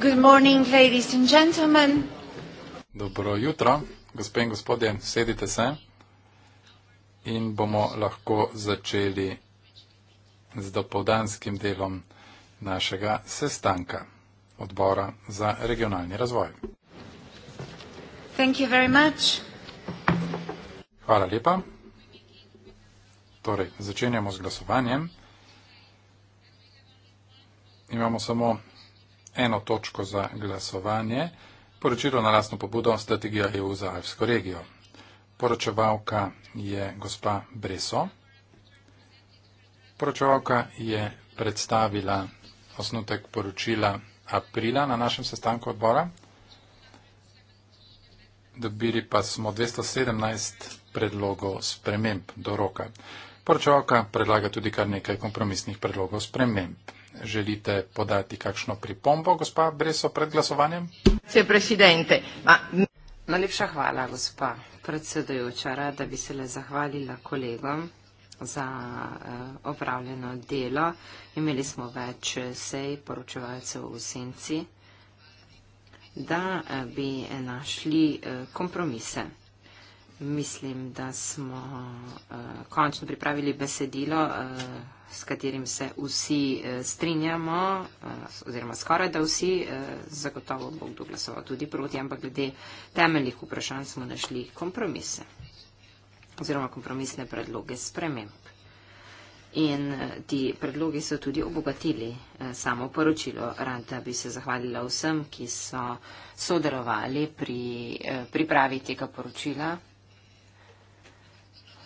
Good morning, ladies and gentlemen. Dobro jutro, gospe in gospodje, sedite se in bomo lahko začeli z dopoldanskim delom našega sestanka odbora za regionalni razvoj. Thank you very much. Hvala lepa. Torej, začenjamo z glasovanjem. Imamo samo eno točko za glasovanje, poročilo na lastno pobudo strategijo EU za Alpsko regijo. Poročevalka je gospa Breso. Poročevalka je predstavila osnutek poročila aprila na našem sestanku odbora. Dobili pa smo 217 predlogov sprememb do roka. Poročevalka predlaga tudi kar nekaj kompromisnih predlogov sprememb želite podati kakšno pripombo, gospa Breso, pred glasovanjem? Najlepša hvala, gospa predsedojoča, rada bi se le zahvalila kolegom za eh, opravljeno delo. Imeli smo več eh, sej poročevalcev v senci, da eh, bi našli kompromise. Mislim, da smo končno pripravili besedilo s katerim se vsi eh, strinjamo, eh, oziroma skoraj da vsi, eh, zagotovo bo kdo glasoval tudi proti, ampak glede temeljih vprašanj smo našli kompromise oziroma kompromisne predloge sprememb. In ti predlogi so tudi obogatili samo poročilo. Rad bi se zahvalila vsem, ki so sodelovali pri pripravi tega poročila.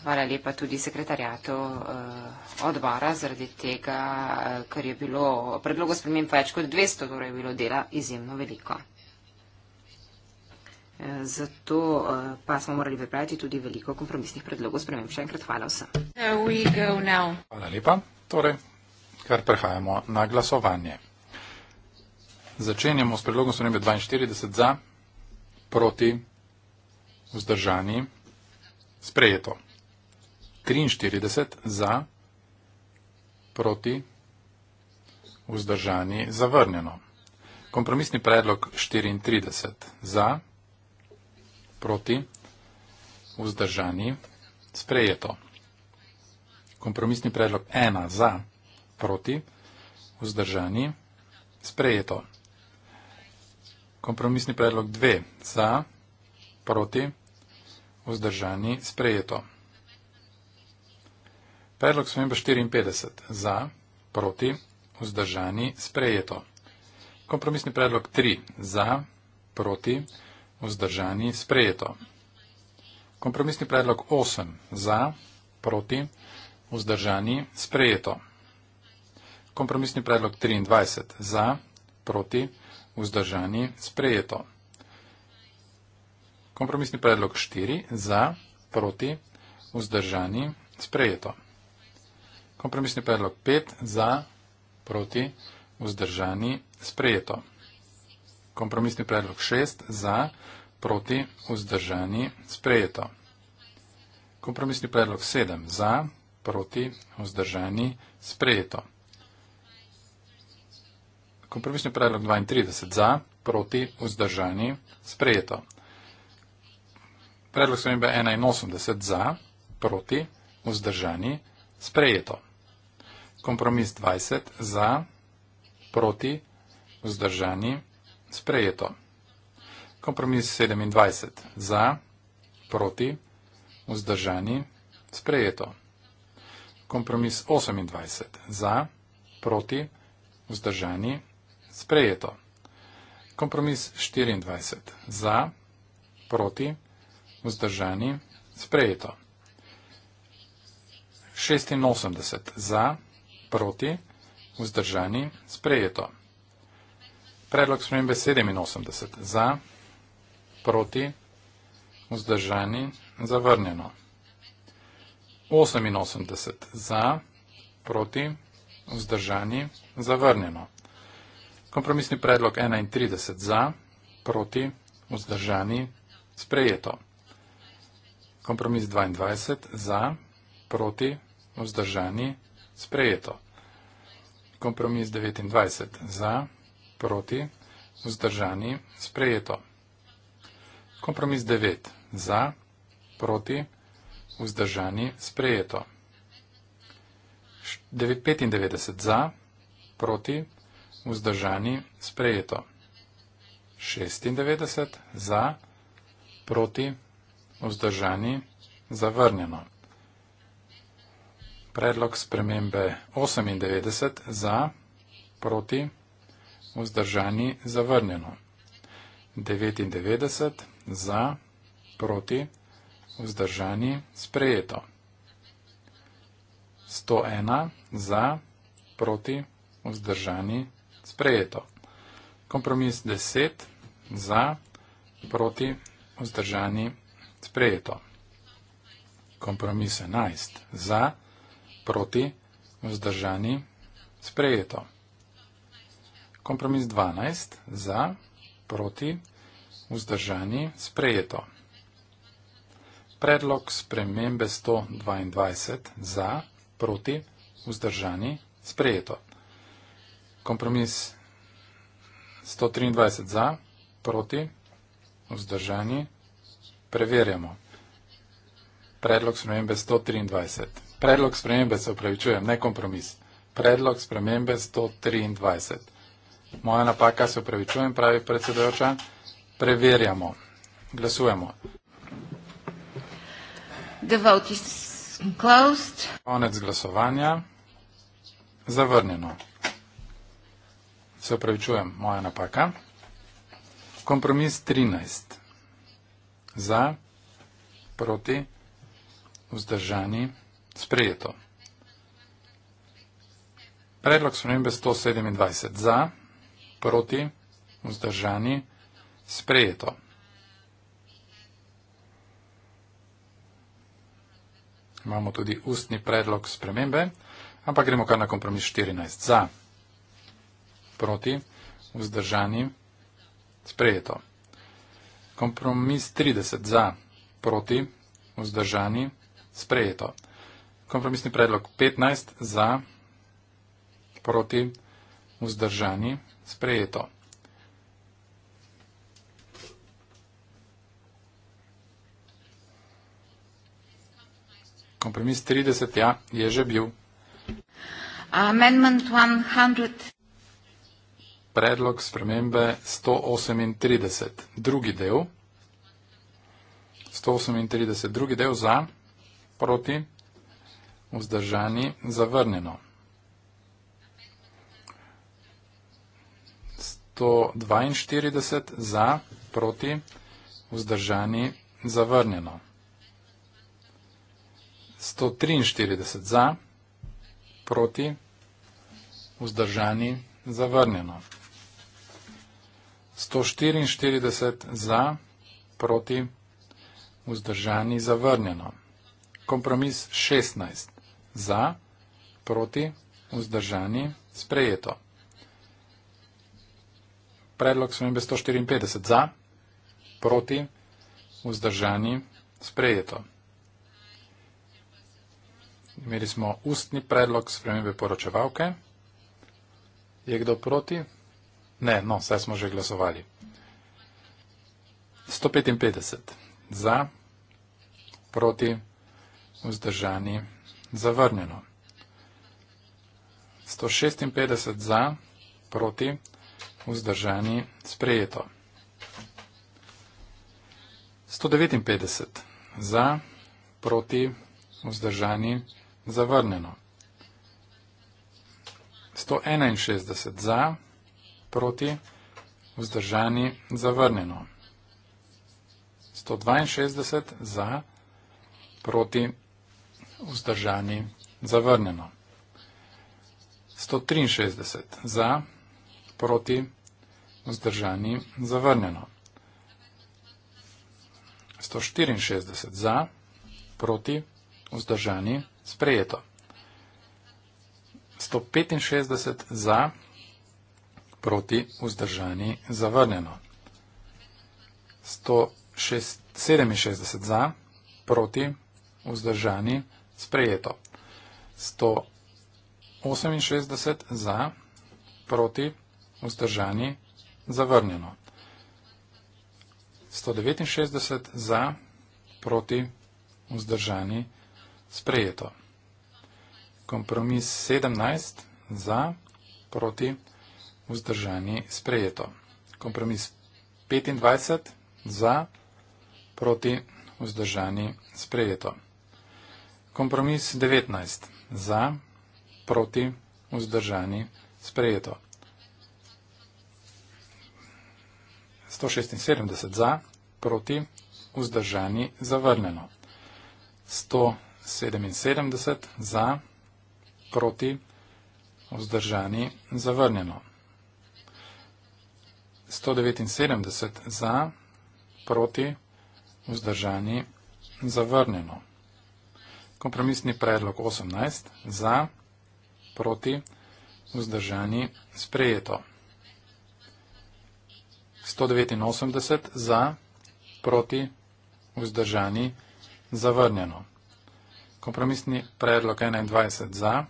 Hvala lepa tudi sekretarjatu eh, odbora zaradi tega, eh, ker je bilo predlogo spremem pa več kot 200, torej je bilo dela izjemno veliko. Eh, zato pa smo morali pripraviti tudi veliko kompromisnih predlogov spremem. Še enkrat hvala vsem. Hvala lepa. Torej, kar prehajamo na glasovanje. Začenjamo s predlogom spremembe 42 za, proti, vzdržani, sprejeto. 43 za, proti, vzdržani, zavrnjeno. Kompromisni predlog 34 za, proti, vzdržani, sprejeto. Kompromisni predlog 1 za, proti, vzdržani, sprejeto. Kompromisni predlog 2 za, proti, vzdržani, sprejeto. Predlog smem pa 54 za, proti, vzdržani, sprejeto. Kompromisni predlog 3 za, proti, vzdržani, sprejeto. Kompromisni predlog 8 za, proti, vzdržani, sprejeto. Kompromisni predlog 23 za, proti, vzdržani, sprejeto. Kompromisni predlog 4 za, proti, vzdržani, sprejeto. Kompromisni predlog 5 za, proti, vzdržani, sprejeto. Kompromisni predlog 6 za, proti, vzdržani, sprejeto. Kompromisni predlog 7 za, proti, vzdržani, sprejeto. Kompromisni predlog 32 za, proti, vzdržani, sprejeto. Predlog 81 za, proti, vzdržani, sprejeto kompromis 20 za, proti, vzdržani, sprejeto. Kompromis 27 za, proti, vzdržani, sprejeto. Kompromis 28 za, proti, vzdržani, sprejeto. Kompromis 24 za, proti, vzdržani, sprejeto. 86 za, proti, vzdržani, sprejeto proti, vzdržani, sprejeto. Predlog spremembe 87, za, proti, vzdržani, zavrnjeno. 88, za, proti, vzdržani, zavrnjeno. Kompromisni predlog 31, za, proti, vzdržani, sprejeto. Kompromis 22, za, proti, vzdržani, sprejeto kompromis 29 za, proti, vzdržani, sprejeto. Kompromis 9 za, proti, vzdržani, sprejeto. 95 za, proti, vzdržani, sprejeto. 96 za, proti, vzdržani, zavrnjeno predlog spremembe 98 za, proti, vzdržani, zavrnjeno. 99 za, proti, vzdržani, sprejeto. 101 za, proti, vzdržani, sprejeto. Kompromis 10 za, proti, vzdržani, sprejeto. Kompromis 11 za, proti, vzdržani, sprejeto proti, vzdržani, sprejeto. Kompromis 12, za, proti, vzdržani, sprejeto. Predlog spremembe 122, za, proti, vzdržani, sprejeto. Kompromis 123, za, proti, vzdržani, preverjamo. Predlog spremembe 123. Predlog spremembe se upravičuje, ne kompromis. Predlog spremembe 123. Moja napaka se upravičuje, pravi predsedojoča. Preverjamo. Glasujemo. The vote is closed. Konec glasovanja. Zavrnjeno. Se upravičujem, moja napaka. Kompromis 13. Za, proti, vzdržani sprejeto. Predlog spremembe 127 za, proti, vzdržani, sprejeto. Imamo tudi ustni predlog spremembe, ampak gremo kar na kompromis 14 za, proti, vzdržani, sprejeto. Kompromis 30 za, proti, vzdržani, sprejeto. Kompromisni predlog 15 za, proti, vzdržani, sprejeto. Kompromis 30, ja, je že bil. Amendment 100. Predlog spremembe 138, drugi del. 138, drugi del za, proti, vzdržani vzdržani, zavrnjeno. 142 za, proti, vzdržani, zavrnjeno. 143 za, proti, vzdržani, zavrnjeno. 144 za, proti, vzdržani, zavrnjeno. Kompromis 16 za, proti, vzdržani, sprejeto. Predlog smembe 154 za, proti, vzdržani, sprejeto. Imeli smo ustni predlog spremembe poročevalke. Je kdo proti? Ne, no, saj smo že glasovali. 155 za, proti, vzdržani, sprejeto zavrnjeno. 156 za, proti, vzdržani, sprejeto. 159 za, proti, vzdržani, zavrnjeno. 161 za, proti, vzdržani, zavrnjeno. 162 za, proti, vzdržani, zavrnjeno vzdržani, zavrnjeno. 163 za, proti, vzdržani, zavrnjeno. 164 za, proti, vzdržani, sprejeto. 165 za, proti, vzdržani, zavrnjeno. 167 za, proti, vzdržani, zavrnjeno sprejeto. 168 za, proti, vzdržani, zavrnjeno. 169 za, proti, vzdržani, sprejeto. Kompromis 17 za, proti, vzdržani, sprejeto. Kompromis 25 za, proti, vzdržani, sprejeto. Kompromis 19. Za, proti, vzdržani, sprejeto. 176 za, proti, vzdržani, zavrnjeno. 177 za, proti, vzdržani, zavrnjeno. 179 za, proti, vzdržani, zavrnjeno kompromisni predlog 18 za, proti, vzdržani, sprejeto. 189 za, proti, vzdržani, zavrnjeno. Kompromisni predlog 21 za,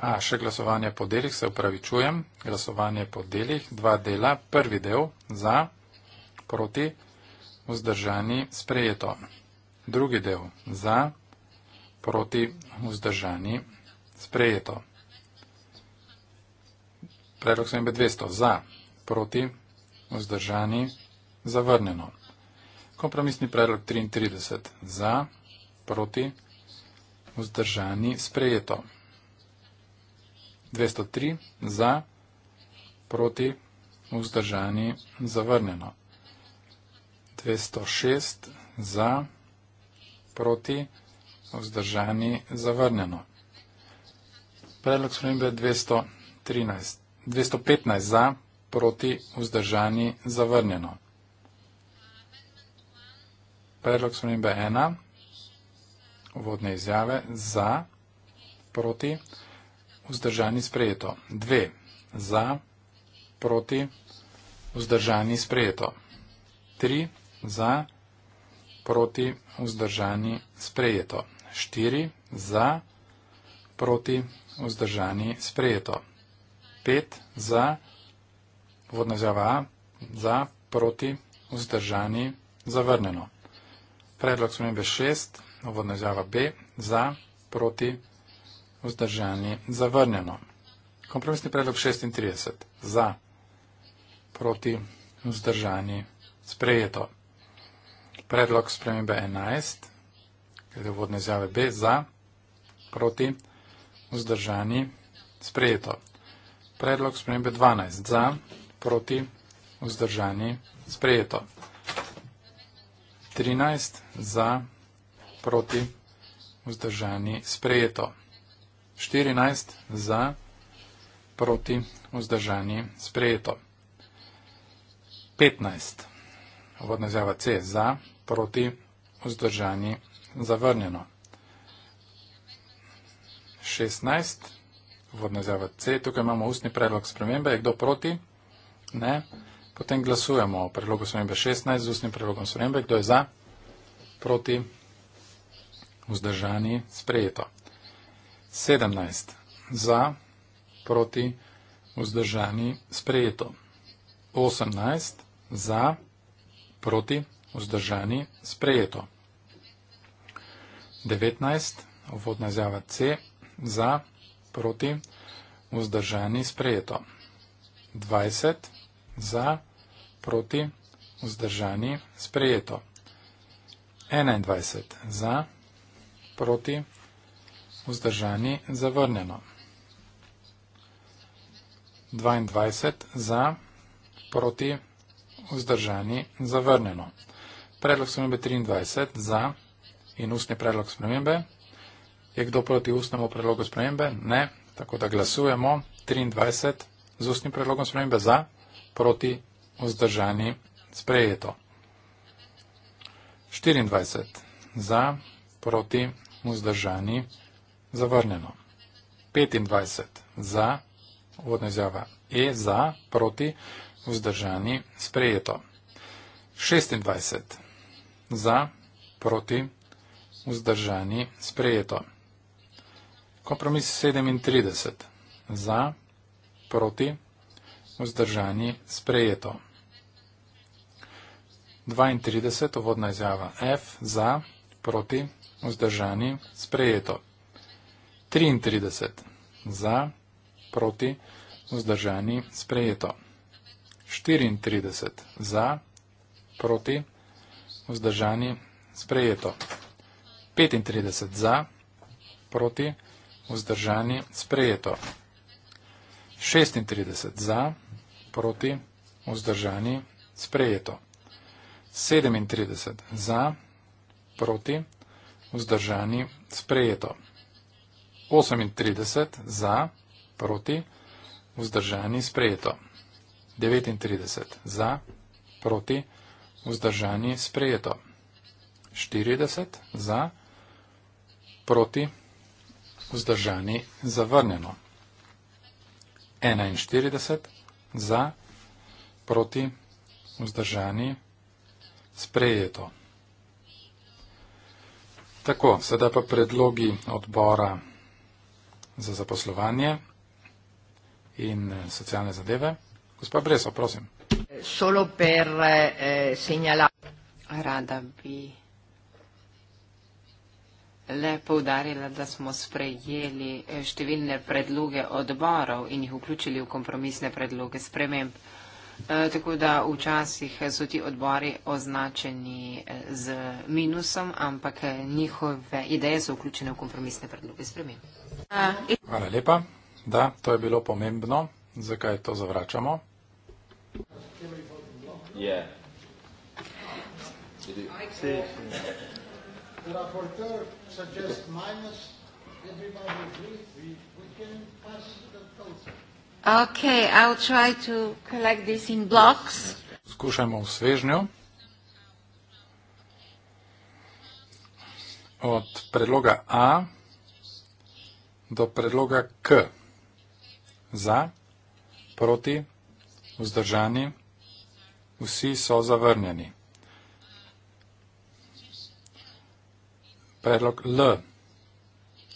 a še glasovanje po delih, se upravičujem, glasovanje po delih, dva dela, prvi del za, proti, vzdržani, sprejeto. 189 za, proti, vzdržani, sprejeto. Drugi del za, proti, vzdržani, sprejeto. Predlog sem 200 za, proti, vzdržani, zavrnjeno. Kompromisni predlog 33 za, proti, vzdržani, sprejeto. 203 za, proti, vzdržani, zavrnjeno. 206 za, proti, vzdržani, zavrnjeno proti, vzdržani, zavrnjeno. Predlog spremembe 213, 215 za, proti, vzdržani, zavrnjeno. Predlog spremembe 1, uvodne izjave, za, proti, vzdržani, sprejeto. 2, za, proti, vzdržani, sprejeto. 3, za, proti, vzdržani, sprejeto proti vzdržani sprejeto. 4 za proti vzdržani sprejeto. 5 za vodnozjava za proti vzdržani zavrnjeno. Predlog spremembe 6, vodnozjava B za proti vzdržani zavrnjeno. Kompromisni predlog 36 za proti vzdržani sprejeto predlog spremembe 11, glede vodne izjave B, za, proti, vzdržani, sprejeto. Predlog spremembe 12, za, proti, vzdržani, sprejeto. 13, za, proti, vzdržani, sprejeto. 14, za, proti, vzdržani, sprejeto. 15. Vodna izjava C za, proti vzdržani zavrnjeno. 16, vodna izjava C, tukaj imamo ustni predlog spremembe, je kdo proti? Ne. Potem glasujemo o predlogu spremembe 16 z ustnim predlogom spremembe, kdo je za? Proti vzdržani sprejeto. 17, za, proti vzdržani sprejeto. 18, za, proti vzdržani sprejeto vzdržani, sprejeto. 19. Vodna izjava C. Za, proti, vzdržani, sprejeto. 20. Za, proti, vzdržani, sprejeto. 21. Za, proti, vzdržani, zavrnjeno. 22. Za, proti, vzdržani, zavrnjeno predlog spremembe 23 za in ustni predlog spremembe. Je kdo proti ustnemu predlogu spremembe? Ne. Tako da glasujemo 23 z ustnim predlogom spremembe za, proti vzdržani sprejeto. 24 za, proti vzdržani zavrnjeno. 25 za, uvodna izjava E za, proti vzdržani sprejeto. 26 za za, proti, vzdržani, sprejeto. Kompromis 37. Za, proti, vzdržani, sprejeto. 32. Uvodna izjava F. Za, proti, vzdržani, sprejeto. 33. Za, proti, vzdržani, sprejeto. 34. Za, proti, vzdržani, sprejeto vzdržani, sprejeto. 35 za, proti, vzdržani, sprejeto. 36 za, proti, vzdržani, sprejeto. 37 za, proti, vzdržani, sprejeto. 38 za, proti, vzdržani, sprejeto. 39 za, proti, vzdržani, sprejeto vzdržanje sprejeto. 40 za, proti, vzdržanje zavrnjeno. 41 za, proti, vzdržanje sprejeto. Tako, sedaj pa predlogi odbora za zaposlovanje in socialne zadeve. Gospa Breso, prosim solo per eh, segnalare. Rada bi le poudarila, da smo sprejeli eh, številne predloge odborov in jih vključili v kompromisne predloge sprememb. Eh, tako da včasih so ti odbori označeni eh, z minusom, ampak njihove ideje so vključene v kompromisne predloge sprememb. Hvala lepa. Da, to je bilo pomembno. Zakaj to zavračamo? Yeah. You do. See. The rapporteur suggests minus. Everybody agrees. We, we can pass the concept. Okay, I'll try to collect this in blocks. Skušajmo v svežnju. Od predloga A do predloga K. Za, proti, vzdržani, vsi so zavrnjeni. Predlog L.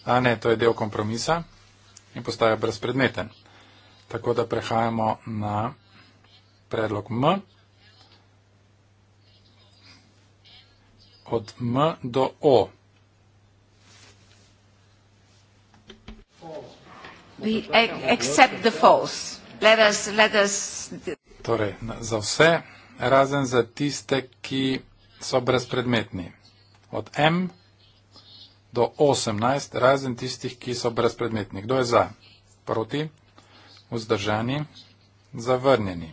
A ne, to je del kompromisa in postaja brezpredmeten. Tako da prehajamo na predlog M. Od M do O. We accept the false let us, let us... Torej, za vse, razen za tiste, ki so brezpredmetni. Od M do 18, razen tistih, ki so brezpredmetni. Kdo je za? Proti, vzdržani, zavrnjeni.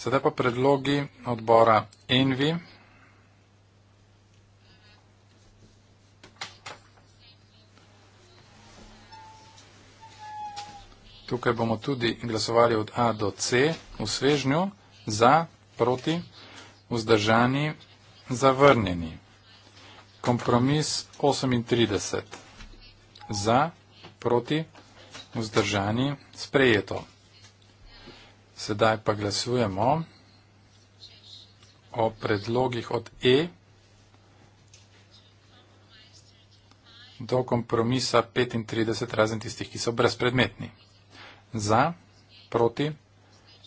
Sedaj pa predlogi odbora Envi. Tukaj bomo tudi glasovali od A do C v svežnju, za, proti, vzdržani, zavrnjeni. Kompromis 38. Za, proti, vzdržani, sprejeto. Sedaj pa glasujemo o predlogih od E do kompromisa 35 razen tistih, ki so brezpredmetni za, proti,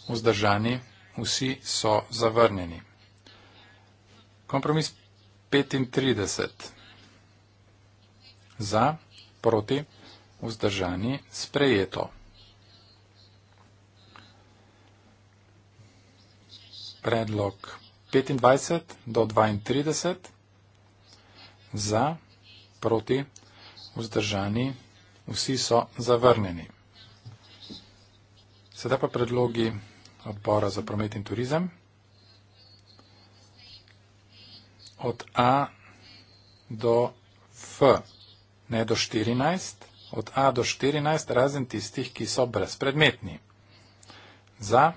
vzdržani, vsi so zavrnjeni. Kompromis 35. Za, proti, vzdržani, sprejeto. Predlog 25 do 32. Za, proti, vzdržani, vsi so zavrnjeni. Sedaj pa predlogi odbora za promet in turizem. Od A do F, ne do 14, od A do 14, razen tistih, ki so brezpredmetni. Za.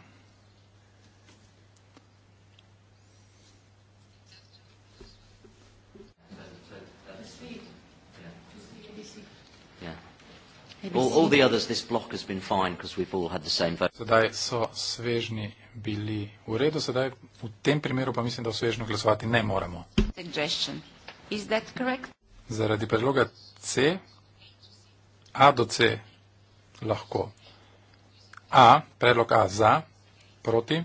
all, all the others, this block has been fine because we've all had the same vote. Sedaj so svežni bili v redu, sedaj v tem primeru pa mislim, da v svežnju glasovati ne moremo. Suggestion. Is that correct? Zaradi predloga C, A do C lahko. A, predlog A za, proti,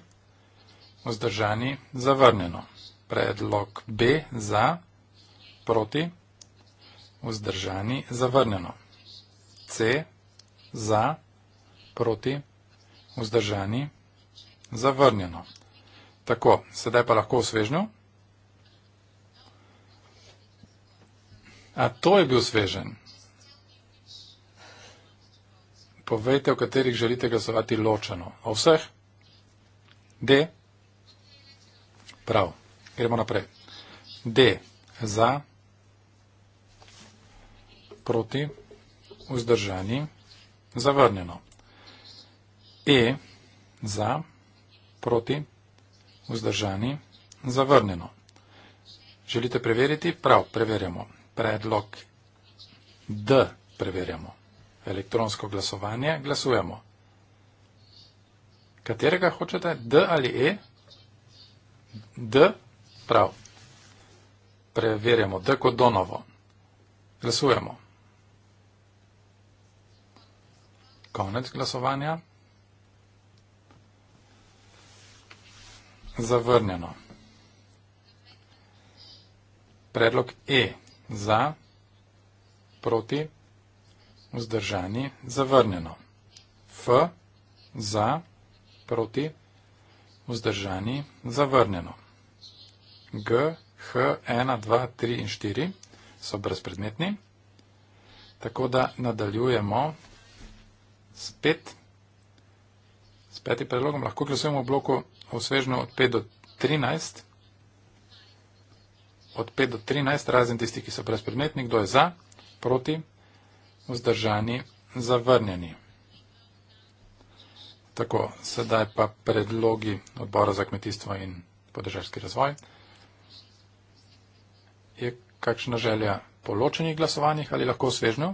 vzdržani, zavrnjeno. Predlog B za, proti, vzdržani, zavrnjeno. C, za, proti, vzdržani, zavrnjeno. Tako, sedaj pa lahko osvežnjo. A to je bil svežen. Povejte, v katerih želite glasovati ločeno. O vseh? D. Prav. Gremo naprej. D. Za. Proti vzdržani, zavrnjeno. E, za, proti, vzdržani, zavrnjeno. Želite preveriti? Prav, preverjamo. Predlog D preverjamo. Elektronsko glasovanje glasujemo. Katerega hočete? D ali E? D, prav. Preverjamo. D kot Donovo. Glasujemo. konec glasovanja. Zavrnjeno. Predlog E za, proti, vzdržani, zavrnjeno. F za, proti, vzdržani, zavrnjeno. G, H, 1, 2, 3 in 4 so brezpredmetni. Tako da nadaljujemo spet. S petim predlogom lahko glasujemo v bloku osvežno od 5 do 13. Od 5 do 13, razen tisti, ki so brezpredmetni, kdo je za, proti, vzdržani, zavrnjeni. Tako, sedaj pa predlogi odbora za kmetijstvo in podržavski razvoj. Je kakšna želja po ločenih glasovanjih ali lahko osvežnjo?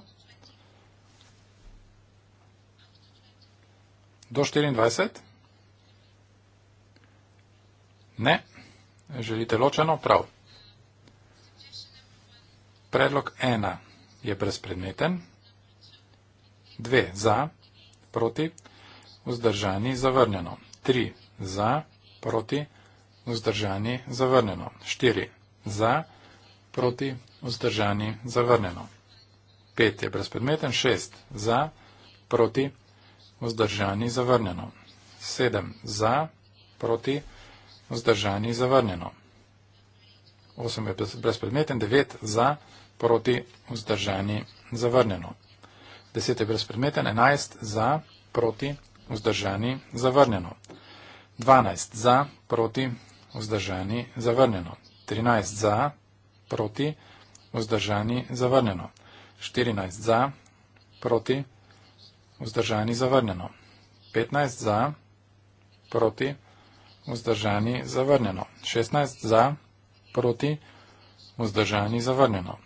Do 24? Ne. Želite ločeno? Prav. Predlog 1 je brezpredmeten. 2 za, proti, vzdržani, zavrnjeno. 3 za, proti, vzdržani, zavrnjeno. 4 za, proti, vzdržani, zavrnjeno. 5 je brezpredmeten. 6 za, proti, vzdržani, zavrnjeno vzdržani zavrnjeno. 7. Za, proti, vzdržani zavrnjeno. 8. Brezpredmeten. 9. Za, proti, vzdržani zavrnjeno. 10. Brezpredmeten. 11. Za, proti, vzdržani zavrnjeno. 12. Za, proti, vzdržani zavrnjeno. 13. Za, proti, vzdržani zavrnjeno. 14. Za, proti, vzdržani zavrnjeno vzdržani zavrnjeno. 15 za, proti, vzdržani zavrnjeno. 16 za, proti, vzdržani zavrnjeno.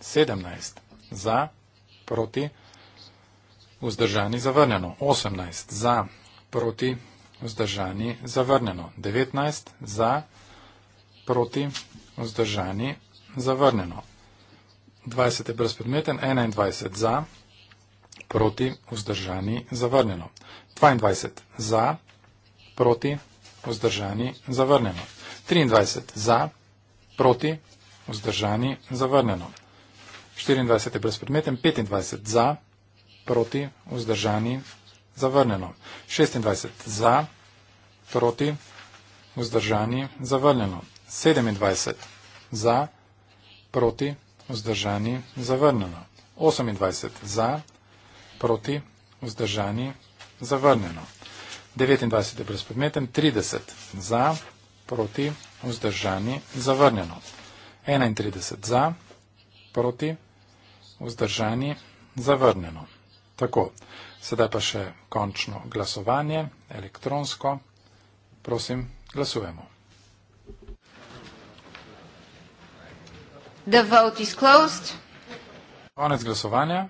17 za, proti, vzdržani zavrnjeno. 18 za, proti, vzdržani zavrnjeno. 19 za, proti, vzdržani zavrnjeno. 20 je brezpredmeten, 21 za, proti, proti, vzdržani, zavrnjeno. 22 za, proti, vzdržani, zavrnjeno. 23 za, proti, vzdržani, zavrnjeno. 24 je brezpredmeten, 25 za, proti, vzdržani, zavrnjeno. 26 za, proti, vzdržani, zavrnjeno. 27 za, proti, vzdržani, zavrnjeno. 28 za, proti, vzdržani, zavrnjeno proti, vzdržani, zavrnjeno. 29 je brezpredmeten, 30 za, proti, vzdržani, zavrnjeno. 31 za, proti, vzdržani, zavrnjeno. Tako, sedaj pa še končno glasovanje, elektronsko. Prosim, glasujemo. The vote is closed. Konec glasovanja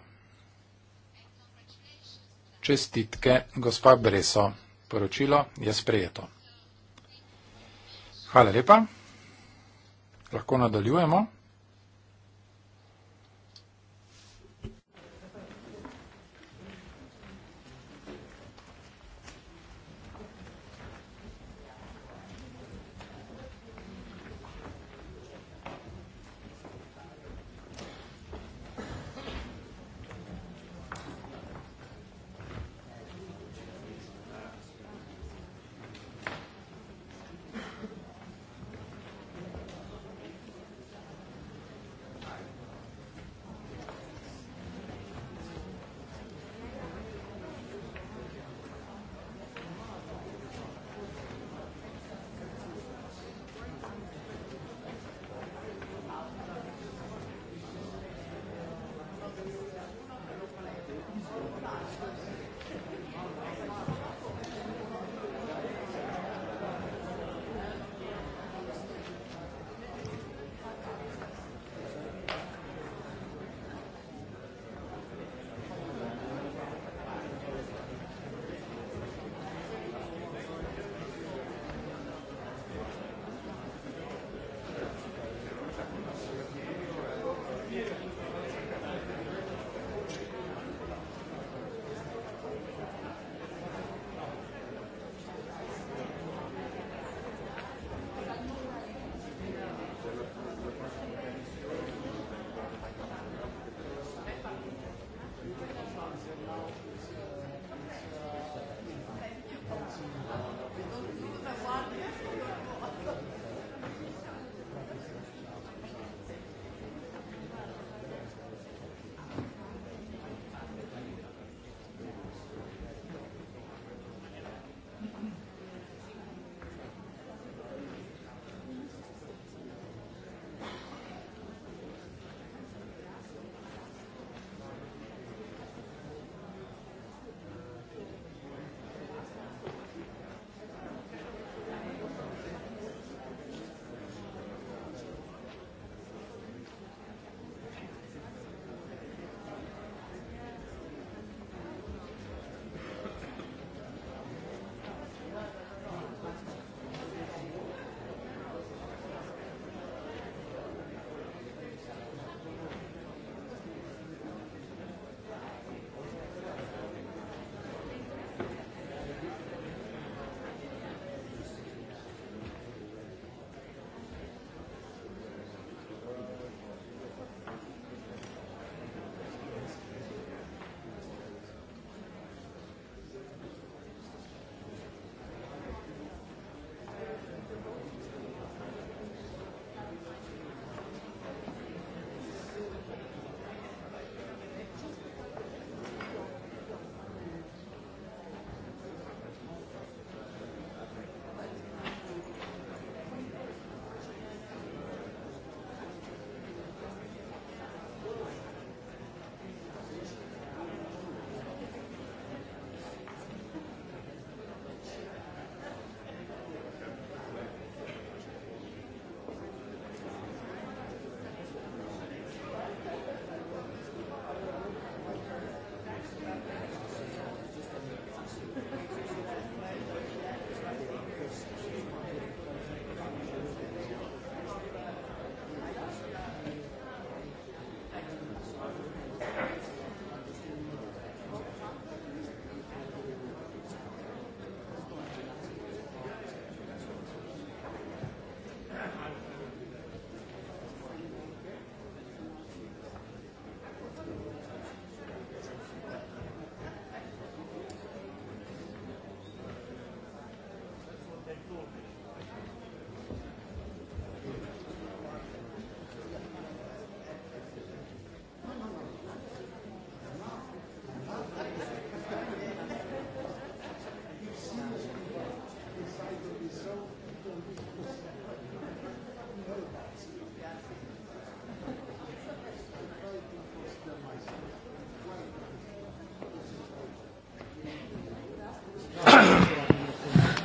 čestitke, gospa Breso. Poročilo je sprejeto. Hvala lepa. Lahko nadaljujemo.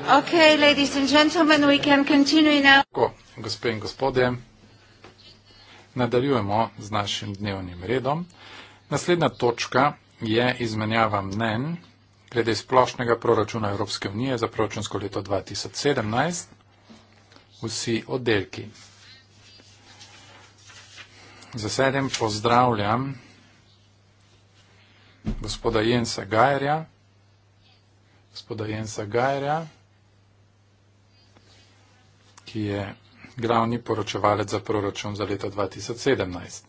Okay, ladies and gentlemen, we can continue now. Tako, gospe in gospodje, nadaljujemo z našim dnevnim redom. Naslednja točka je izmenjava mnen glede splošnega proračuna Evropske unije za proračunsko leto 2017. Vsi oddelki. Za sedem pozdravljam gospoda Jensa Gajerja. Gospoda Jensa Gajerja. glavni poročevalec za proračun za leto 2017.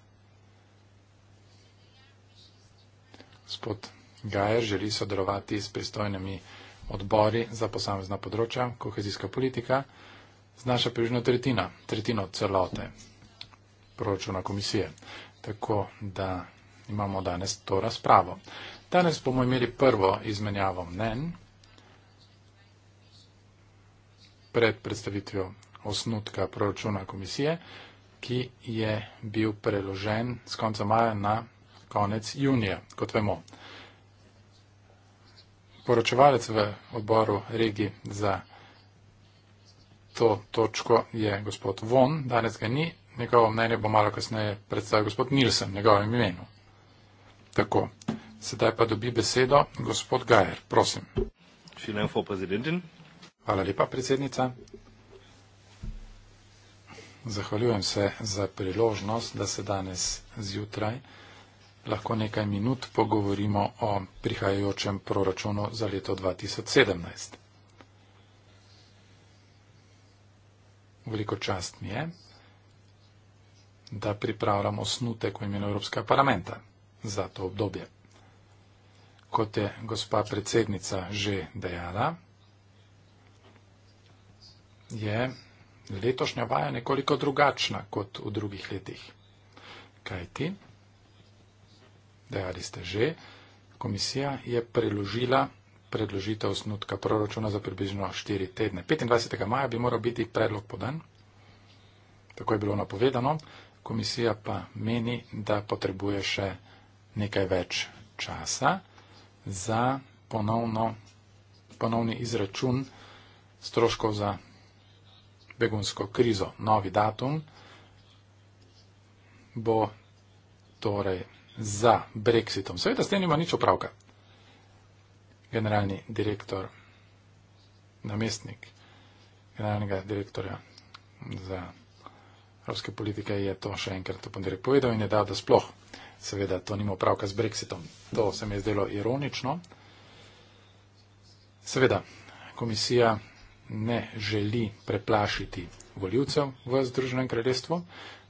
Gospod Gajer želi sodelovati s pristojnimi odbori za posamezna področja, kohezijska politika, znaša približno tretjino, tretjino celote proračuna komisije. Tako da imamo danes to razpravo. Danes bomo imeli prvo izmenjavo mnen pred predstavitvijo osnutka proračuna komisije, ki je bil preložen z konca maja na konec junija, kot vemo. Poročevalec v odboru regi za to točko je gospod Von, danes ga ni, njegovo mnenje bo malo kasneje predstavil gospod Nilsen, njegovem imenu. Tako, sedaj pa dobi besedo gospod Gajer, prosim. Hvala lepa, predsednica. Zahvaljujem se za priložnost, da se danes zjutraj lahko nekaj minut pogovorimo o prihajajočem proračunu za leto 2017. Veliko čast mi je, da pripravljam osnutek v imenu Evropskega parlamenta za to obdobje. Kot je gospa predsednica že dejala, je letošnja vaja nekoliko drugačna kot v drugih letih. Kaj ti? Dejali ste že, komisija je preložila predložitev snutka proračuna za približno 4 tedne. 25. maja bi moral biti predlog podan, tako je bilo napovedano, komisija pa meni, da potrebuje še nekaj več časa za ponovno, ponovni izračun stroškov za begunsko krizo. Novi datum bo torej za Brexitom. Seveda s tem nima nič opravka. Generalni direktor, namestnik generalnega direktorja za evropske politike je to še enkrat v ponedeljek povedal in je dal, da sploh seveda to nima opravka z Brexitom. To se mi je zdelo ironično. Seveda, komisija ne želi preplašiti voljivcev v Združenem kraljestvu.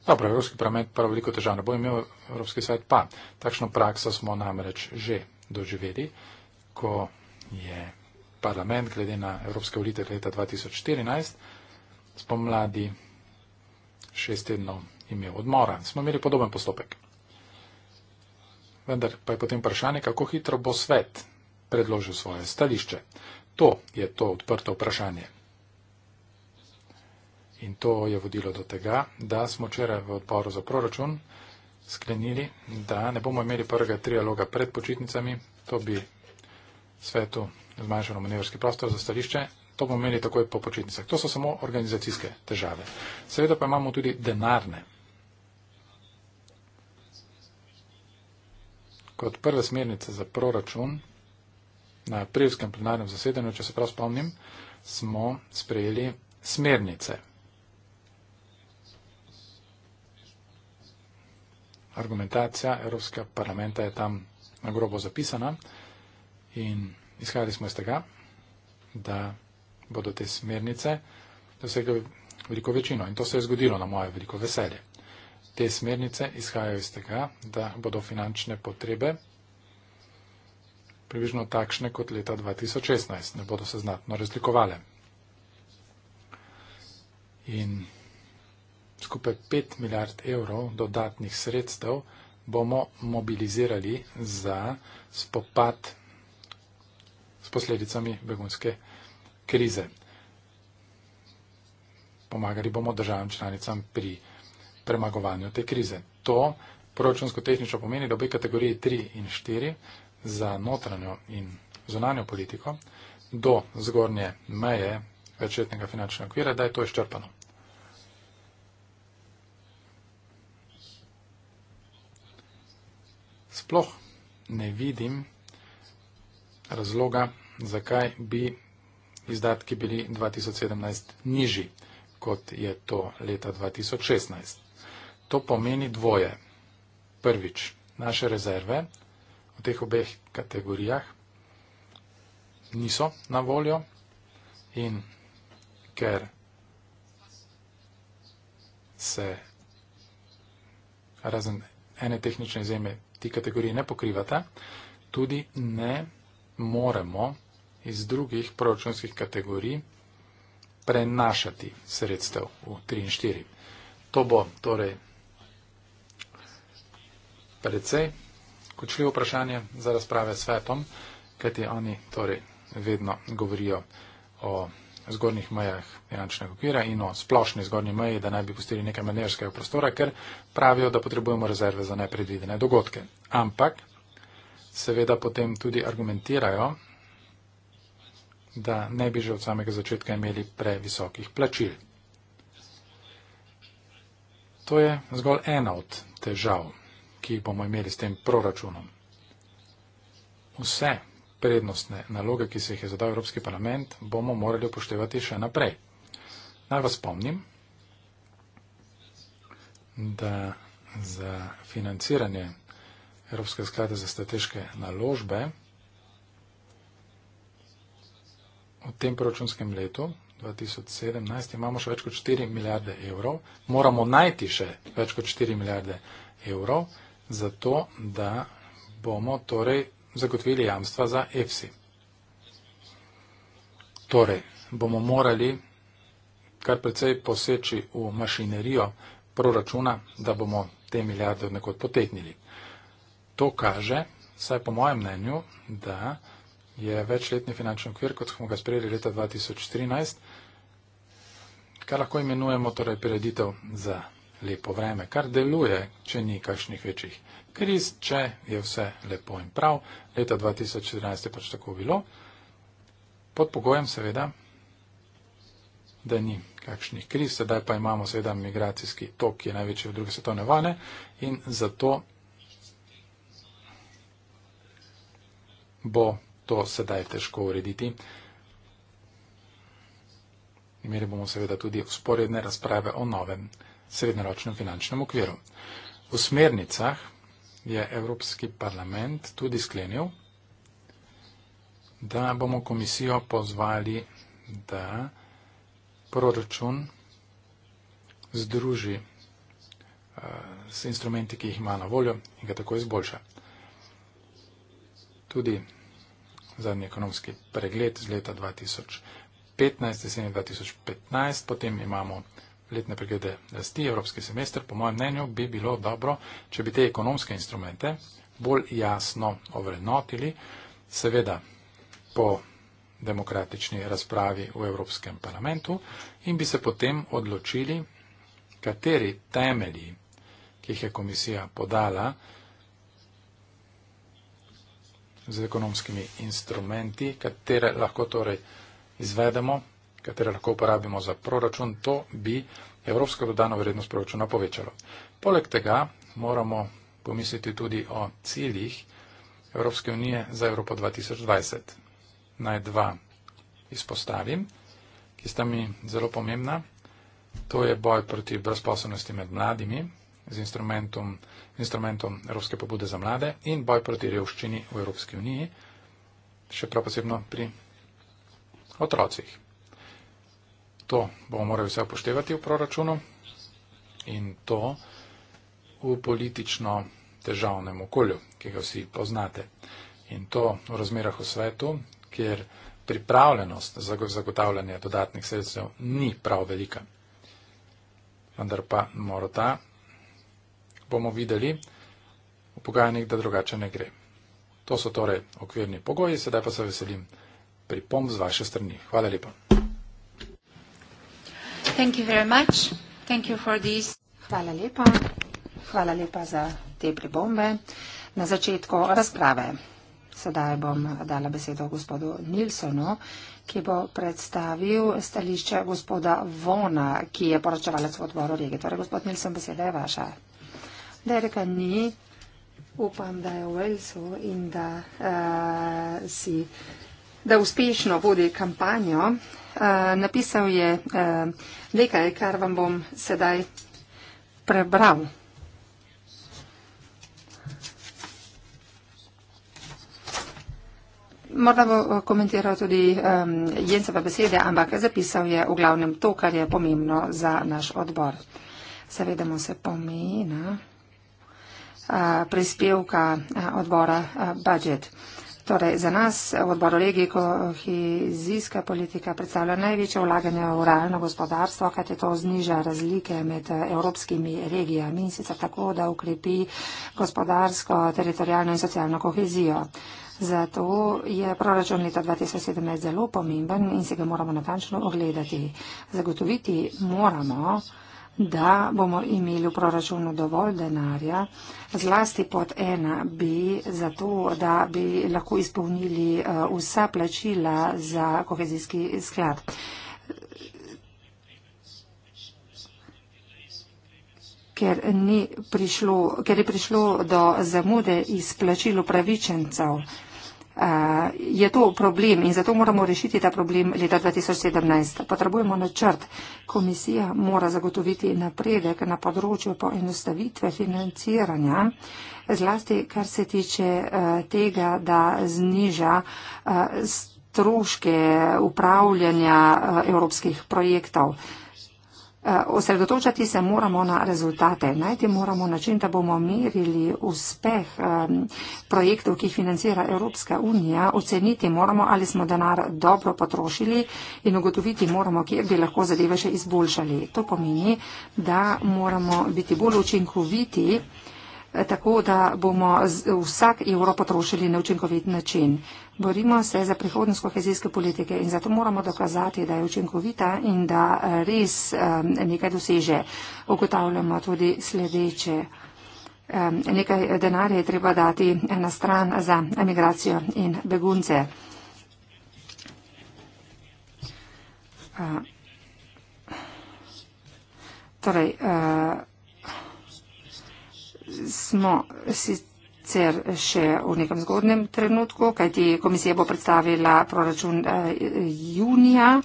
Dobro, Evropski parlament pa veliko težav ne bo imel, Evropski svet pa. Takšno prakso smo namreč že doživeli, ko je parlament glede na Evropske volitve leta 2014 spomladi šest tednov imel odmora. Smo imeli podoben postopek. Vendar pa je potem vprašanje, kako hitro bo svet predložil svoje stališče. To je to odprto vprašanje. In to je vodilo do tega, da smo včeraj v odboru za proračun sklenili, da ne bomo imeli prvega trialoga pred počitnicami. To bi svetu zmanjšalo manevrski prostor za stališče. To bomo imeli takoj po počitnicah. To so samo organizacijske težave. Seveda pa imamo tudi denarne. Kot prve smernice za proračun na aprilskem plenarnem zasedanju, če se prav spomnim, smo sprejeli smernice. Argumentacija Evropskega parlamenta je tam na grobo zapisana in izhajali smo iz tega, da bodo te smernice dosegli veliko večino in to se je zgodilo na moje veliko veselje. Te smernice izhajajo iz tega, da bodo finančne potrebe približno takšne kot leta 2016. Ne bodo se znatno razlikovale. In skupaj 5 milijard evrov dodatnih sredstev bomo mobilizirali za spopad s posledicami begunske krize. Pomagali bomo državam članicam pri premagovanju te krize. To proračunsko tehnično pomeni, da obe kategoriji 3 in 4 za notranjo in zunanjo politiko do zgornje meje večletnega finančnega okvira, da je to izčrpano. Sploh ne vidim razloga, zakaj bi izdatki bili 2017 nižji, kot je to leta 2016. To pomeni dvoje. Prvič, naše rezerve v teh obeh kategorijah niso na voljo in ker se razen ene tehnične izjeme ti kategoriji ne pokrivata, tudi ne moremo iz drugih proračunskih kategorij prenašati sredstev v 3 in 4. To bo torej precej kočljivo vprašanje za razprave s svetom, kajti oni torej vedno govorijo o zgornjih mejah finančnega okvira in o splošni zgornji meji, da naj bi pustili nekaj manevrskega prostora, ker pravijo, da potrebujemo rezerve za nepredvidene dogodke. Ampak seveda potem tudi argumentirajo, da ne bi že od samega začetka imeli previsokih plačil. To je zgolj ena od težav ki jih bomo imeli s tem proračunom. Vse prednostne naloge, ki se jih je zadal Evropski parlament, bomo morali upoštevati še naprej. Naj vas spomnim, da za financiranje Evropske sklade za strateške naložbe v tem proračunskem letu 2017 imamo še več kot 4 milijarde evrov, moramo najti še več kot 4 milijarde evrov zato da bomo torej zagotovili jamstva za EFSI. Torej, bomo morali kar precej poseči v mašinerijo proračuna, da bomo te milijarde nekod potegnili. To kaže, saj po mojem mnenju, da je večletni finančni okvir, kot smo ga sprejeli leta 2013, kar lahko imenujemo torej prireditev za lepo vreme, kar deluje, če ni kakšnih večjih kriz, če je vse lepo in prav. Leta 2014 je pač tako bilo. Pod pogojem seveda, da ni kakšnih kriz, sedaj pa imamo seveda migracijski tok, ki je največji v druge svetovne vane in zato bo to sedaj težko urediti. Imeli bomo seveda tudi usporedne razprave o novem srednjeročnem finančnem okviru. V smernicah je Evropski parlament tudi sklenil, da bomo komisijo pozvali, da proračun združi s eh, instrumenti, ki jih ima na voljo in ga tako izboljša. Tudi zadnji ekonomski pregled z leta 2015, jeseni 2015, potem imamo letne preglede rasti, evropski semester, po mojem mnenju, bi bilo dobro, če bi te ekonomske instrumente bolj jasno ovrednotili, seveda po demokratični razpravi v Evropskem parlamentu in bi se potem odločili, kateri temelji, ki jih je komisija podala z ekonomskimi instrumenti, katere lahko torej izvedemo katere lahko uporabimo za proračun, to bi evropsko dodano vrednost proračuna povečalo. Poleg tega moramo pomisliti tudi o ciljih Evropske unije za Evropo 2020. Naj dva izpostavim, ki sta mi zelo pomembna. To je boj proti brezposobnosti med mladimi z instrumentom, instrumentom Evropske pobude za mlade in boj proti revščini v Evropski uniji, še prav posebno pri otrocih to bomo morali vse upoštevati v proračunu in to v politično težavnem okolju, ki ga vsi poznate. In to v razmerah v svetu, kjer pripravljenost za zagotavljanje dodatnih sredstev ni prav velika. Vendar pa morda bomo videli v pogajanjih, da drugače ne gre. To so torej okvirni pogoji, sedaj pa se veselim pripomb z vaše strani. Hvala lepa. Thank you very much. Thank you for this. Hvala lepa. Hvala lepa za te pripombe. Na začetku razprave. Sedaj bom dala besedo gospodu Nilsonu, ki bo predstavil stališče gospoda Vona, ki je poročevalec v odboru regije. Torej, gospod Nilson, beseda je vaša. Dereka ni, upam, da je v Elsu in da uh, si da uspešno vodi kampanjo. Eh, napisal je eh, nekaj, kar vam bom sedaj prebral. Morda bo eh, komentiral tudi um, ehm, Jenceva besede, ampak zapisal je v glavnem to, kar je pomembno za naš odbor. Zavedamo se pomena uh, prispevka uh, odbora uh, budget. Torej, za nas v odboru regije kohezijska politika predstavlja največje vlaganje v realno gospodarstvo, kaj te to zniža razlike med evropskimi regijami in sicer tako, da ukrepi gospodarsko, teritorijalno in socialno kohezijo. Zato je proračun leta 2017 zelo pomemben in se ga moramo natančno ogledati. Zagotoviti moramo da bomo imeli v proračunu dovolj denarja, zlasti pod ena B, zato da bi lahko izpolnili eh, vsa plačila za kohezijski sklad. Ker, prišlo, ker je prišlo do zamude izplačilo pravičencev. Eh, je to problem in zato moramo rešiti ta problem leta 2017. Potrebujemo načrt. Komisija mora zagotoviti napredek na področju poenostavitve financiranja, zlasti kar se tiče eh, tega, da zniža eh, stroške upravljanja evropskih projektov. Eh, osredotočati se moramo na rezultate, najti moramo način, da bomo merili uspeh projektov, ki jih financira Evropska unija, oceniti moramo, ali smo denar dobro potrošili in ugotoviti moramo, kjer bi lahko zadeve še izboljšali. To pomeni, da moramo biti bolj učinkoviti tako da bomo vsak evro potrošili na učinkovit način. Borimo se za prihodnost kohezijske politike in zato moramo dokazati, da je učinkovita in da res um, nekaj doseže. Ugotavljamo tudi sledeče. Um, nekaj denarja je treba dati na stran za emigracijo in begunce. Uh, torej, uh, smo sicer še v nekem zgodnem trenutku, kajti komisija bo predstavila proračun eh, junija.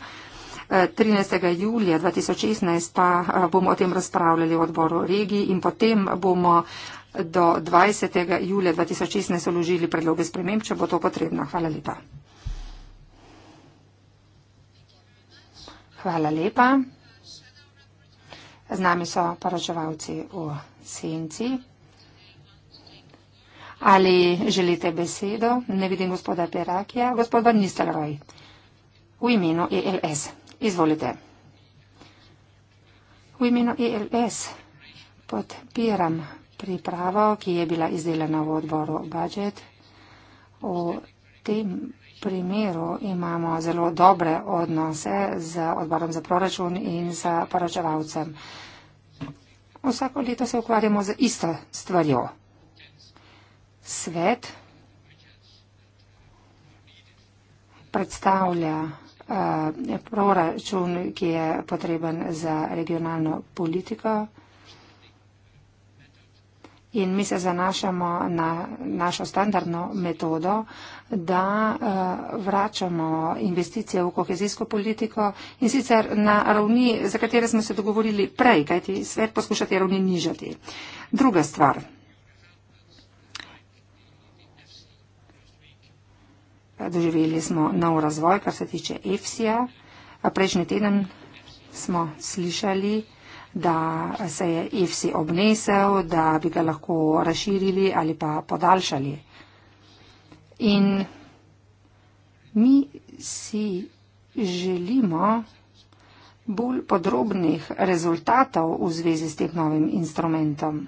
13. Eh, julija 2016 pa eh, bomo o tem razpravljali v odboru regij in potem bomo do 20. julija 2016 vložili predloge sprememb, če bo to potrebno. Hvala lepa. Hvala lepa. Z nami so poročevalci v senci. Ali želite besedo? Ne vidim gospoda Perakija. Gospod Van Nistelrooy, v imenu ELS. Izvolite. V imenu ELS podpiram pripravo, ki je bila izdelana v odboru budžet. V tem primeru imamo zelo dobre odnose z odborom za proračun in z poročevalcem. Vsako leto se ukvarjamo z isto stvarjo svet predstavlja eh, proračun, ki je potreben za regionalno politiko in mi se zanašamo na našo standardno metodo, da eh, vračamo investicije v kohezijsko politiko in sicer na ravni, za katere smo se dogovorili prej, kajti svet poskušati ravni nižati. Druga stvar. doživeli smo nov razvoj, kar se tiče EFSI-ja. Prejšnji teden smo slišali, da se je EFSI obnesel, da bi ga lahko razširili ali pa podaljšali. In mi si želimo bolj podrobnih rezultatov v zvezi s tem novim instrumentom.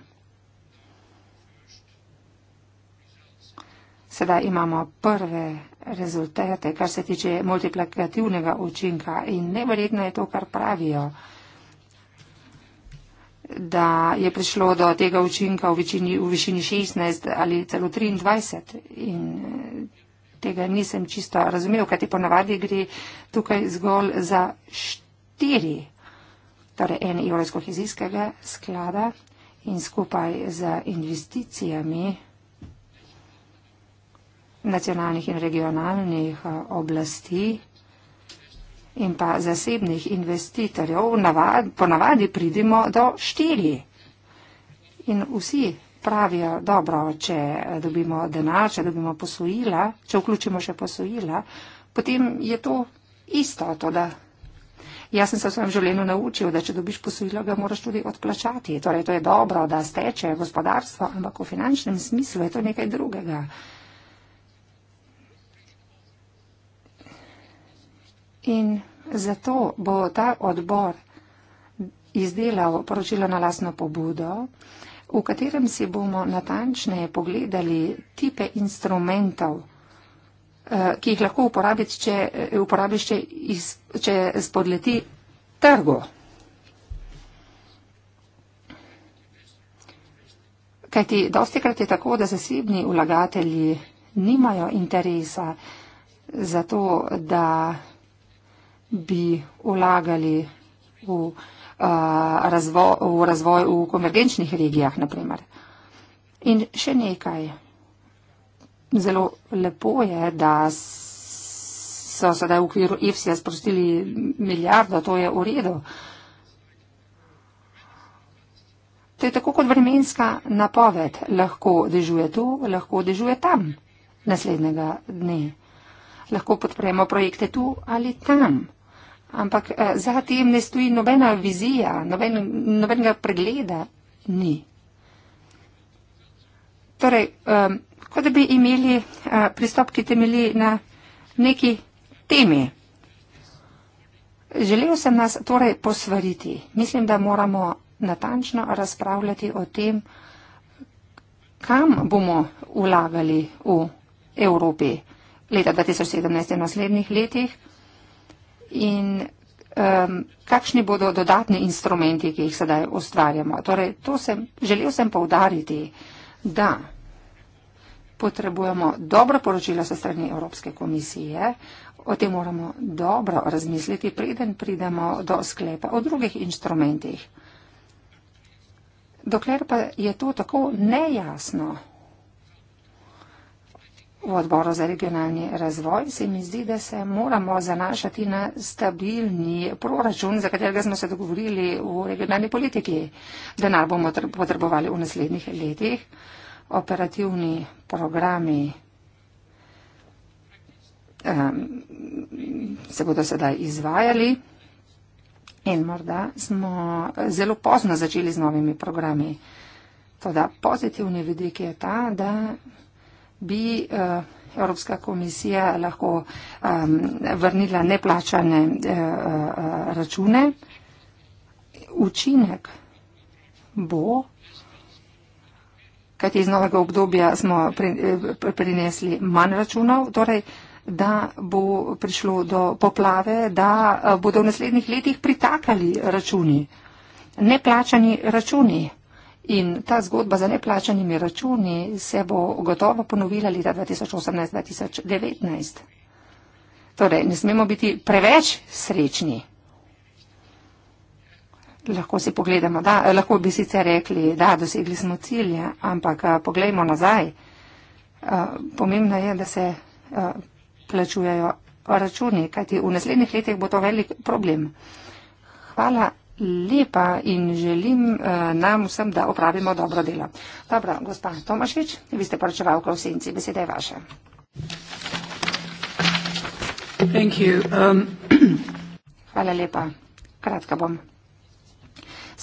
Sedaj imamo prve rezultate, kar se tiče multiplikativnega učinka. In neverjetno je to, kar pravijo, da je prišlo do tega učinka v višini, v višini 16 ali celo 23. In eh, tega nisem čisto razumel, kajti ponavadi gre tukaj zgolj za štiri, torej en evropsko hezijskega sklada in skupaj z investicijami nacionalnih in regionalnih eh, oblasti in pa zasebnih investitorjev navad, ponavadi pridimo do štiri. In vsi pravijo, dobro, če dobimo denar, če dobimo posojila, če vključimo še posojila, potem je to isto. To, jaz sem se v svojem življenju naučil, da če dobiš posojilo, ga moraš tudi odplačati. Torej, to je dobro, da steče gospodarstvo, ampak v finančnem smislu je to nekaj drugega. In zato bo ta odbor izdelal poročilo na lasno pobudo, v katerem si bomo natančneje pogledali tipe instrumentov, eh, ki jih lahko uporabiš, če, eh, uporabi, če, če spodleti trgu. Kajti dosti krat je tako, da zasebni vlagatelji nimajo interesa za to, da bi vlagali v, uh, razvoj, v razvoj v konvergenčnih regijah, naprimer. In še nekaj. Zelo lepo je, da so sedaj v okviru IFSI-ja sprostili milijardo, to je v redu. To je tako kot vremenska napoved. Lahko dežuje tu, lahko dežuje tam naslednjega dne lahko podpremo projekte tu ali tam. Ampak uh, za tem ne stoji nobena vizija, noben, nobenega pregleda ni. Torej, um, kot da bi imeli uh, pristop, ki temeli na neki temi. Želel sem nas torej posvariti. Mislim, da moramo natančno razpravljati o tem, kam bomo vlagali v Evropi leta 2017 in naslednjih letih in um, kakšni bodo dodatni instrumenti, ki jih sedaj ustvarjamo. Torej, to sem, želel sem povdariti, da potrebujemo dobro poročilo se strani Evropske komisije, o tem moramo dobro razmisliti, preden pridemo do sklepa o drugih instrumentih. Dokler pa je to tako nejasno, V odboru za regionalni razvoj se mi zdi, da se moramo zanašati na stabilni proračun, za katerega smo se dogovorili v regionalni politiki. Denar bomo potrebovali v naslednjih letih. Operativni programi um, se bodo sedaj izvajali in morda smo zelo pozno začeli z novimi programi. Toda pozitivni vidik je ta, da bi eh, Evropska komisija lahko vrnila neplačane eh, eh, račune. Učinek bo, kajti iz novega obdobja smo prinesli manj računov, torej, da bo prišlo do poplave, da bodo v naslednjih letih pritakali računi, neplačani računi. In ta zgodba za neplačanimi računi se bo gotovo ponovila leta 2018-2019. Torej, ne smemo biti preveč srečni. Lahko si pogledamo, da lahko bi sicer rekli, da dosegli smo cilje, ampak pogledajmo nazaj. Pomembno je, da se plačujejo računi, kajti v naslednjih letih bo to velik problem. Hvala lepa in želim uh, nam vsem, da opravimo dobro delo. Dobro, gospa Tomašič, vi ste poročevalka v Senci, beseda je vaša. Um. Hvala lepa. Kratka bom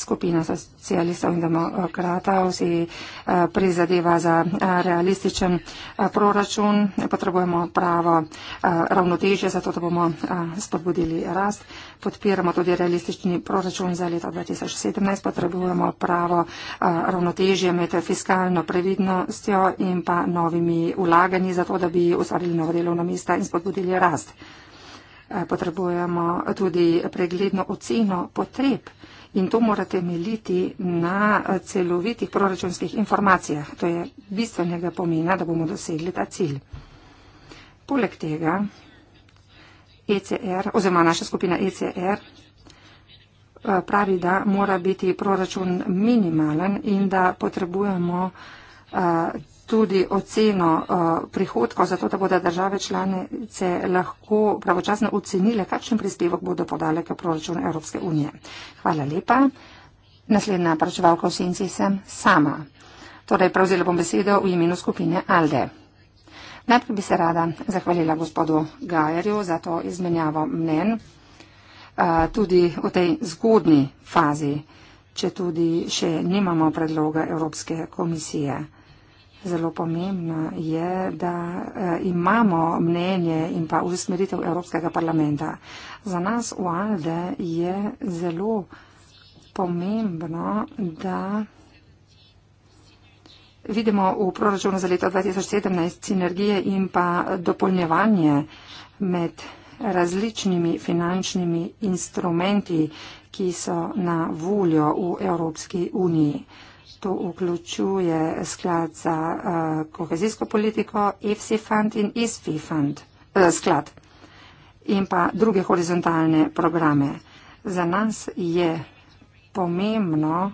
skupina socialistov in demokratov si eh, prizadeva za eh, realističen eh, proračun. Potrebujemo pravo ravnotežje, zato da bomo spodbudili rast. Podpiramo tudi realistični proračun za leto 2017. Potrebujemo pravo ravnotežje med fiskalno previdnostjo in pa novimi vlaganji, zato da bi ustvarili nove delovna mesta in spodbudili rast. Potrebujemo tudi pregledno oceno potreb in to mora temeljiti na eh, celovitih proračunskih informacijah. To je bistvenega pomena, da bomo dosegli ta cilj. Poleg tega ECR oziroma naša skupina ECR eh, pravi, da mora biti proračun minimalen in da potrebujemo eh, tudi oceno eh, prihodkov, zato da bodo države članice lahko pravočasno ocenile, kakšen prispevek bodo podale k proračunu Evropske unije. Hvala lepa. Naslednja pračevalka v senci sem sama. Torej, pravzela bom besedo v imenu skupine ALDE. Najprej bi se rada zahvalila gospodu Gajerju za to izmenjavo mnen. Eh, tudi v tej zgodni fazi, če tudi še nimamo predloga Evropske komisije zelo pomembna, je, da eh, imamo mnenje in pa usmeritev Evropskega parlamenta. Za nas v Alde je zelo pomembno, da vidimo v proračunu za leto 2017 sinergije in pa dopolnjevanje med različnimi finančnimi instrumenti, ki so na voljo v Evropski uniji. To vključuje sklad za uh, kohezijsko politiko, EFSI fund in ISFI fund, uh, sklad in pa druge horizontalne programe. Za nas je pomembno,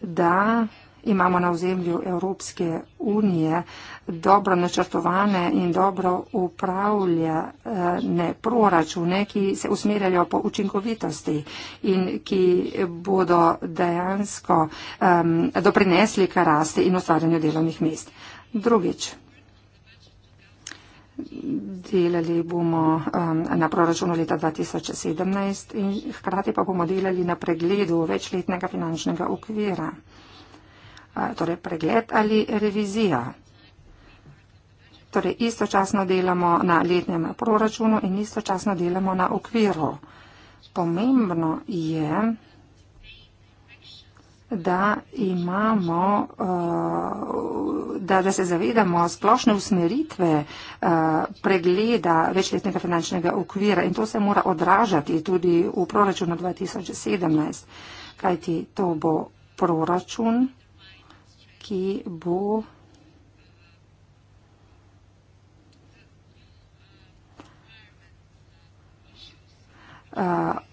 da imamo na ozemlju Evropske unije dobro načrtovane in dobro upravljene proračune, ki se usmerjajo po učinkovitosti in ki bodo dejansko um, doprinesli k rasti in ustvarjanju delovnih mest. Drugič. Delali bomo um, na proračunu leta 2017 in hkrati pa bomo delali na pregledu večletnega finančnega okvira torej pregled ali revizija. Torej istočasno delamo na letnem proračunu in istočasno delamo na okviru. Pomembno je, da, imamo, eh, da, da se zavedamo splošne usmeritve eh, pregleda večletnega finančnega okvira in to se mora odražati tudi v proračunu 2017, kajti to bo proračun ki bo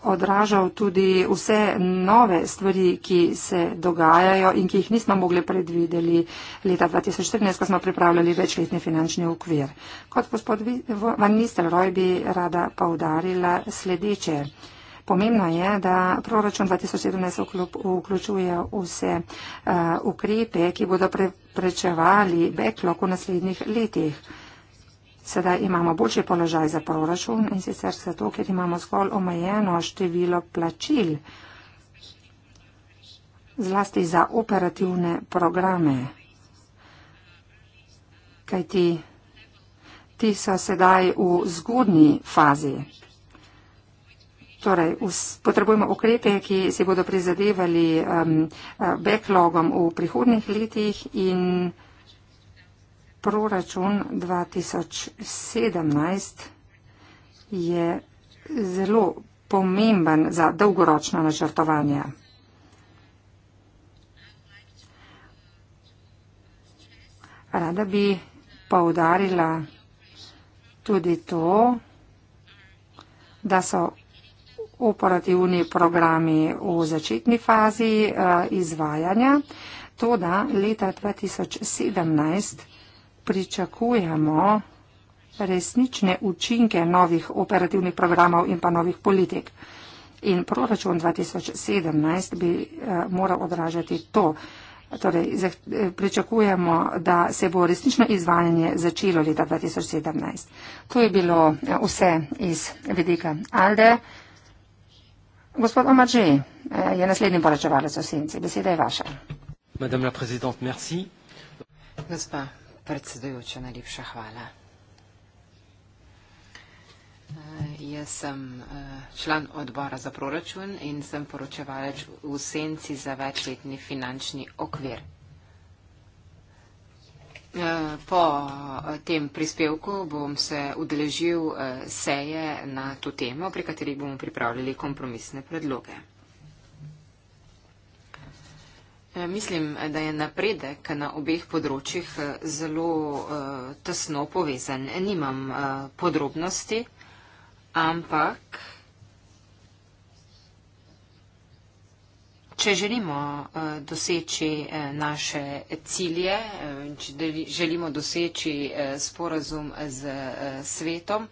odražal tudi vse nove stvari, ki se dogajajo in ki jih nismo mogli predvideli leta 2014, ko smo pripravljali večletni finančni okvir. Kot gospod Van Nistelrooy bi rada poudarila sledeče. Pomembno je, da proračun 2017 vključuje vse eh, ukrepe, ki bodo preprečevali backlog v naslednjih letih. Sedaj imamo boljši položaj za proračun in sicer zato, ker imamo zgolj omejeno število plačil, zlasti za operativne programe. Kajti ti so sedaj v zgodni fazi. Torej, potrebujemo ukrepe, ki se bodo prizadevali um, uh, backlogom v prihodnih letih in proračun 2017 je zelo pomemben za dolgoročno načrtovanje. Rada bi poudarila tudi to, da so operativni programi v začetni fazi eh, izvajanja. To, da leta 2017 pričakujemo resnične učinke novih operativnih programov in pa novih politik. In proračun 2017 bi eh, moral odražati to. Torej, eh, pričakujemo, da se bo resnično izvajanje začelo leta 2017. To je bilo vse iz vedika Alde. Gospod Omadži, eh, je naslednji poročevalec v senci. Beseda je vaša. Madame la présidente, merci. Gospa predsedujoča, najlepša hvala. Eh, jaz sem eh, član odbora za proračun in sem poročevalec v senci za večletni finančni okvir. Eh, po eh, tem prispevku bom se udeležil eh, seje na to temo, pri kateri bomo pripravljali kompromisne predloge. Mislim, da je napredek na obeh področjih zelo tesno povezan. Nimam podrobnosti, ampak Če želimo eh, doseči eh, naše cilje, eh, če želimo doseči sporazum z svetom,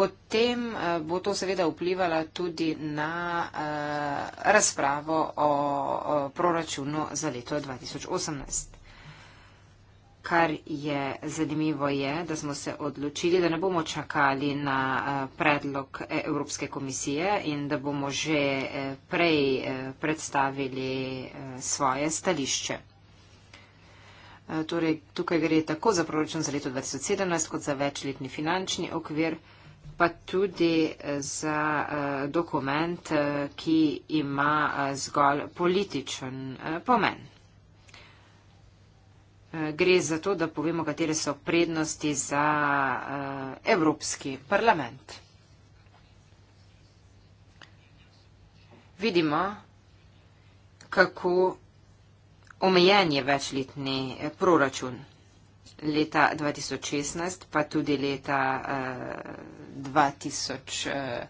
potem bo to seveda vplivalo tudi na razpravo o proračunu za leto 2018. Kar je zanimivo je, da smo se odločili, da ne bomo čakali na eh, predlog eh, Evropske komisije in da bomo že eh, prej predstavili svoje stališče. Torej, tukaj gre tako za proračun za leto 2017 kot za večletni finančni okvir, pa tudi za dokument, ki ima zgolj političen pomen. Eh, gre za to, da povemo, katere so prednosti za eh, Evropski parlament. Vidimo, kako omejen je večletni eh, proračun leta 2016, pa tudi leta 2020.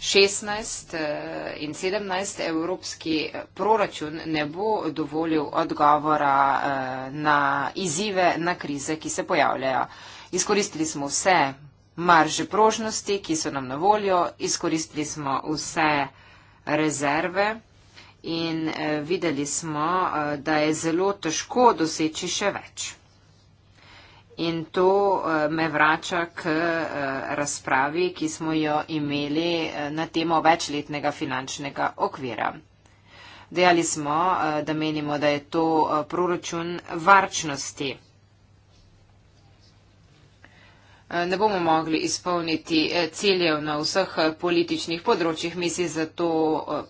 16 eh, in 17 eh, evropski eh, proračun ne bo dovolil odgovora na izzive, na krize, ki se pojavljajo. Izkoristili smo vse marže prožnosti, ki so nam na voljo, izkoristili smo vse rezerve in videli smo, da je zelo težko doseči še več. In to uh, me vrača k uh, razpravi, ki smo jo imeli uh, na temo večletnega finančnega okvira. Dejali smo, uh, da menimo, da je to uh, proračun varčnosti. Ne bomo mogli izpolniti ciljev na vseh političnih področjih, mi si zato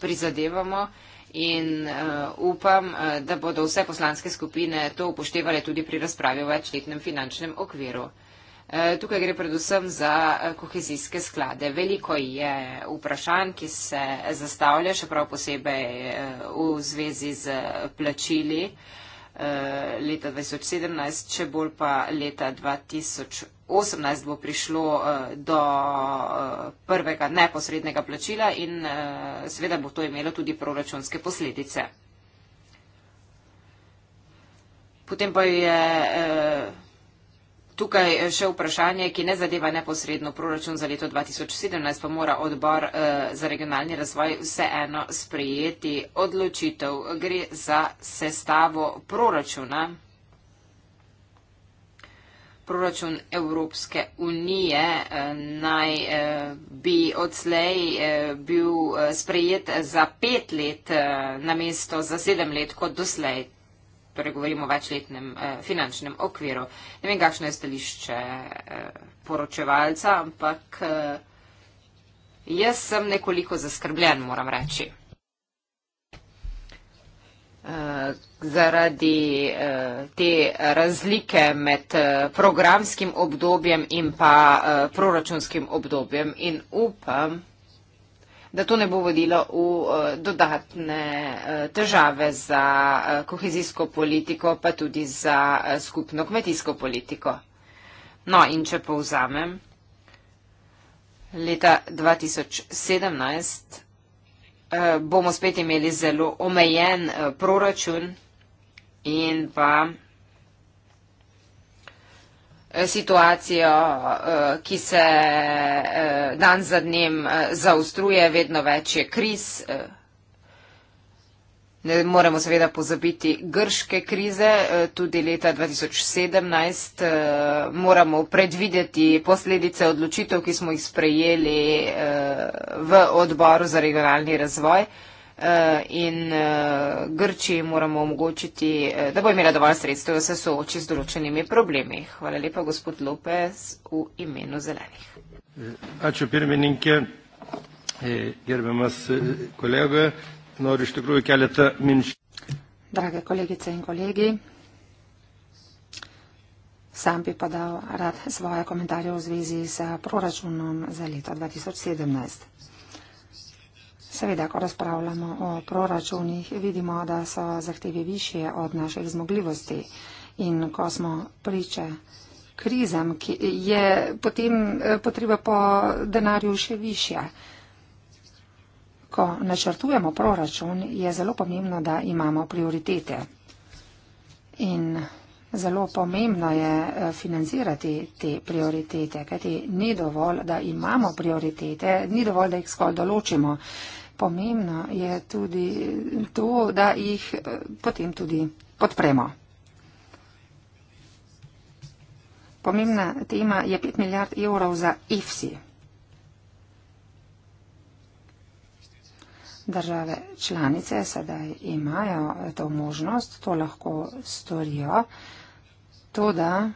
prizadevamo in uh, upam, uh, da bodo vse poslanske skupine to upoštevale tudi pri razpravi o večletnem finančnem okviru. Eh, tukaj gre predvsem za kohezijske sklade. Veliko je vprašanj, ki se zastavlja, še prav posebej v zvezi z plačili. Eh, leta 2017, če bolj pa leta 2018 bo prišlo eh, do eh, prvega neposrednega plačila in seveda bo to imelo tudi proračunske posledice. Potem pa je Tukaj eh, še vprašanje, ki ne zadeva neposredno proračun za leto 2017, pa mora odbor eh, za regionalni razvoj vseeno sprejeti odločitev. Gre za sestavo proračuna, proračun Evropske unije eh, naj bi odslej bil sprejet za pet let namesto za sedem let kot doslej torej govorimo o večletnem eh, finančnem okviru. Ne vem, kakšno je stališče eh, poročevalca, ampak eh, jaz sem nekoliko zaskrbljen, moram reči. Uh, zaradi uh, te razlike med uh, programskim obdobjem in pa uh, proračunskim obdobjem in upam, da to ne bo vodilo v eh, dodatne eh, težave za eh, kohezijsko politiko, pa tudi za skupno kmetijsko politiko. No in če povzamem, leta 2017 bomo spet imeli zelo omejen proračun in pa situacijo, eh, ki se eh, dan za dnem eh, zaustruje, vedno več je kriz. Ne moremo seveda pozabiti grške krize, tudi leta 2017 moramo predvideti posledice odločitev, ki smo jih sprejeli v odboru za regionalni razvoj. Eh, in eh, Grčiji moramo omogočiti, eh, da bo imela dovolj sredstev, da se sooči z določenimi problemi. Hvala lepa, gospod Lopez, v imenu zelenih. Ačiū pirmininkė, e, gerbiamas e, kolega, noriu iš tikrųjų keletą minčių. Drage kolegice in kolegi, sam bi podal rad svoje komentarje v zvezi s proračunom za leto 2017. Seveda, ko razpravljamo o proračunih, vidimo, da so zahteve više od naših zmogljivosti. In ko smo priče krizam, je potem eh, potreba po denarju še više. Ko načrtujemo proračun, je zelo pomembno, da imamo prioritete. In zelo pomembno je eh, financirati te prioritete, kajti ni dovolj, da imamo prioritete, ni dovolj, da jih skolj določimo pomembno je tudi to, da jih eh, potem tudi podpremo. Pomembna tema je 5 milijard evrov za EFSI. Države članice sedaj imajo to možnost, to lahko storijo, to da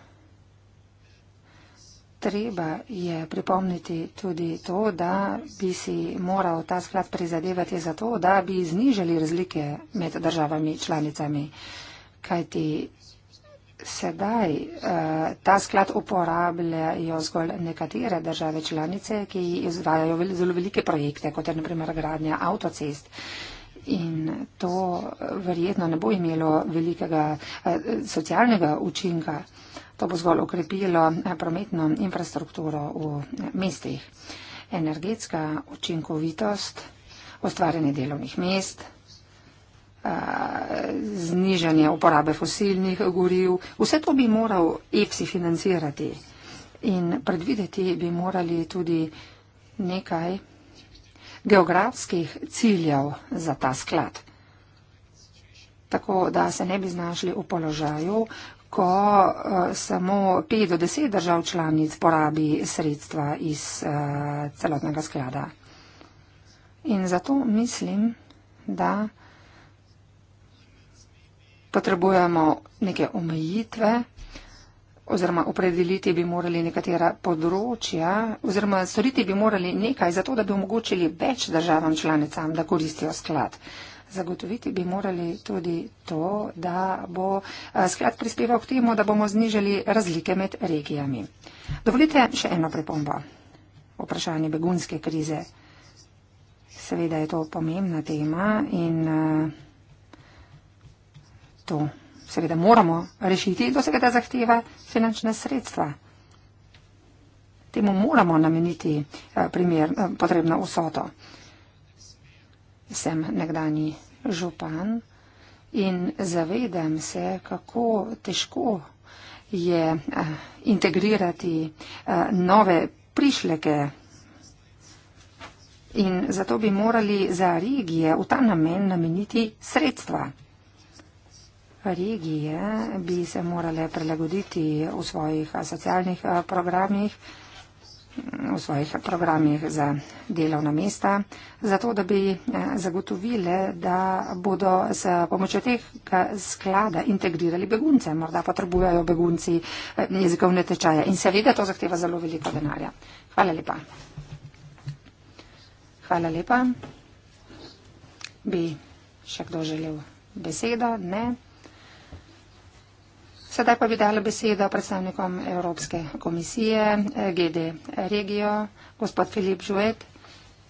treba je pripomniti tudi to, da bi si moral ta sklad prizadevati za to, da bi znižali razlike med državami članicami. Kajti sedaj eh, ta sklad uporabljajo zgolj nekatere države članice, ki izvajajo zelo velike projekte, kot je naprimer gradnja avtocest. In to eh, verjetno ne bo imelo velikega eh, socialnega učinka. Eh, To bo zgolj ukrepilo eh, prometno infrastrukturo v eh, mestih. Energetska učinkovitost, ustvarjanje delovnih mest, eh, znižanje uporabe fosilnih goriv, vse to bi moral EPSI financirati in predvideti bi morali tudi nekaj geografskih ciljev za ta sklad. Tako da se ne bi znašli v položaju, ko uh, samo 5 do 10 držav članic porabi sredstva iz uh, celotnega sklada. In zato mislim, da potrebujemo neke omejitve oziroma opredeliti bi morali nekatera področja oziroma storiti bi morali nekaj za to, da bi omogočili več državam članicam, da koristijo sklad. Uh, zagotoviti bi morali tudi to, da bo sklad prispeval k temu, da bomo znižali razlike med regijami. Dovolite še eno pripombo. Vprašanje begunske krize. Seveda je to pomembna tema in to seveda moramo rešiti. To seveda zahteva finančne sredstva. Temu moramo nameniti primer, potrebno vsoto sem nekdani župan in zavedam se, kako težko je eh, integrirati eh, nove prišleke. In zato bi morali za regije v ta namen nameniti sredstva. Regije bi se morale prilagoditi v svojih eh, socialnih programih v svojih programih za delovna mesta, zato da bi eh, zagotovile, da bodo s pomočjo teh sklada integrirali begunce. Morda potrebujejo begunci eh, jezikovne tečaje in seveda to zahteva zelo veliko denarja. Hvala lepa. Hvala lepa. Bi še kdo želel besedo? Ne. Sedaj pa bi dala besedo predstavnikom Evropske komisije, eh, GD Regio, gospod Filip Žuet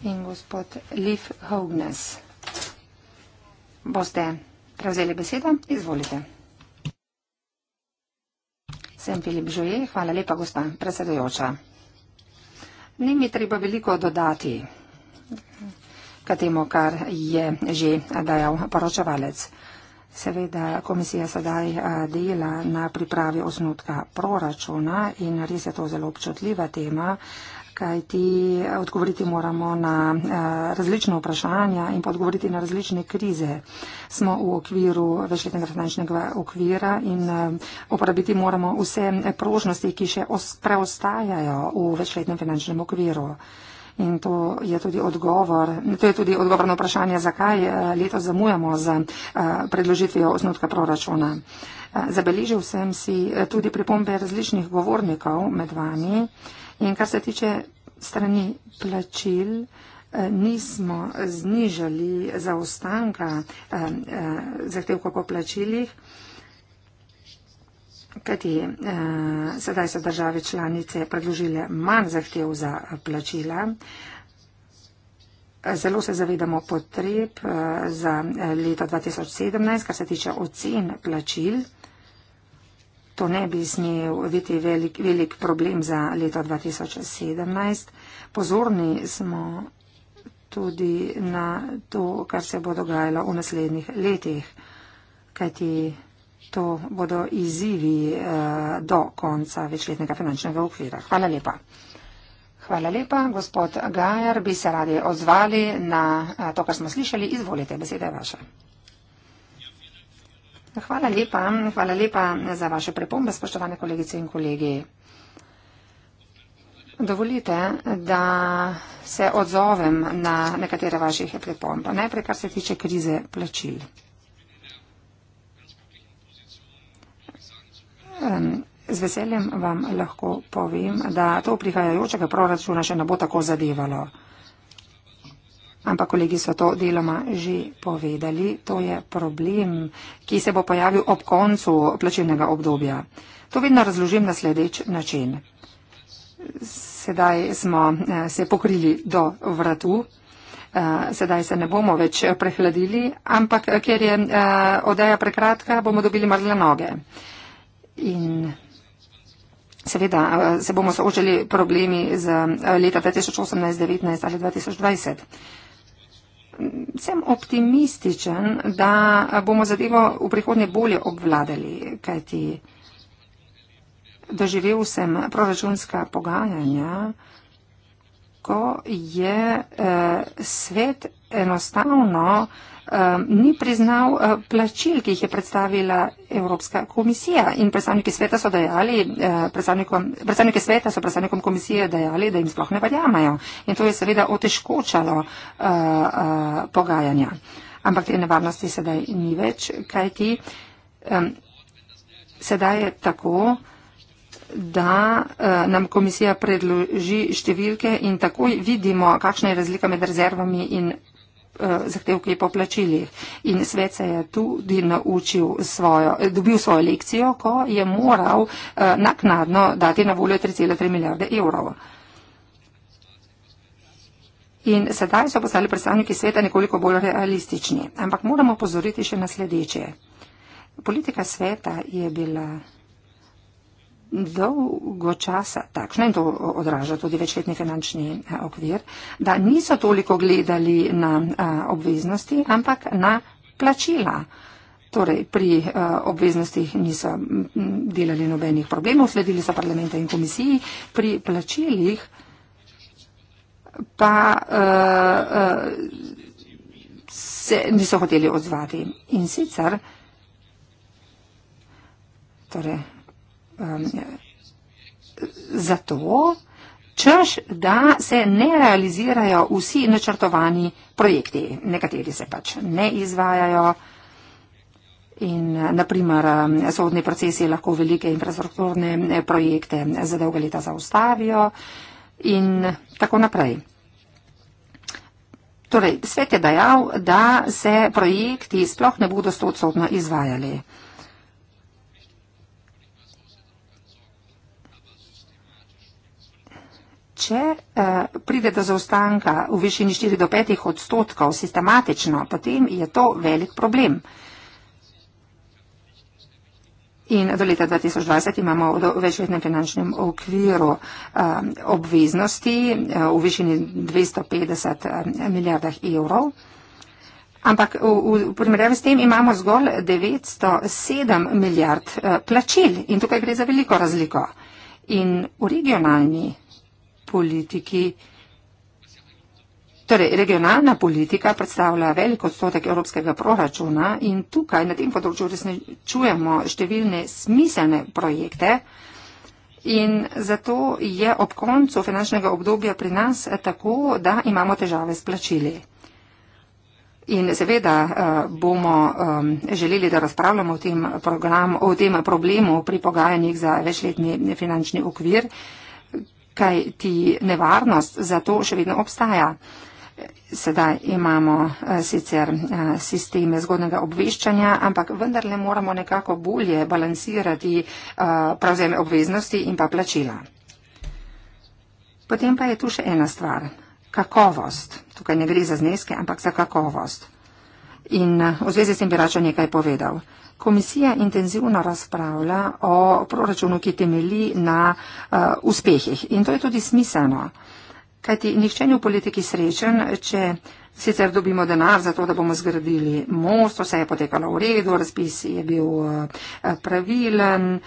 in gospod Liv Hognes. Boste prevzeli besedo? Izvolite. Sem Filip Žuet, hvala lepa, gospa predsedujoča. Ni mi treba veliko dodati k temu, kar je že dajal poročevalec. Seveda komisija sedaj eh, dela na pripravi osnutka proračuna in res je to zelo občutljiva tema, kajti odgovoriti moramo na eh, različne vprašanja in odgovoriti na različne krize. Smo v okviru večletnega finančnega okvira in eh, uporabiti moramo vse prožnosti, ki še preostajajo v večletnem finančnem okviru in to je tudi odgovor, to je tudi odgovor na vprašanje, zakaj eh, leto zamujamo z eh, predložitvijo osnutka proračuna. Eh, zabeležil sem si tudi pripombe različnih govornikov med vami in kar se tiče strani plačil, nismo znižali zaostanka zahtevkov po plačilih kajti eh, sedaj so države članice predložile manj zahtev za eh, plačila. Eh, zelo se zavedamo potreb eh, za eh, leto 2017, kar se tiče ocen plačil. To ne bi smel biti velik, velik problem za leto 2017. Pozorni smo tudi na to, kar se bo dogajalo v naslednjih letih. Kajti to bodo izzivi eh, do konca večletnega finančnega okvira. Hvala lepa. Hvala lepa. Gospod Gajar, bi se radi odzvali na eh, to, kar smo slišali. Izvolite, beseda je vaša. Hvala lepa. Hvala lepa za vaše prepombe, spoštovane kolegice in kolegi. Dovolite, da se odzovem na nekatere vaših prepomb. Najprej, kar se tiče krize plačil. Ehm, z veseljem vam lahko povem, da to prihajajočega proračuna še ne bo tako zadevalo. Ampak kolegi so to deloma že povedali. To je problem, ki se bo pojavil ob koncu plačilnega obdobja. To vedno razložim na sledeč način. Sedaj smo eh, se pokrili do vratu. Eh, sedaj se ne bomo več prehladili, ampak eh, ker je odeja prekratka, bomo dobili mrzle noge. In seveda eh, se bomo soočali problemi z eh, leta 2018, 2019 ali 2020. Sem optimističen, da bomo zadevo v prihodnje bolje obvladali, kajti doživel sem proračunska pogajanja, ko je eh, svet enostavno eh, Eh, ni priznal eh, plačil, ki jih je predstavila Evropska komisija. In predstavniki sveta so dejali, eh, predstavniki sveta so predstavnikom komisije dejali, da jim sploh ne verjamajo. In to je seveda otežkočalo pogajanja. Ampak te nevarnosti sedaj ni več, kaj ti sedaj je tako da nam komisija predloži številke in takoj vidimo, kakšna je razlika med rezervami in Eh, zahtevki po plačilih. In svet se je tudi naučil svojo, dobil svojo lekcijo, ko je moral eh, naknadno dati na voljo 3,3 milijarde evrov. In sedaj so postali predstavniki sveta nekoliko bolj realistični. Ampak moramo pozoriti še na sledeče. Politika sveta je bila dolgo časa takšno in to odraža tudi večletni finančni eh, okvir, da niso toliko gledali na eh, obveznosti, ampak na plačila. Torej, pri eh, obveznostih niso delali nobenih problemov, sledili so parlamenta in komisiji, pri plačilih pa se niso hoteli odzvati. In sicer, torej, um, zato, čež da se ne realizirajo vsi načrtovani projekti, nekateri se pač ne izvajajo. In, naprimer, um, sodni procesi lahko velike infrastrukturne eh, projekte za dolga leta zaustavijo in tako naprej. Torej, svet je dejal, da se projekti sploh ne bodo stotsodno izvajali. Če eh, pride do zaostanka v višini 4 do 5 odstotkov sistematično, potem je to velik problem. In do leta 2020 imamo v večletnem finančnem okviru eh, obveznosti eh, v višini 250 eh, milijardah evrov. Ampak v, v primerjavi s tem imamo zgolj 907 milijard eh, plačil in tukaj gre za veliko razliko. In v regionalni politiki. Torej, regionalna politika predstavlja velik odstotek evropskega proračuna in tukaj na tem področju resničujemo številne smiselne projekte in zato je ob koncu finančnega obdobja pri nas tako, da imamo težave s plačili. In seveda eh, bomo ehm, želeli, da razpravljamo o tem, program, o tem problemu pri pogajanjih za večletni finančni okvir kaj ti nevarnost za to še vedno obstaja. Sedaj imamo eh, sicer eh, sisteme zgodnega obveščanja, ampak vendarle moramo nekako bolje balansirati eh, pravzem obveznosti in pa plačila. Potem pa je tu še ena stvar. Kakovost. Tukaj ne gre za zneske, ampak za kakovost. In eh, v zvezi s tem bi rače nekaj povedal. Komisija intenzivno razpravlja o proračunu, ki temeli na uh, uspehih. In to je tudi smiselno. Kajti nišče ni v politiki srečen, če sicer dobimo denar za to, da bomo zgradili most, vse je potekalo v redu, razpis je bil eh, pravilen,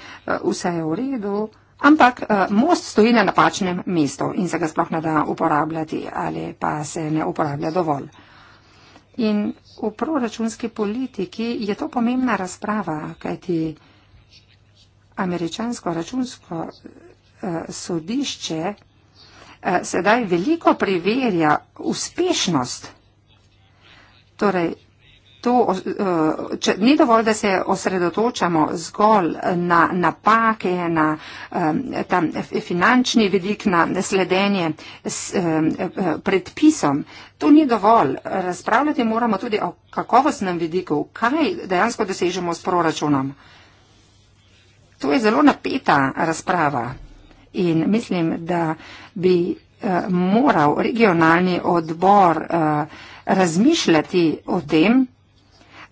vse je v redu. Ampak most stoji na napačnem mestu in se ga sploh ne da uporabljati ali pa se ne uporablja dovolj. In v proračunski politiki je to pomembna razprava, kajti američansko računsko uh, sodišče uh, sedaj veliko preverja uspešnost torej, to, eh, če, ni dovolj, da se osredotočamo zgolj na napake, na eh, ta eh, finančni vidik, na sledenje predpisom. To ni dovolj. Razpravljati moramo tudi o kakovostnem vidiku, kaj dejansko dosežemo s proračunom. To je zelo napeta razprava in mislim, da bi moral regionalni odbor razmišljati o tem,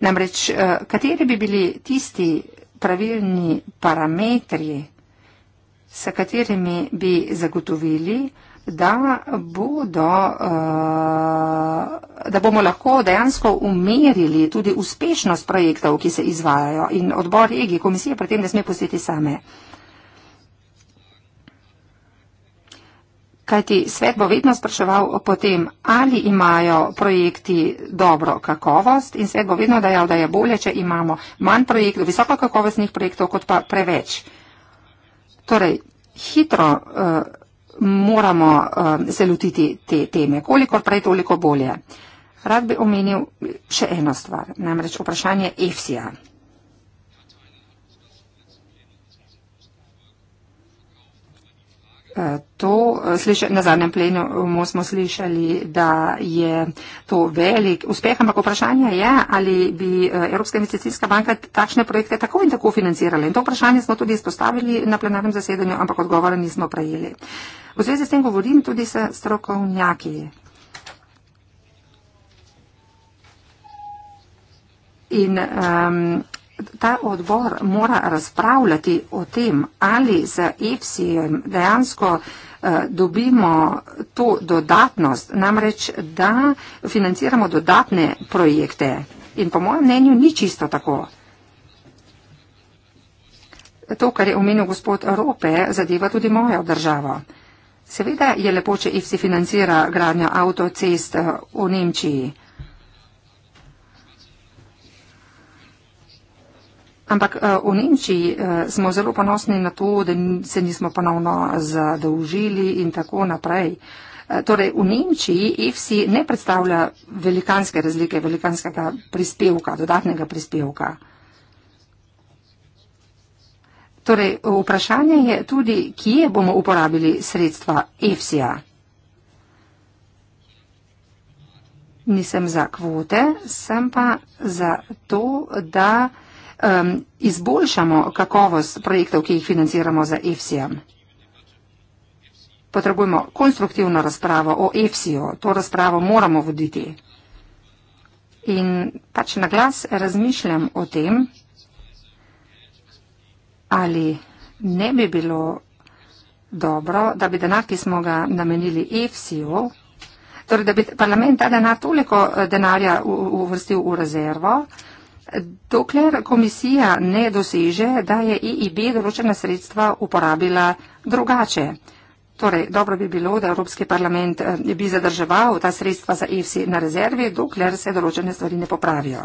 Namreč, eh, kateri bi bili tisti pravilni parametri, s katerimi bi zagotovili, da, bodo, eh, da bomo lahko dejansko umerili tudi uspešnost projektov, ki se izvajajo in odbor regije komisije pri tem ne sme pustiti same. Kajti svet bo vedno spraševal o tem, ali imajo projekti dobro kakovost in svet bo vedno dejal, da je bolje, če imamo manj projektov, visoko kakovostnih projektov, kot pa preveč. Torej, hitro uh, moramo uh, eh, zelutiti te teme, kolikor prej, toliko bolje. Rad bi omenil še eno stvar, namreč vprašanje EFSI-a. to. Eh, Sliša, na zadnjem plenumu smo slišali, da je to velik uspeh, ampak vprašanje je, ali bi eh, Evropska investicijska banka takšne projekte tako in tako financirala. In to vprašanje smo tudi izpostavili na plenarnem zasedanju, ampak odgovora nismo prejeli. V zvezi s tem govorim tudi s strokovnjaki. In um, ta odbor mora razpravljati o tem, ali za EPSI-jem dejansko eh, dobimo to dodatnost, namreč da financiramo dodatne projekte. In po mojem mnenju ni čisto tako. To, kar je omenil gospod Rope, zadeva tudi mojo državo. Seveda je lepo, če EPSI financira gradnjo avtocest eh, v Nemčiji. Ampak eh, v Nemčiji eh, smo zelo ponosni na to, da se nismo ponovno zadolžili in tako naprej. Eh, torej, v Nemčiji EFSI ne predstavlja velikanske razlike, velikanskega prispevka, dodatnega prispevka. Torej, vprašanje je tudi, kje bomo uporabili sredstva EFSI-ja. Nisem za kvote, sem pa za to, da um, izboljšamo kakovost projektov, ki jih financiramo za EFSI-em. Potrebujemo konstruktivno razpravo o EFSI-ju, to razpravo moramo voditi. In pač na glas razmišljam o tem, ali ne bi bilo dobro, da bi denar, ki smo ga namenili EFSI-ju, torej da bi parlament ta denar toliko eh, denarja uvrstil v rezervo, dokler komisija ne doseže, da je e IIB določena sredstva uporabila drugače. Torej, dobro bi bilo, da Evropski parlament eh, bi zadrževal ta sredstva za EFSI na rezervi, dokler se določene stvari ne popravijo.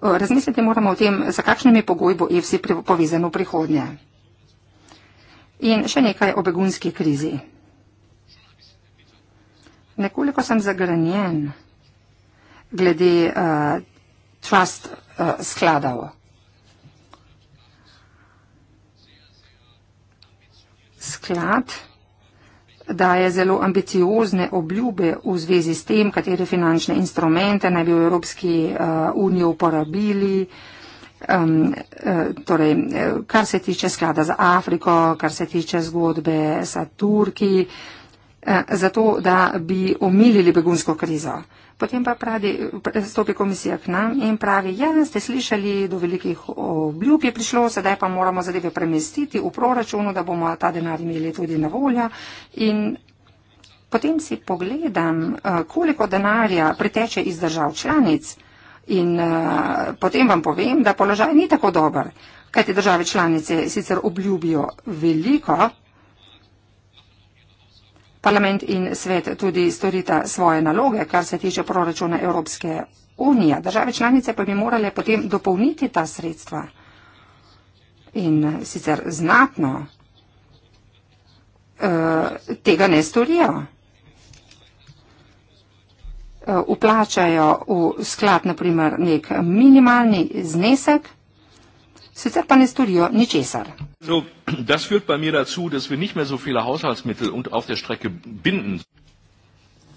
Razmisliti moramo o tem, za kakšnimi pogoji bo EFSI povezan v prihodnje. In še nekaj o begunski krizi. Nekoliko sem zagranjen glede uh, trust uh, skladov. Sklad daje zelo ambiciozne obljube v zvezi s tem, katere finančne instrumente naj bi v Evropski uh, uniji uporabili. Um, torej, kar se tiče sklada za Afriko, kar se tiče zgodbe sa Turki, uh, zato da bi omilili begunsko krizo. Uh, Potem pa pravi, stopi komisija k nam in pravi, ja, ste slišali, do velikih obljub je prišlo, sedaj pa moramo zadeve premestiti v proračunu, da bomo ta denar imeli tudi na voljo. In potem si pogledam, eh, koliko denarja priteče iz držav članic in eh, potem vam povem, da položaj ni tako dober, kajti države članice sicer obljubijo veliko, Parlament in svet tudi storita svoje naloge, kar se tiče proračuna Evropske unije. Države članice pa bi morale potem dopolniti ta sredstva in sicer znatno uh, tega ne storijo. Uh, eh, uplačajo v sklad naprimer nek minimalni znesek, sicer pa ne storijo ničesar. So,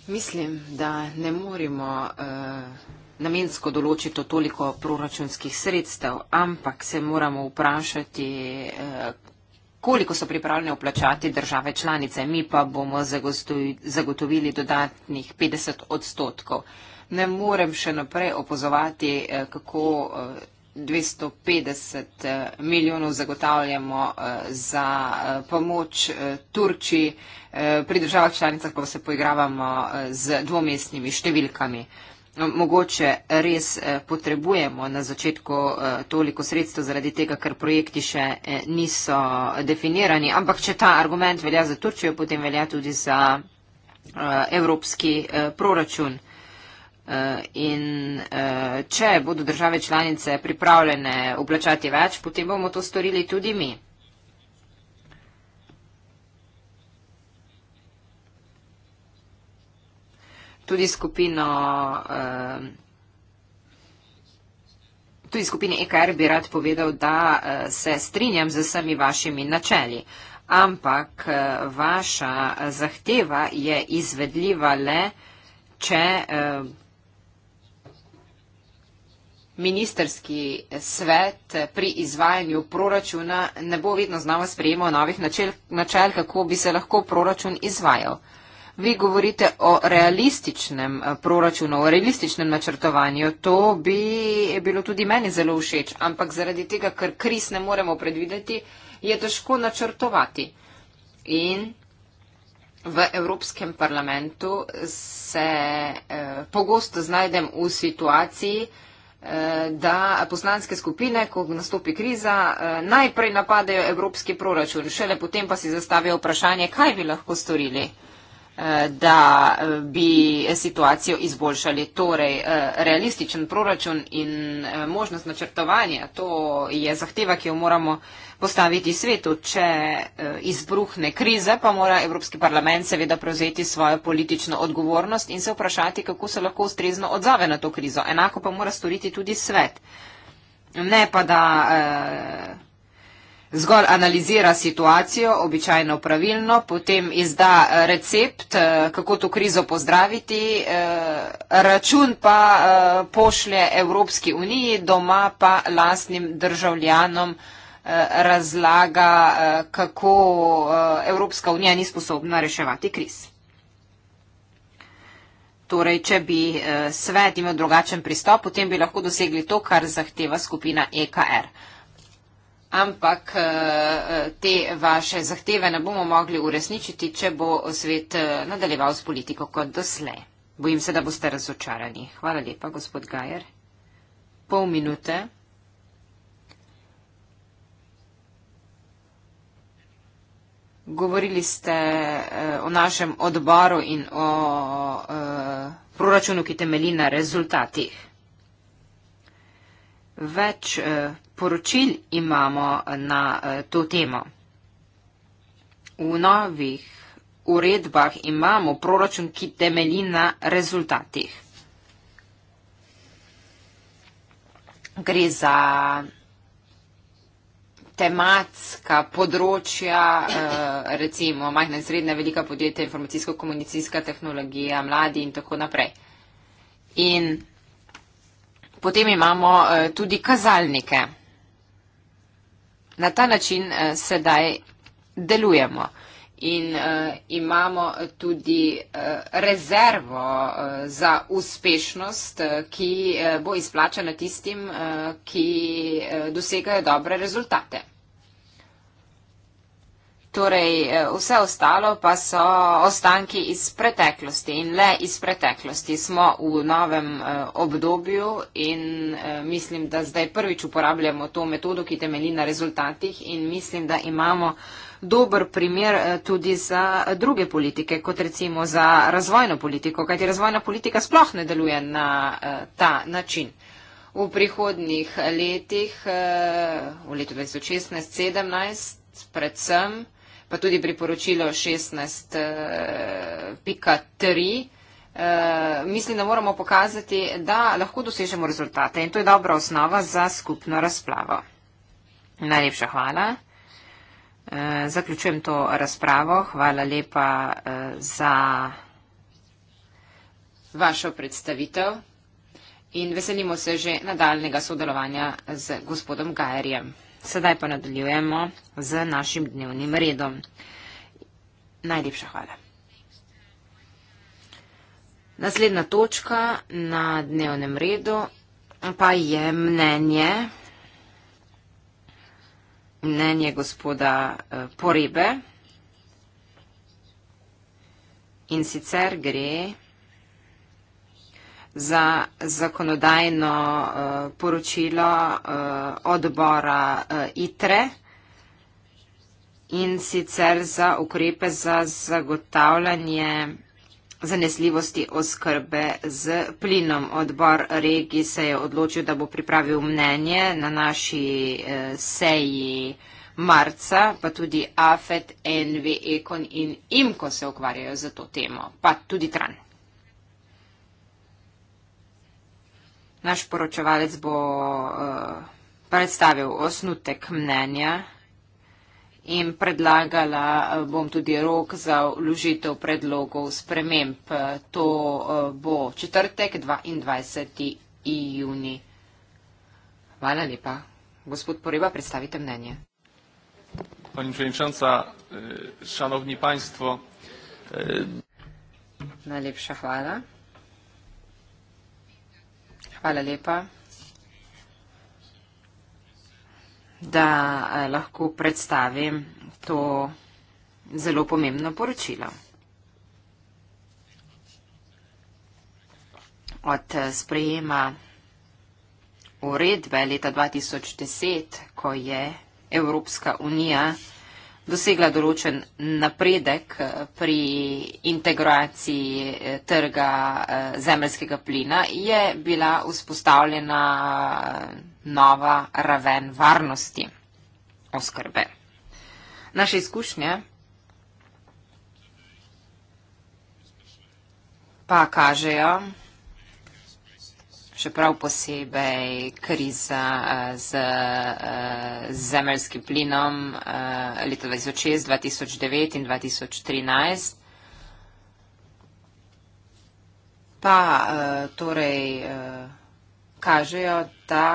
Mislim, da ne moremo uh, namensko določiti toliko proračunskih sredstev, ampak se moramo vprašati, uh, koliko so pripravljene vplačati države članice. Mi pa bomo zagotovili dodatnih 50 odstotkov. Ne morem še naprej opozovati, uh, eh, kako. Uh, 250 eh, milijonov zagotavljamo eh, za eh, pomoč Turčiji, pri državah članicah pa se poigravamo z dvomestnimi številkami. No, mogoče res potrebujemo na začetku toliko sredstev zaradi tega, ker projekti še niso definirani, ampak če ta argument velja za Turčijo, potem velja tudi za evropski proračun. Eh, in eh, če bodo države članice pripravljene uplačati več, potem bomo to storili tudi mi. Tudi skupino eh, Tudi skupini EKR bi rad povedal, da se strinjam z vsemi vašimi načeli, ampak vaša zahteva je izvedljiva le, če ministerski svet pri izvajanju proračuna ne bo vedno znova sprejemal novih načel, načel, kako bi se lahko proračun izvajal. Vi govorite o realističnem eh, proračunu, o realističnem načrtovanju. To bi bilo tudi meni zelo všeč, ampak zaradi tega, ker kriz ne moremo predvideti, je težko načrtovati. In v Evropskem parlamentu se eh, pogosto znajdem v situaciji, eh, Eh, da poslanske skupine, ko nastopi kriza, eh, najprej napadajo evropski proračun, šele potem pa si zastavijo vprašanje, kaj bi lahko storili da eh, bi situacijo izboljšali. Torej, eh, realističen proračun in eh, možnost načrtovanja, to je zahteva, ki jo moramo postaviti svetu. Če izbruhne krize, pa mora Evropski parlament seveda prevzeti svojo politično odgovornost in se vprašati, kako se lahko ustrezno odzave na to krizo. Enako pa mora storiti tudi svet. Ne pa da. Eh, zgolj analizira situacijo, običajno pravilno, potem izda eh, recept, eh, kako to krizo pozdraviti, eh, račun pa pošlje Evropski uniji, doma pa lastnim državljanom razlaga, kako Evropska unija ni sposobna reševati kriz. Torej, če bi svet imel drugačen pristop, potem bi lahko dosegli to, kar zahteva skupina EKR ampak eh, te vaše zahteve ne bomo mogli uresničiti, če bo svet eh, nadaljeval s politiko kot doslej. Bojim se, da boste razočarani. Hvala lepa, gospod Gajer. Pol minute. Govorili ste eh, o našem odboru in o proračunu, ki temeli na rezultatih. Več poročil imamo eh, na eh, to temo. V novih uredbah imamo proračun, ki temelji na rezultatih. Gre za tematska področja, eh, recimo majhna in srednja velika podjetja, informacijsko-komunicijska tehnologija, mladi in tako naprej. In potem imamo tudi kazalnike na ta način uh, sedaj delujemo in uh, imamo tudi uh, rezervo uh, za uspešnost, uh, ki uh, bo izplačana tistim, uh, ki uh, dosegajo dobre rezultate. Torej, eh, vse ostalo pa so ostanki iz preteklosti in le iz preteklosti. Smo v novem eh, obdobju in eh, mislim, da zdaj prvič uporabljamo to metodo, ki temelji na rezultatih in mislim, da imamo dober primer tudi za druge politike, kot recimo za razvojno politiko, kajti razvojna politika sploh ne deluje na ta način. V prihodnih letih, v letu 2016-2017, predvsem pa tudi priporočilo 16.3, eh, eh, mislim, da moramo pokazati, da lahko dosežemo rezultate in to je dobra osnova za skupno razplavo. Najlepša hvala. Eh, zaključujem to razpravo. Hvala lepa za vašo predstavitev in veselimo se že nadaljnega sodelovanja z gospodom Gajerjem. Sedaj pa nadaljujemo z našim dnevnim redom. Najlepša hvala. Naslednja točka na dnevnem redu pa je mnenje, mnenje gospoda eh, Porebe. In sicer gre za zakonodajno eh, poročilo eh, odbora eh, ITRE in sicer za ukrepe za zagotavljanje zanesljivosti oskrbe z plinom. Odbor regi se je odločil, da bo pripravil mnenje na naši seji marca, pa tudi AFET, NV, EKON in IMKO se ukvarjajo za to temo, pa tudi TRAN. naš poročevalec bo eh, predstavil osnutek mnenja in predlagala eh, bom tudi rok za vložitev predlogov sprememb. Eh, to bo četrtek 22. juni. Hvala lepa. Gospod Poreba, predstavite mnenje. Pani Čevičanca, šanovni e, panjstvo. E, Najlepša hvala. Hvala lepa. Da eh, lahko predstavim to zelo pomembno poročilo. Od eh, sprejema uredbe leta 2010, ko je Evropska unija dosegla določen napredek eh, pri integraciji eh, trga eh, zemljskega plina, je bila vzpostavljena nova raven varnosti oskrbe. Naše izkušnje pa kažejo, še prav posebej kriza eh, z eh, zemeljskim plinom eh, leta 2006, 2009 in 2013. Pa torej kažejo, da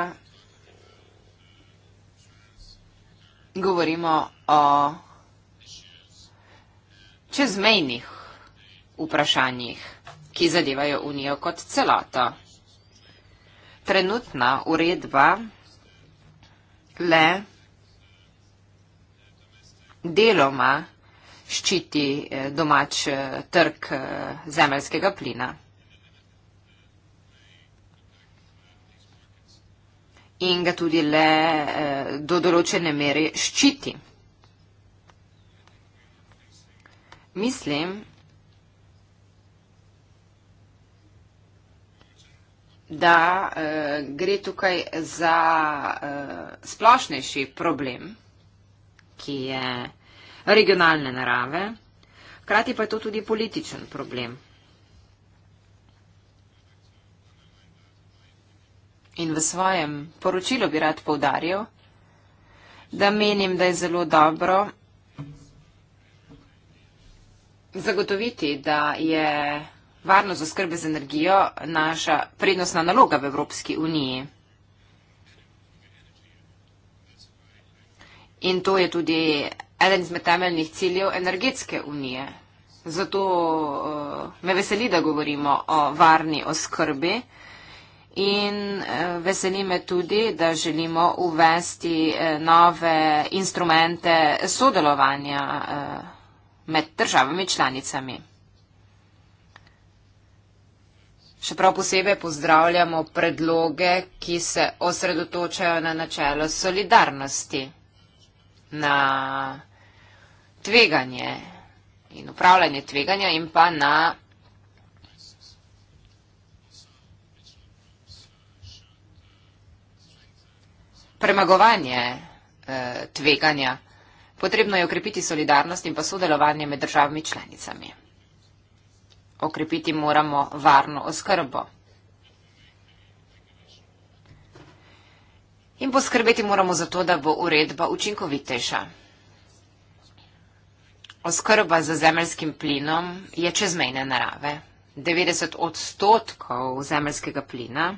govorimo o čezmejnih vprašanjih, ki zadevajo Unijo kot celoto trenutna uredba le deloma ščiti eh, domač eh, trg eh, zemeljskega plina. In ga tudi le do določene mere ščiti. Mislim, da uh, gre tukaj za uh, splošnejši problem, ki je regionalne narave, hkrati pa je to tudi političen problem. In v svojem poročilu bi rad povdaril, da menim, da je zelo dobro zagotoviti, da je varnost oskrbe z energijo naša prednostna naloga v Evropski uniji. In to je tudi eden izmed temeljnih ciljev energetske unije. Zato eh, me veseli, da govorimo o varni oskrbi in eh, veseli me tudi, da želimo uvesti eh, nove instrumente sodelovanja med državami članicami. Še prav posebej pozdravljamo predloge, ki se osredotočajo na načelo solidarnosti, na tveganje in upravljanje tveganja in pa na premagovanje eh, tveganja. Potrebno je ukrepiti solidarnost in pa sodelovanje med državami članicami okrepiti moramo varno oskrbo. In poskrbeti moramo za to, da bo uredba učinkovitejša. Oskrba z zemljskim plinom je čezmejne narave. 90 odstotkov zemljskega plina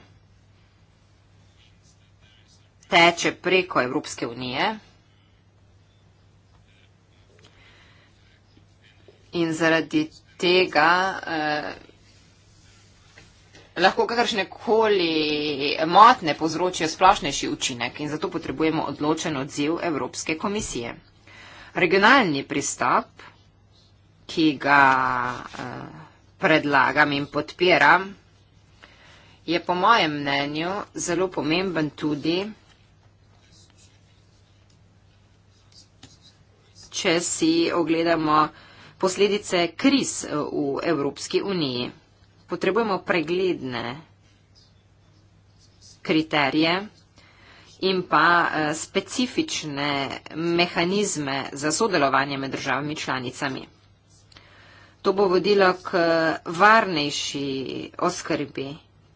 teče preko Evropske unije in zaradi tega eh, lahko kakršne koli motne povzročijo splošnejši učinek in zato potrebujemo odločen odziv Evropske komisije. Regionalni pristop, ki ga eh, predlagam in podpiram, je po mojem mnenju zelo pomemben tudi, če si ogledamo posledice kriz eh, v Evropski uniji. Potrebujemo pregledne kriterije in pa eh, specifične mehanizme za sodelovanje med državami članicami. To bo vodilo k varnejši oskrbi,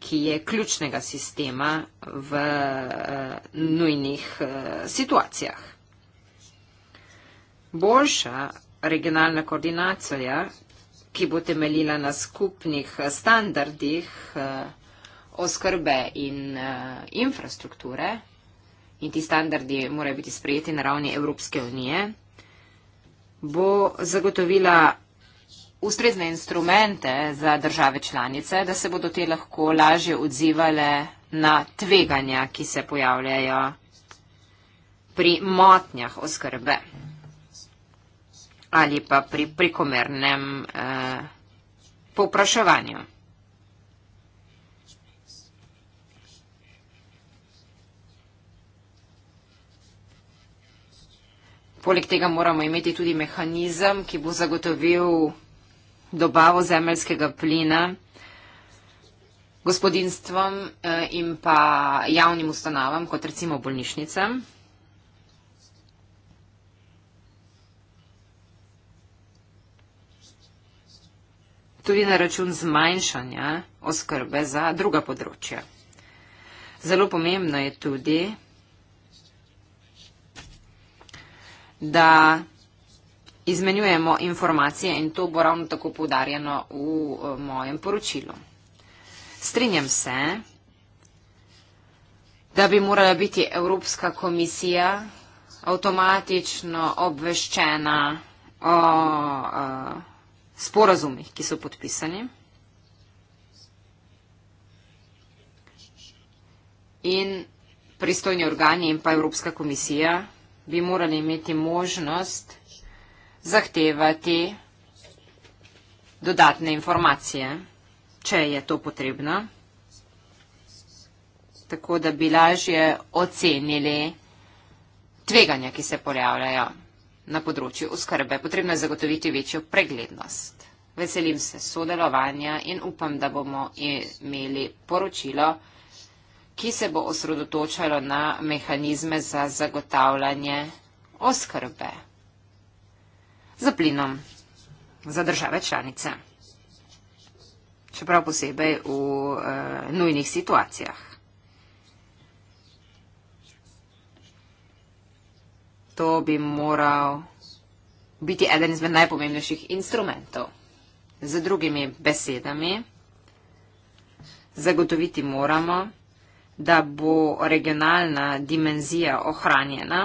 ki je ključnega sistema v eh, nujnih situacijah. Boljša regionalna koordinacija, ki bo temeljila na skupnih eh, standardih eh, oskrbe in eh, infrastrukture in ti standardi morajo biti sprejeti na ravni Evropske unije, bo zagotovila ustrezne instrumente za države članice, da se bodo te lahko lažje odzivale na tveganja, ki se pojavljajo pri motnjah oskrbe ali pa pri prikomernem eh, povpraševanju. Poleg tega moramo imeti tudi mehanizem, ki bo zagotovil dobavo zemeljskega plina gospodinstvom eh, in pa javnim ustanovam, kot recimo bolnišnicam. tudi na račun zmanjšanja oskrbe za druga področja. Zelo pomembno je tudi, da izmenjujemo informacije in to bo ravno tako poudarjeno v eh, mojem poročilu. Strinjam se, da bi morala biti Evropska komisija avtomatično obveščena o, o eh, sporazumih, ki so podpisani. In pristojni organi in pa Evropska komisija bi morali imeti možnost zahtevati dodatne informacije, če je to potrebno, tako da bi lažje ocenili tveganja, ki se pojavljajo na področju oskrbe. Potrebno je zagotoviti večjo preglednost. Veselim se sodelovanja in upam, da bomo imeli poročilo, ki se bo osredotočalo na mehanizme za zagotavljanje oskrbe za plinom za države članice, čeprav posebej v e, nujnih situacijah. to bi moral biti eden izmed najpomembnejših instrumentov. Z drugimi besedami, zagotoviti moramo, da bo regionalna dimenzija ohranjena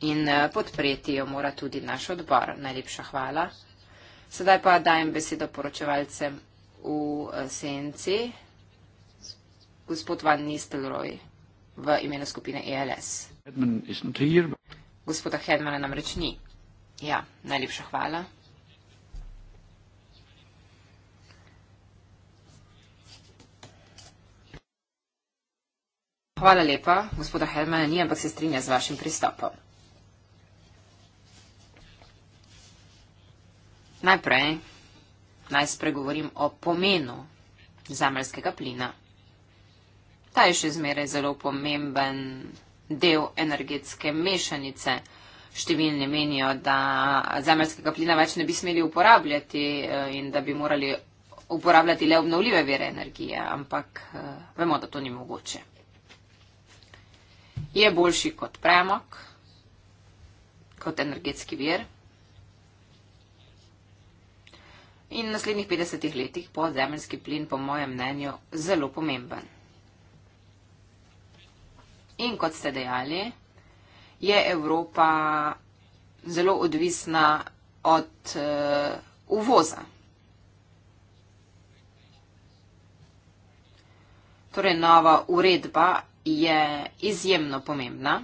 in eh, podpreti jo mora tudi naš odbor. Najlepša hvala. Sedaj pa dajem besedo poročevalcem v eh, senci, gospod Van Nistelrooy v imenu skupine ELS. Gospoda Hedmana namreč ni. Ja, najlepša hvala. Hvala lepa, gospoda Hedmana ni, ampak se strinja z vašim pristopom. Najprej naj spregovorim o pomenu zamrskega plina Ta je še zmeraj zelo pomemben del energetske mešanice. Številni menijo, da zemljskega plina več ne bi smeli uporabljati eh, in da bi morali uporabljati le obnovljive vere energije, ampak eh, vemo, da to ni mogoče. Je boljši kot premok, kot energetski vir. In v naslednjih 50 letih bo zemljski plin, po mojem mnenju, zelo pomemben. In kot ste dejali, je Evropa zelo odvisna od uh, uvoza. Torej, nova uredba je izjemno pomembna,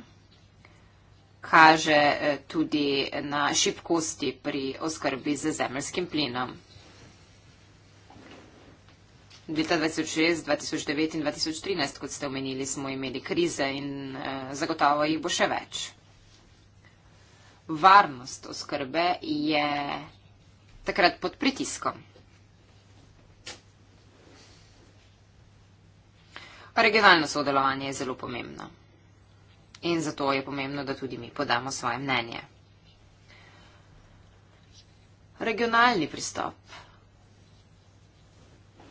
kaže eh, tudi na šibkosti pri oskrbi z zemljskim plinom. Leta 2006, 2009 in 2013, kot ste omenili, smo imeli krize in eh, zagotovo jih bo še več. Varnost oskrbe je takrat pod pritiskom. Regionalno sodelovanje je zelo pomembno. In zato je pomembno, da tudi mi podamo svoje mnenje. Regionalni pristop.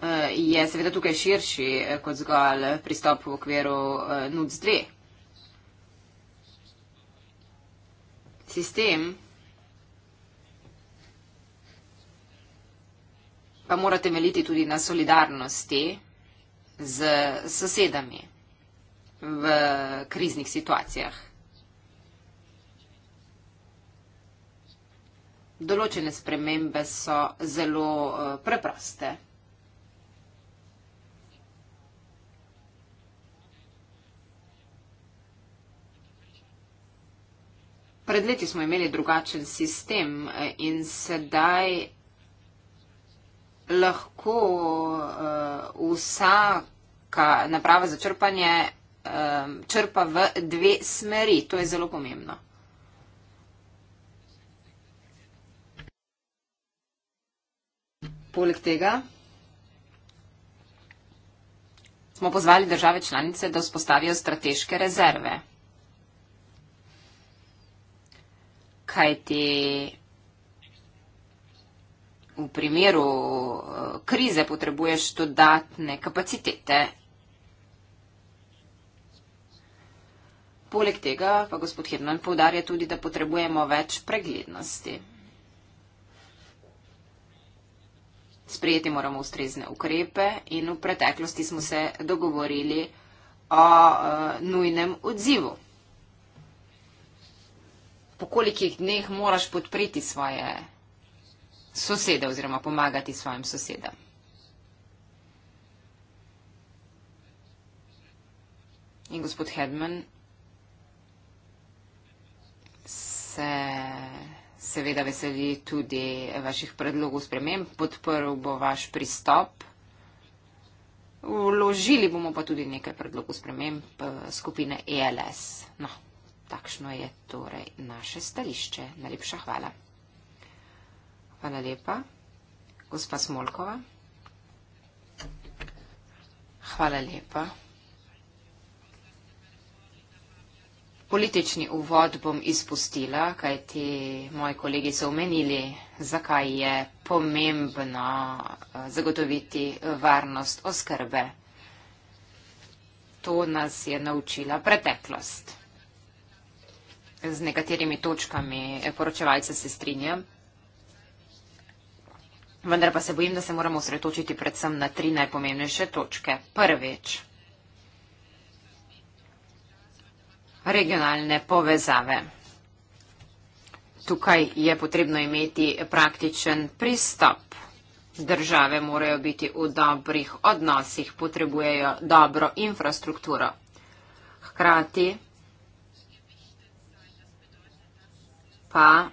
Eh, je seveda tukaj širši eh, kot zgolj pristop v okviru eh, NUC2. Sistem pa mora temeljiti tudi na solidarnosti z sosedami v kriznih situacijah. Določene spremembe so zelo preproste. pred leti smo imeli drugačen sistem eh, in sedaj eh, lahko uh, vsaka naprava za črpanje uh, črpa v dve smeri. To je zelo pomembno. Poleg tega smo pozvali države članice, da vzpostavijo strateške rezerve. kajti v primeru eh, krize potrebuješ dodatne kapacitete. Poleg tega pa gospod Hirman povdarja tudi, da potrebujemo več preglednosti. Sprejeti moramo ustrezne ukrepe in v preteklosti smo se dogovorili o uh, nujnem odzivu po kolikih dneh moraš podpreti svoje sosede oziroma pomagati svojim sosedam. In gospod Hedman se seveda veseli tudi vaših predlogov sprememb, podprl bo vaš pristop. Vložili bomo pa tudi nekaj predlogov sprememb eh, skupine ELS. No, Takšno je torej naše stališče. Najlepša hvala. Hvala lepa, gospa Smolkova. Hvala lepa. Politični uvod bom izpustila, kaj ti moji kolegi so omenili, zakaj je pomembno eh, zagotoviti eh, varnost oskrbe. To nas je naučila preteklost z nekaterimi točkami eh, poročevalca se strinjam. Vendar pa se bojim, da se moramo osredotočiti predvsem na tri najpomembnejše točke. Prvič, regionalne povezave. Tukaj je potrebno imeti praktičen pristop. Države morajo biti v dobrih odnosih, potrebujejo dobro infrastrukturo. Hkrati pa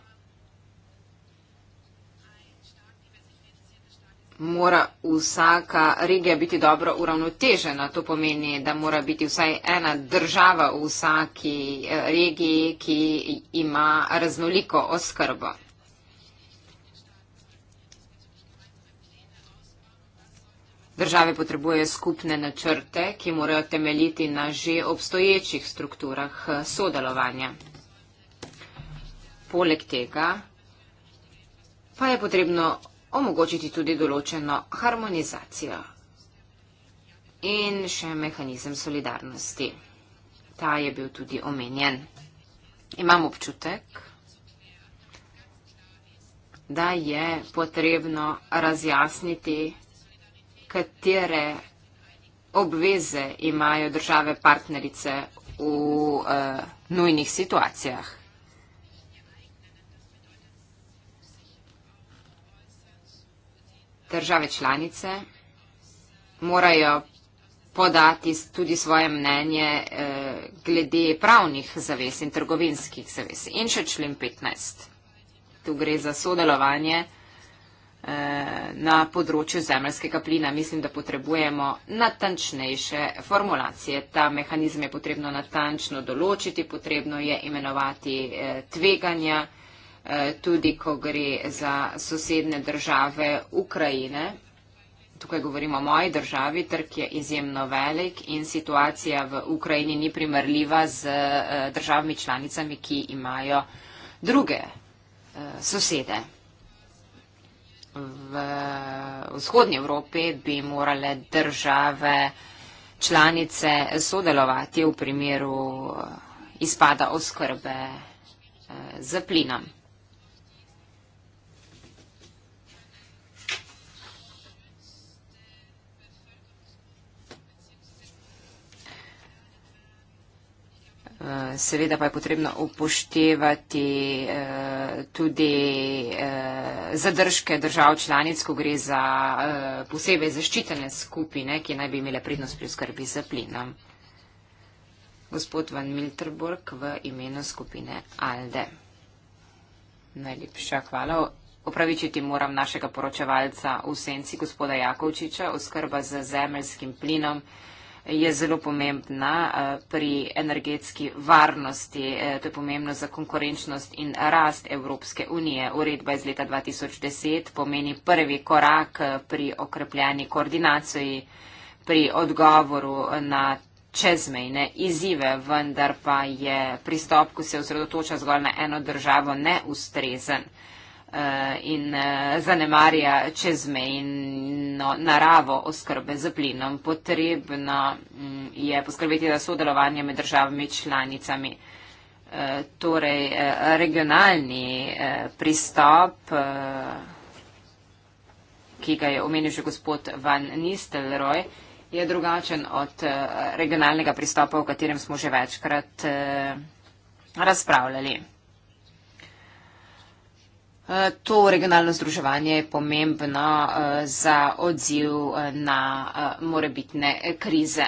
mora vsaka regija biti dobro uravnotežena. To pomeni, da mora biti vsaj ena država v vsaki eh, regiji, ki ima raznoliko oskrbo. Države potrebujejo skupne načrte, ki morajo temeljiti na že obstoječih strukturah eh, sodelovanja. Poleg tega pa je potrebno omogočiti tudi določeno harmonizacijo in še mehanizem solidarnosti. Ta je bil tudi omenjen. Imam občutek, da je potrebno razjasniti, katere obveze imajo države partnerice v uh, nujnih situacijah. države članice morajo podati tudi svoje mnenje eh, glede pravnih zavez in trgovinskih zavez. In še člen 15. Tu gre za sodelovanje eh, na področju zemljskega plina. Mislim, da potrebujemo natančnejše formulacije. Ta mehanizem je potrebno natančno določiti, potrebno je imenovati eh, tveganja. Eh, tudi ko gre za sosedne države Ukrajine. Tukaj govorimo o moji državi, trg je izjemno velik in situacija v Ukrajini ni primerljiva z eh, državami članicami, ki imajo druge eh, sosede. V vzhodnji Evropi bi morale države članice sodelovati v primeru izpada oskrbe z plinom. Seveda pa je potrebno upoštevati eh, tudi eh, zadržke držav članic, ko gre za eh, posebej zaščitene skupine, ki naj bi imele prednost pri skrbi za plinom. Gospod Van Milterburg v imenu skupine ALDE. Najlepša hvala. Opravičiti moram našega poročevalca v senci gospoda Jakovčiča, oskrba z zemljskim plinom je zelo pomembna eh, pri energetski varnosti. Eh, to je pomembno za konkurenčnost in rast Evropske unije. Uredba iz leta 2010 pomeni prvi korak eh, pri okrepljeni koordinaciji, pri odgovoru na čezmejne izzive, vendar pa je pristop, ko se osredotoča zgolj na eno državo, neustrezen. Eh, in eh, zanemarja čezmejno naravo oskrbe z plinom. Potrebno mm, je poskrbeti za sodelovanje med državami članicami. Eh, torej, regionalni pristop, ki ga je omenil že gospod Van Nistelrooy, je drugačen od regionalnega pristopa, o katerem smo že večkrat razpravljali. Eh, to regionalno združevanje je pomembno eh, za odziv eh, na morebitne krize.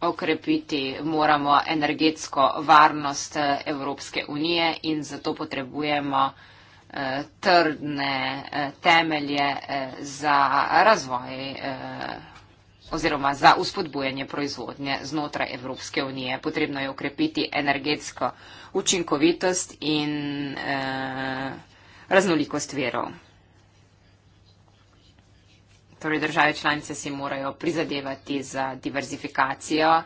Okrepiti moramo energetsko varnost Evropske unije in zato potrebujemo trdne temelje za razvoj oziroma za uspodbujanje proizvodnje znotraj Evropske unije. Potrebno je ukrepiti energetsko učinkovitost in eh, raznolikost verov. Torej, države članice si morajo prizadevati za diverzifikacijo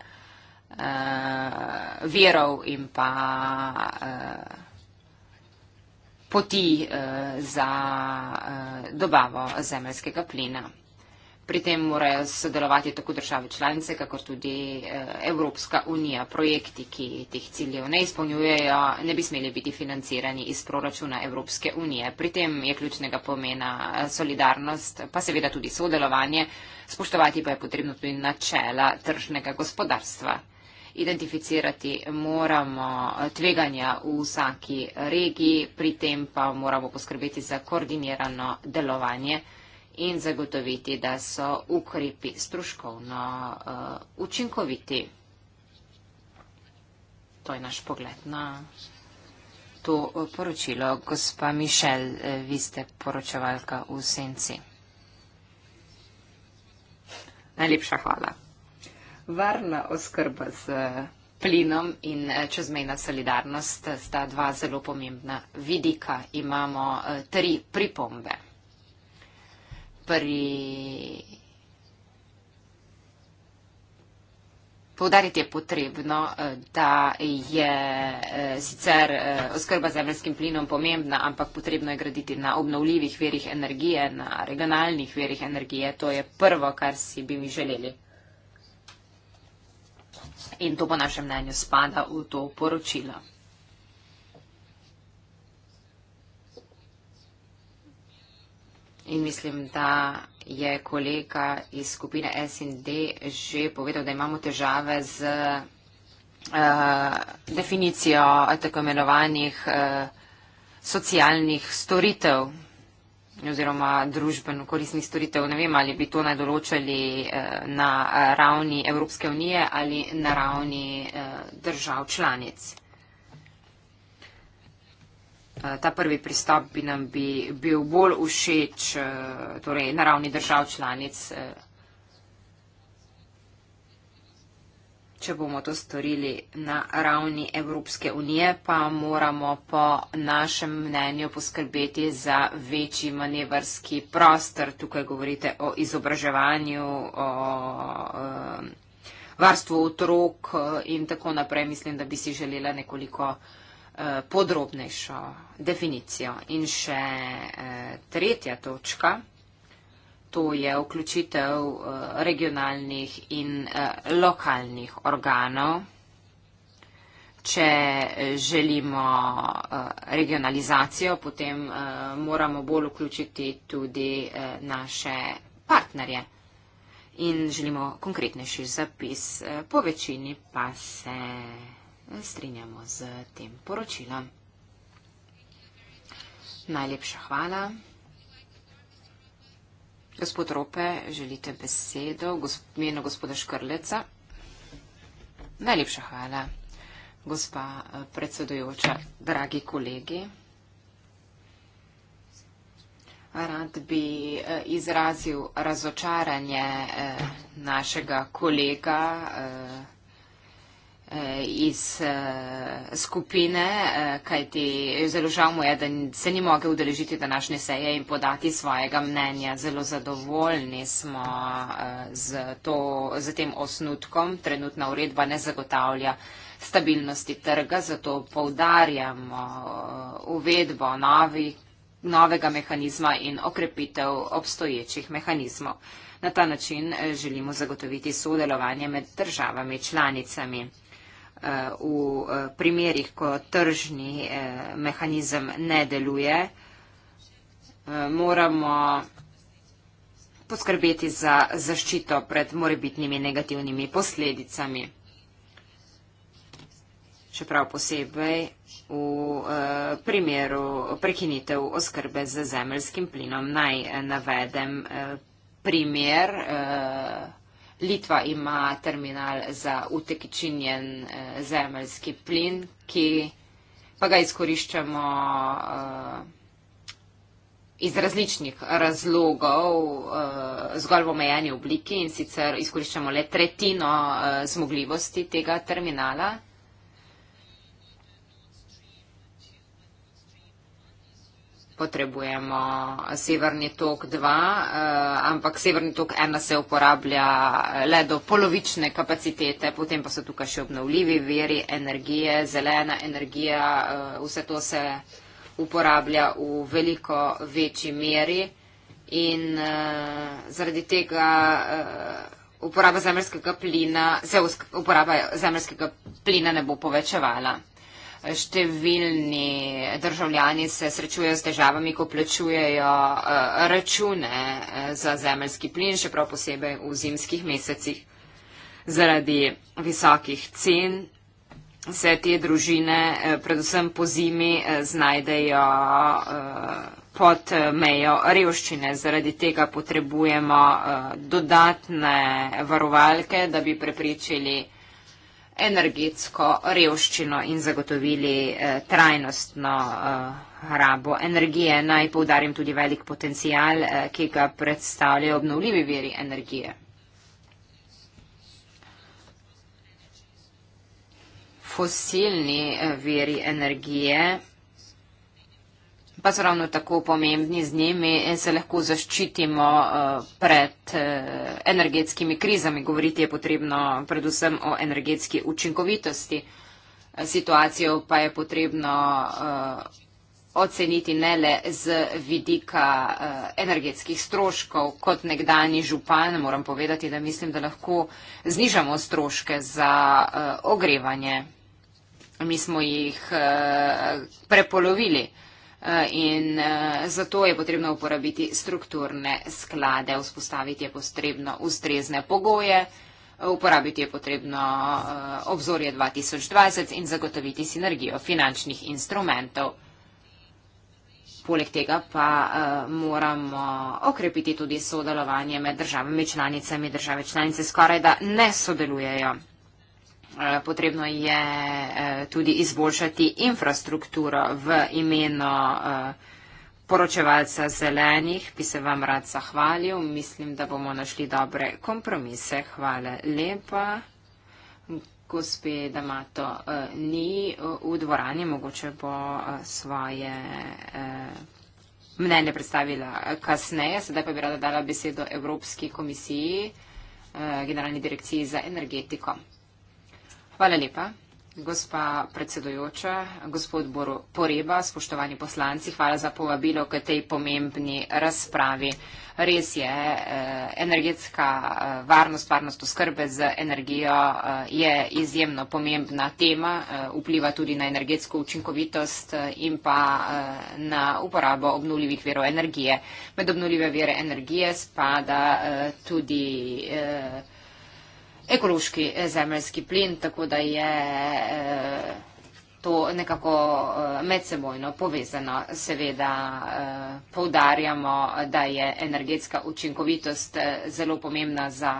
eh, verov in pa eh, poti eh, za eh, dobavo zemeljskega plina. Pri tem morajo sodelovati tako države članice, kako tudi eh, Evropska unija. Projekti, ki teh ciljev ne izpolnjujejo, ne bi smeli biti financirani iz proračuna Evropske unije. Pri tem je ključnega pomena eh, solidarnost, pa seveda tudi sodelovanje, spoštovati pa je potrebno tudi načela tržnega gospodarstva. Identificirati moramo eh, tveganja v vsaki regiji, pri tem pa moramo poskrbeti za koordinirano delovanje in zagotoviti, da so ukrepi stroškovno uh, učinkoviti. To je naš pogled na to uh, poročilo. Gospa Mišel, uh, vi ste poročevalka v Senci. Najlepša hvala. Varna oskrba z uh, plinom in čezmejna solidarnost sta dva zelo pomembna vidika. Imamo tri pripombe pri... Povdariti je potrebno, eh, da je eh, sicer eh, oskrba zemljskim plinom pomembna, ampak potrebno je graditi na obnovljivih verih energije, na regionalnih verih energije. To je prvo, kar si bi mi želeli. In to po našem mnenju spada v to poročilo. in mislim, da je kolega iz skupine SND že povedal, da imamo težave z uh, definicijo tako imenovanih uh, socialnih storitev oziroma družbeno korisnih storitev. Ne vem, ali bi to naj določali uh, na ravni Evropske unije ali na ravni uh, držav članic ta prvi pristop bi nam bi bil bolj všeč eh, torej, na ravni držav članic, eh, če bomo to storili na ravni Evropske unije, pa moramo po našem mnenju poskrbeti za večji manevrski prostor. Tukaj govorite o izobraževanju, o eh, varstvu otrok in tako naprej. Mislim, da bi si želela nekoliko. Eh, podrobnejšo definicijo. In še eh, tretja točka, to je vključitev eh, regionalnih in lokalnih organov. Če želimo regionalizacijo, potem moramo bolj vključiti tudi naše partnerje in želimo konkretnejši zapis. Po večini pa se strinjamo z tem poročilom. Najlepša hvala. Gospod Rope, želite besedo? Gosp, Mjeno gospoda Škrleca. Najlepša hvala. Gospa predsedujoča, dragi kolegi, rad bi eh, izrazil razočaranje eh, našega kolega eh, Eh, iz uh, skupine, uh, kajti zelo žal mu je, da se ni mogel udeležiti današnje seje in podati svojega mnenja. Zelo zadovoljni smo uh, z, to, z tem osnutkom. Trenutna uredba ne zagotavlja stabilnosti trga, zato poudarjamo uh, uvedbo novi, novega mehanizma in okrepitev obstoječih mehanizmov. Na ta način želimo zagotoviti sodelovanje med državami članicami v eh, primerih, ko tržni eh, mehanizem ne deluje, eh, moramo poskrbeti za zaščito pred morebitnimi negativnimi posledicami. Čeprav posebej v primeru prekinitev oskrbe z zemljskim plinom naj navedem primer vsega, Litva ima terminal za utekičinjen eh, zemeljski plin, ki pa ga izkoriščamo eh, iz različnih razlogov, eh, zgolj v omejeni obliki in sicer izkoriščamo le tretjino zmogljivosti tega terminala. potrebujemo severni tok 2, eh, ampak severni tok 1 se uporablja eh, le do polovične kapacitete, potem pa so tukaj še obnovljivi veri energije, zelena energija, eh, vse to se uporablja v veliko večji meri in eh, zaradi tega eh, uporaba, zemljskega plina, se uporaba zemljskega plina ne bo povečevala številni državljani se srečujejo s težavami, ko plačujejo eh, račune eh, za zemljski plin, še prav posebej v zimskih mesecih. Zaradi visokih cen se te družine, eh, predvsem po zimi, znajdejo pod mejo revščine. Zaradi tega potrebujemo dodatne varovalke, da bi prepričali, energetsko revščino in zagotovili eh, trajnostno eh, rabo energije. Naj povdarim tudi velik potencial, eh, ki ga predstavljajo obnovljivi veri energije. Fosilni eh, veri energije pa so ravno tako pomembni z njimi in se lahko zaščitimo eh, pred eh, energetskimi krizami. Govoriti je potrebno predvsem o energetski učinkovitosti. Situacijo pa je potrebno eh, oceniti ne le z vidika energetskih stroškov. Kot nekdani župan moram povedati, da mislim, da lahko znižamo stroške za ogrevanje. Mi smo jih prepolovili in eh, zato je potrebno uporabiti strukturne sklade, vzpostaviti je potrebno ustrezne pogoje, uporabiti je potrebno eh, obzorje 2020 in zagotoviti sinergijo finančnih instrumentov. Poleg tega pa uh, moramo okrepiti tudi sodelovanje med državami članicami. Države članice skoraj da ne sodelujejo. Eh, potrebno je eh, tudi izboljšati infrastrukturo v imeno eh, poročevalca zelenih, bi se vam rad zahvalil. Mislim, da bomo našli dobre kompromise. Hvala lepa. Gospe Damato ni v dvorani, mogoče bo svoje mnenje predstavila kasneje. Sedaj pa bi rada dala besedo Evropski komisiji, generalni direkciji za energetiko. Hvala lepa. Gospa predsedujoča, gospod Boru Poreba, spoštovani poslanci, hvala za povabilo k tej pomembni razpravi. Res je, eh, energetska eh, varnost, varnost oskrbe z energijo eh, je izjemno pomembna tema, vpliva tudi na energetsko učinkovitost in pa na uporabo obnovljivih verov energije. Med obnovljive vere energije spada tudi ekološki eh, zemljski plin, tako da je eh, to nekako eh, medsebojno povezano. Seveda poudarjamo, da je energetska učinkovitost zelo pomembna za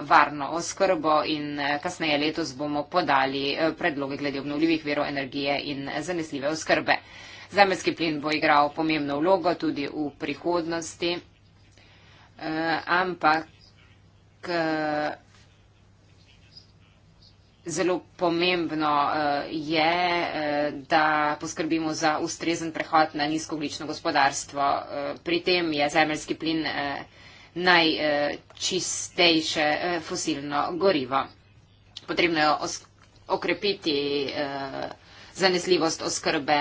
varno oskrbo in kasneje letos bomo podali predloge glede obnovljivih verov energije in zanesljive oskrbe. Zemljski plin bo igral pomembno vlogo tudi v prihodnosti, ampak zelo pomembno eh, je, eh, da poskrbimo za ustrezen prehod na nizkoglično gospodarstvo. Eh, pri tem je zemeljski plin najčistejše fosilno gorivo. Potrebno je okrepiti zanesljivost oskrbe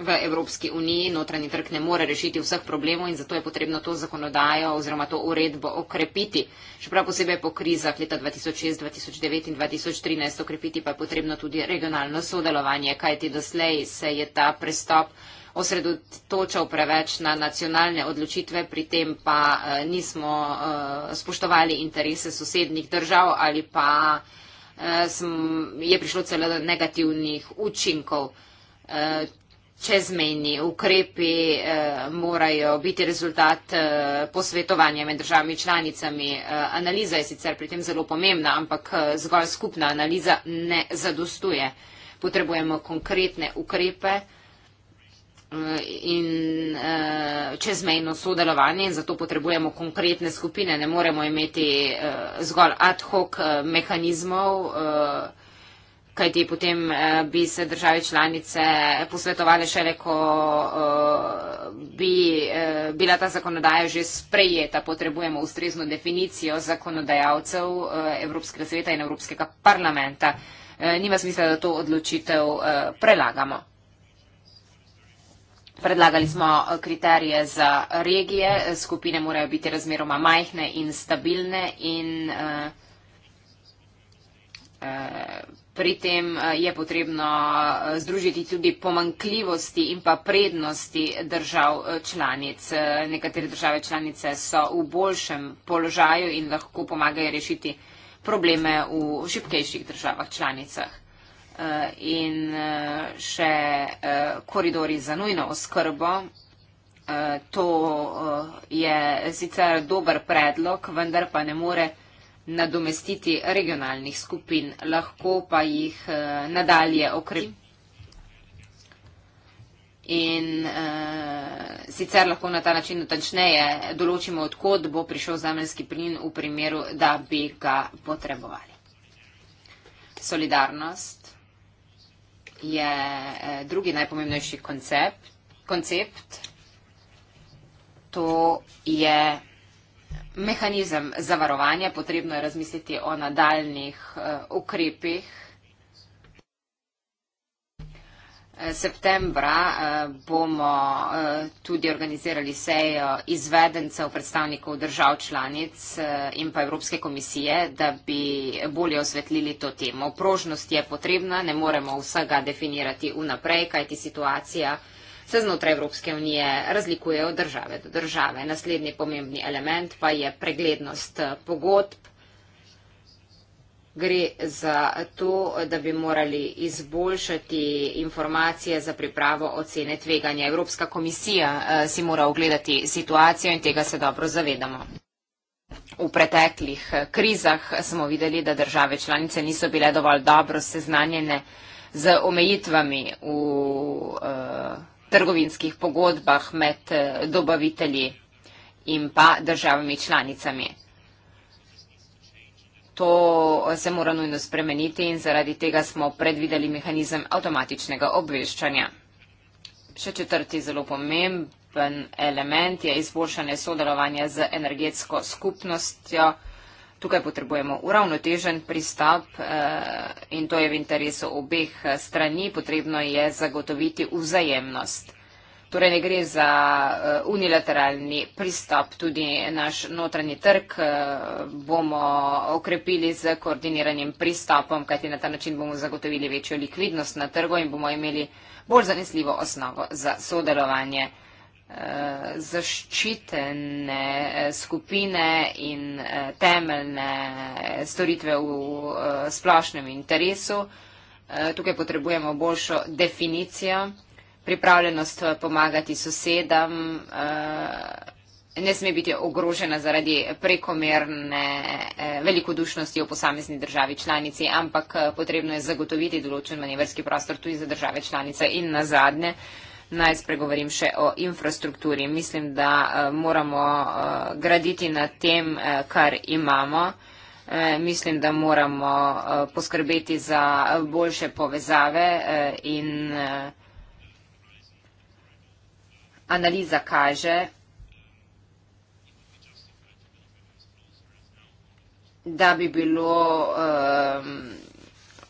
v Evropski uniji notranji trg ne more rešiti vseh problemov in zato je potrebno to zakonodajo oziroma to uredbo okrepiti. Čeprav posebej po krizah leta 2006, 2009 in 2013 okrepiti pa je potrebno tudi regionalno sodelovanje, kajti doslej se je ta prestop osredotočal preveč na nacionalne odločitve, pri tem pa eh, nismo eh, spoštovali interese sosednjih držav ali pa eh, je prišlo celo do negativnih učinkov čezmejni ukrepi eh, morajo biti rezultat eh, posvetovanja med državami članicami. Eh, analiza je sicer pri tem zelo pomembna, ampak zgolj skupna analiza ne zadostuje. Potrebujemo konkretne ukrepe in čezmejno sodelovanje in zato potrebujemo konkretne skupine. Ne moremo imeti zgolj ad hoc mehanizmov kajti potem eh, bi se države članice posvetovali šele, ko eh, bi eh, bila ta zakonodaja že sprejeta. Potrebujemo ustrezno definicijo zakonodajalcev Evropskega sveta in Evropskega parlamenta. Nima smisla, da to odločitev prelagamo. Predlagali smo kriterije za regije, skupine morajo biti razmeroma majhne in stabilne in uh, uh, Pri tem eh, je potrebno eh, združiti tudi pomankljivosti in pa prednosti držav eh, članic. Nekatere države članice so v boljšem položaju in lahko pomagajo rešiti probleme v šipkejših državah članicah. In še koridori za nujno oskrbo. To je sicer dober predlog, vendar pa ne more nadomestiti regionalnih skupin, lahko pa jih uh, nadalje okrepi. In uh, sicer lahko na ta način natančneje določimo, odkot bo prišel zemljski plin v primeru, da bi ga potrebovali. Solidarnost je eh, drugi najpomembnejši koncept. koncept. To je mehanizem zavarovanja, potrebno je razmisliti o nadaljnih eh, ukrepih. Eh, septembra eh, bomo tudi organizirali sejo izvedencev predstavnikov držav članic in pa Evropske komisije, da bi bolje osvetlili to temo. Prožnost je potrebna, ne moremo vsega definirati vnaprej, kajti situacija se znotraj Evropske unije razlikuje od države do države. Naslednji pomembni element pa je preglednost eh, pogodb. Gre za to, da bi morali izboljšati informacije za pripravo ocene tveganja. Evropska komisija eh, si mora ogledati situacijo in tega se dobro zavedamo. V preteklih eh, krizah smo videli, da države članice niso bile dovolj dobro seznanjene z omejitvami v. Uh, trgovinskih pogodbah med eh, dobavitelji in pa državami članicami. To se mora nujno spremeniti in zaradi tega smo predvideli mehanizem avtomatičnega obveščanja. Še četrti zelo pomemben element je izboljšanje sodelovanja z energetsko skupnostjo. Tukaj potrebujemo uravnotežen pristop eh, in to je v interesu obeh eh, strani. Potrebno je zagotoviti vzajemnost. Torej ne gre za eh, unilateralni pristop, tudi naš notranji trg bomo okrepili z koordiniranim pristopom, kajti na ta način bomo zagotovili večjo likvidnost na trgu in bomo imeli bolj zanesljivo osnovo za sodelovanje zaščitene eh, skupine in eh, temeljne storitve v eh, splošnem interesu. Tukaj potrebujemo boljšo definicijo, pripravljenost pomagati sosedam, ne sme biti ogrožena zaradi prekomerne velikodušnosti v posamezni državi članici, ampak potrebno je zagotoviti določen manevrski prostor tudi za države članice in nazadnje. zadnje naj spregovorim še o infrastrukturi. Mislim, da eh, moramo eh, graditi na tem, eh, kar imamo. Mislim, da moramo poskrbeti za boljše povezave in analiza kaže, da bi bilo um,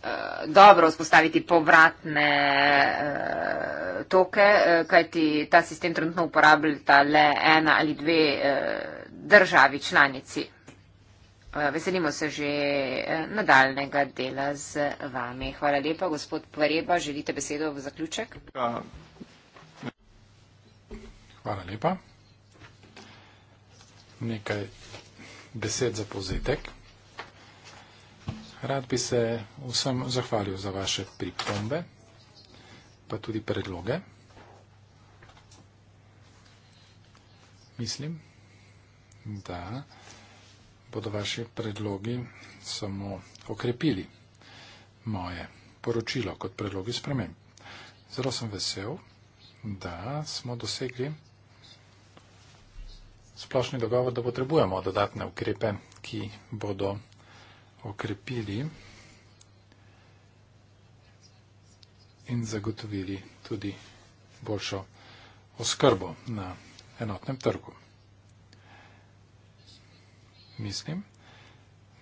Eh, dobro vzpostaviti povratne uh, toke, uh, kajti ta sistem trenutno uporabljata le ena ali dve uh, državi članici. Uh, veselimo se že uh, nadaljnega dela z vami. Hvala lepa, gospod Pareba. Želite besedo v zaključek? Ja. Hvala lepa. Nekaj besed za povzetek. Rad bi se vsem zahvalil za vaše pripombe, pa tudi predloge. Mislim, da bodo vaši predlogi samo okrepili moje poročilo kot predlogi sprememb. Zelo sem vesel, da smo dosegli splošni dogovor, da potrebujemo dodatne ukrepe, ki bodo vsega okrepili in zagotovili tudi boljšo oskrbo na enotnem trgu. Mislim,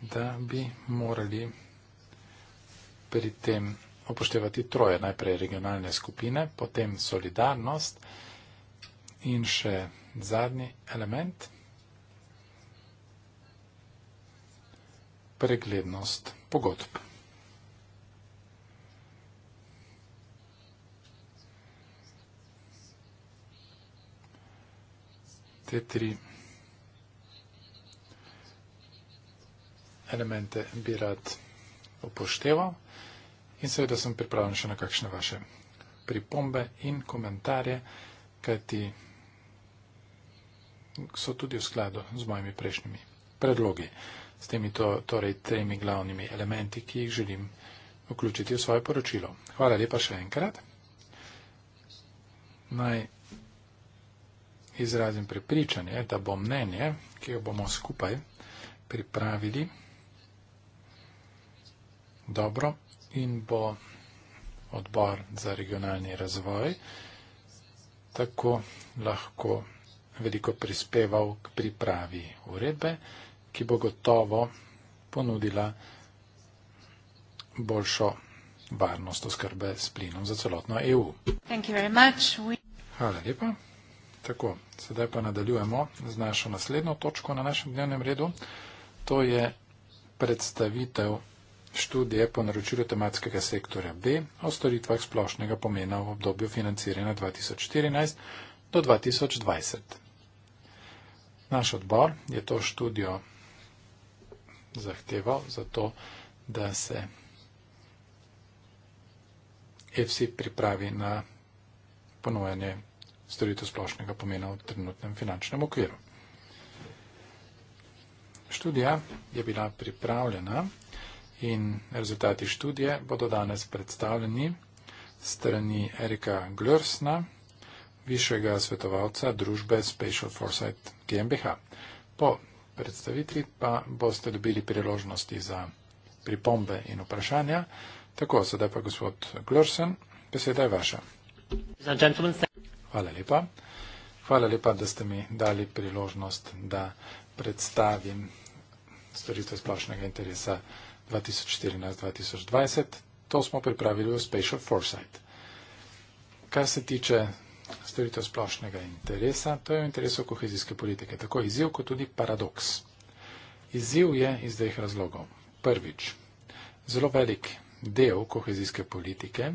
da bi morali pri tem upoštevati troje, najprej regionalne skupine, potem solidarnost in še zadnji element – preglednost pogodb. Te tri elemente bi rad upošteval in seveda sem pripravljen še na kakšne vaše pripombe in komentarje, kajti so tudi v skladu z mojimi prejšnjimi predlogi s temi to, torej tremi glavnimi elementi, ki jih želim vključiti v svoje poročilo. Hvala lepa še enkrat. Naj izrazim prepričanje, da bo mnenje, ki jo bomo skupaj pripravili, dobro in bo odbor za regionalni razvoj tako lahko veliko prispeval k pripravi uredbe ki bo gotovo ponudila boljšo varnost oskrbe s plinom za celotno EU. Hvala lepa. Tako, sedaj pa nadaljujemo z našo naslednjo točko na našem dnevnem redu. To je predstavitev študije po naročilu tematskega sektorja B o storitvah splošnega pomena v obdobju financiranja 2014 do 2020. Naš odbor je to študijo zahteval za to, da se EFSI pripravi na ponovanje storitev splošnega pomena v trenutnem finančnem okviru. Študija je bila pripravljena in rezultati študije bodo danes predstavljeni strani Erika Glörsna, višjega svetovalca družbe Spatial Foresight GmbH. Po predstavitvi pa boste dobili priložnosti za pripombe in vprašanja. Tako, sedaj pa gospod Glorsen, beseda je vaša. Hvala lepa. Hvala lepa, da ste mi dali priložnost, da predstavim storitve splošnega interesa 2014-2020. To smo pripravili v Special Foresight. Kar se tiče storitev splošnega interesa, to je v interesu kohezijske politike. Tako izziv, kot tudi paradoks. Izziv je iz dveh razlogov. Prvič, zelo velik del kohezijske politike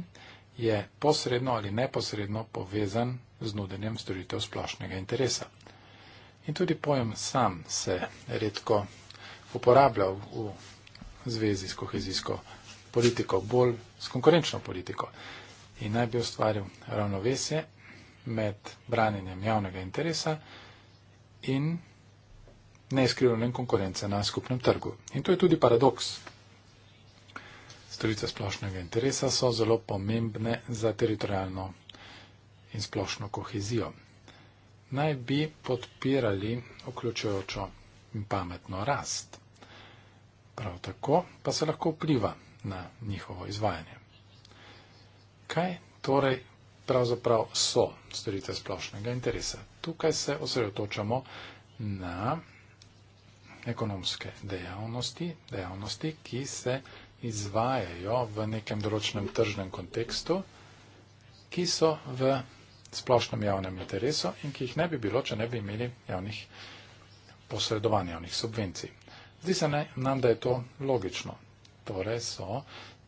je posredno ali neposredno povezan z nudenjem storitev splošnega interesa. In tudi pojem sam se redko uporablja v zvezi s kohezijsko politiko, bolj s konkurenčno politiko. In naj bi ustvaril ravnovesje med branjenjem javnega interesa in neizkrivljenjem konkurence na skupnem trgu. In to je tudi paradoks. Storitve splošnega interesa so zelo pomembne za teritorijalno in splošno kohezijo. Naj bi podpirali vključujočo in pametno rast. Prav tako pa se lahko vpliva na njihovo izvajanje. Kaj torej pravzaprav so storitve splošnega interesa. Tukaj se osredotočamo na ekonomske dejavnosti, dejavnosti, ki se izvajajo v nekem določenem tržnem kontekstu, ki so v splošnem javnem interesu in ki jih ne bi bilo, če ne bi imeli javnih posredovanj, javnih subvencij. Zdi se nam, da je to logično. Torej so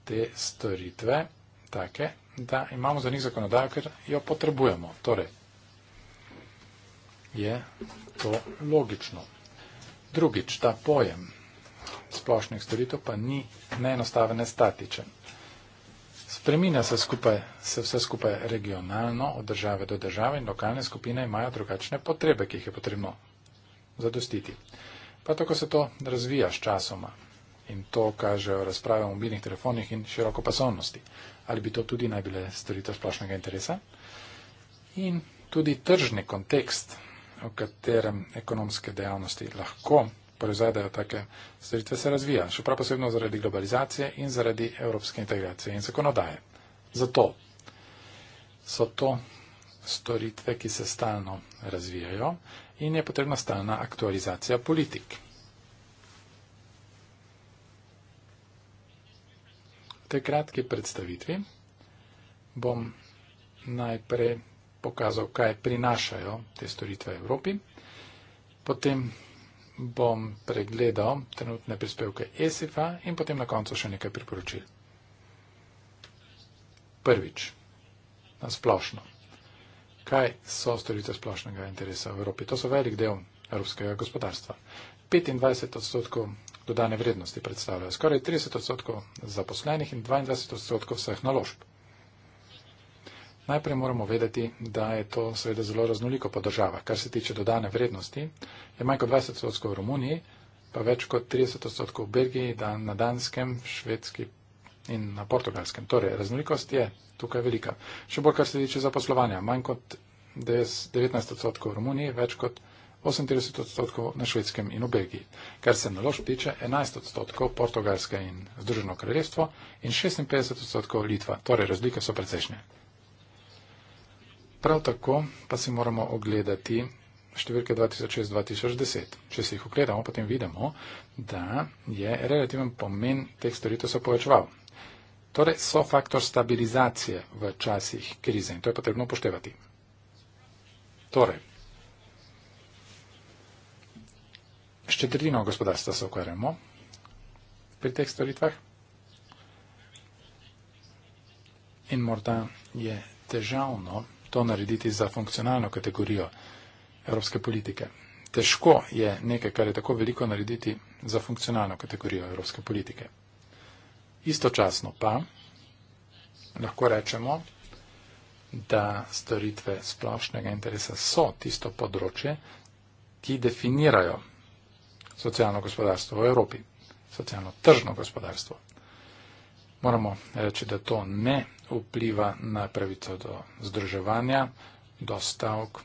te storitve take, da imamo za njih zakonodajo, ker jo potrebujemo. Torej, je to logično. Drugič, ta pojem splošnih storitev pa ni neenostaven, ne statičen. Spreminja se, skupaj, se vse skupaj regionalno, od države do države in lokalne skupine imajo drugačne potrebe, ki jih je potrebno zadostiti. Pa tako se to razvija s časoma in to kažejo razprave o mobilnih telefonih in širokopasovnosti ali bi to tudi naj bile storitev splošnega interesa. In tudi tržni kontekst, v katerem ekonomske dejavnosti lahko proizvedajo take storitve, se razvija. Še prav posebno zaradi globalizacije in zaradi evropske integracije in zakonodaje. Zato so to storitve, ki se stalno razvijajo in je potrebna stalna aktualizacija politik. tej kratki predstavitvi bom najprej pokazal, kaj prinašajo te storitve Evropi, potem bom pregledal trenutne prispevke ESIF-a in potem na koncu še nekaj priporočil. Prvič, na splošno. Kaj so storitve splošnega interesa v Evropi? To so velik del evropskega gospodarstva. 25 odstotkov dodane vrednosti predstavljajo. Skoraj 30 odstotkov zaposlenih in 22 odstotkov vseh naložb. Najprej moramo vedeti, da je to seveda zelo raznoliko po državah. Kar se tiče dodane vrednosti, je manj kot 20 odstotkov v Romuniji, pa več kot 30 odstotkov v Belgiji, dan na Danskem, Švedski in na Portugalskem. Torej, raznolikost je tukaj velika. Še bolj, kar se tiče zaposlovanja, manj kot 19 odstotkov v Romuniji, več kot 38 odstotkov na švedskem in v Belgiji, kar se naložb tiče 11 odstotkov Portugalska in Združeno kraljestvo in 56 odstotkov Litva, torej razlike so precejšnje. Prav tako pa si moramo ogledati številke 2006-2010. Če si jih ogledamo, potem vidimo, da je relativen pomen teh storitev se povečeval. Torej so faktor stabilizacije v časih krize in to je potrebno upoštevati. Torej, S četrtino gospodarstva se ukvarjamo pri teh storitvah. In morda je težavno to narediti za funkcionalno kategorijo evropske politike. Težko je nekaj, kar je tako veliko narediti za funkcionalno kategorijo evropske politike. Istočasno pa lahko rečemo, da storitve splošnega interesa so tisto področje, ki definirajo socijalno gospodarstvo v Evropi, socijalno tržno gospodarstvo. Moramo reči, da to ne vpliva na pravico do združevanja, dostavk,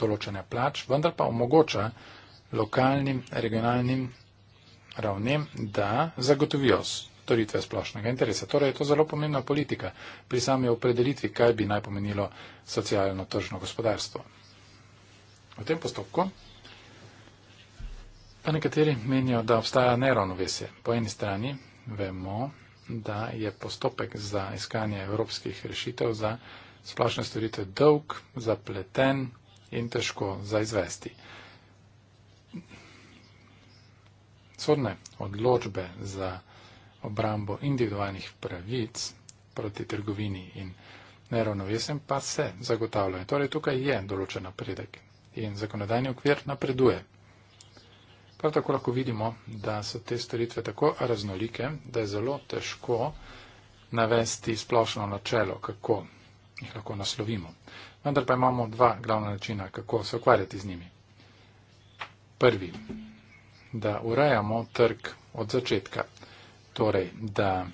določanja plač, vendar pa omogoča lokalnim, regionalnim ravnem, da zagotovijo storitve splošnega interesa. Torej je to zelo pomembna politika pri sami opredelitvi, kaj bi naj pomenilo socijalno tržno gospodarstvo. V tem postopku Pa nekateri menijo, da obstaja neravnovesje. Po eni strani vemo, da je postopek za iskanje evropskih rešitev za splošne storitve dolg, zapleten in težko za izvesti. Sodne odločbe za obrambo individualnih pravic proti trgovini in neravnovesem pa se zagotavljajo. Torej tukaj je določen napredek in zakonodajni okvir napreduje. Prav tako lahko vidimo, da so te storitve tako raznolike, da je zelo težko navesti splošno načelo, kako jih lahko naslovimo. Vendar pa imamo dva glavna načina, kako se ukvarjati z njimi. Prvi, da urejamo trg od začetka. Torej, da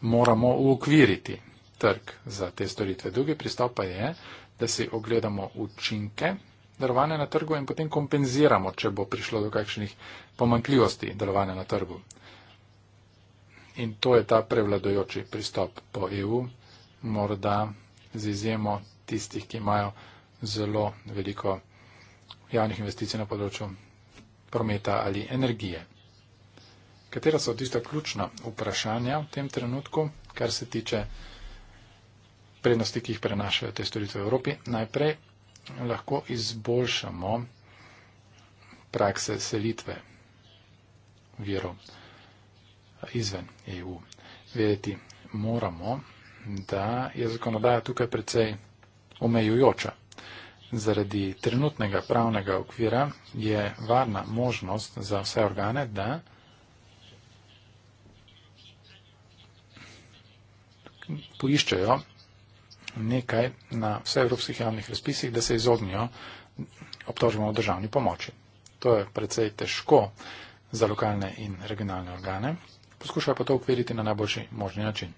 moramo ukviriti trg za te storitve. Drugi pristop pa je, da si ogledamo učinke delovanja na trgu in potem kompenziramo, če bo prišlo do kakšnih pomankljivosti delovanja na trgu. In to je ta prevladojoči pristop po EU, morda z izjemo tistih, ki imajo zelo veliko javnih investicij na področju prometa ali energije. Katera so tista ključna vprašanja v tem trenutku, kar se tiče prednosti, ki jih prenašajo te storitve v Evropi? Najprej lahko izboljšamo prakse selitve virov izven EU. Vedeti moramo, da je zakonodaja tukaj precej omejujoča. Zaradi trenutnega pravnega okvira je varna možnost za vse organe, da poiščajo nekaj na vse evropskih javnih razpisih, da se izognijo obtožbam o državni pomoči. To je precej težko za lokalne in regionalne organe, poskušajo pa to ukviriti na najboljši možni način.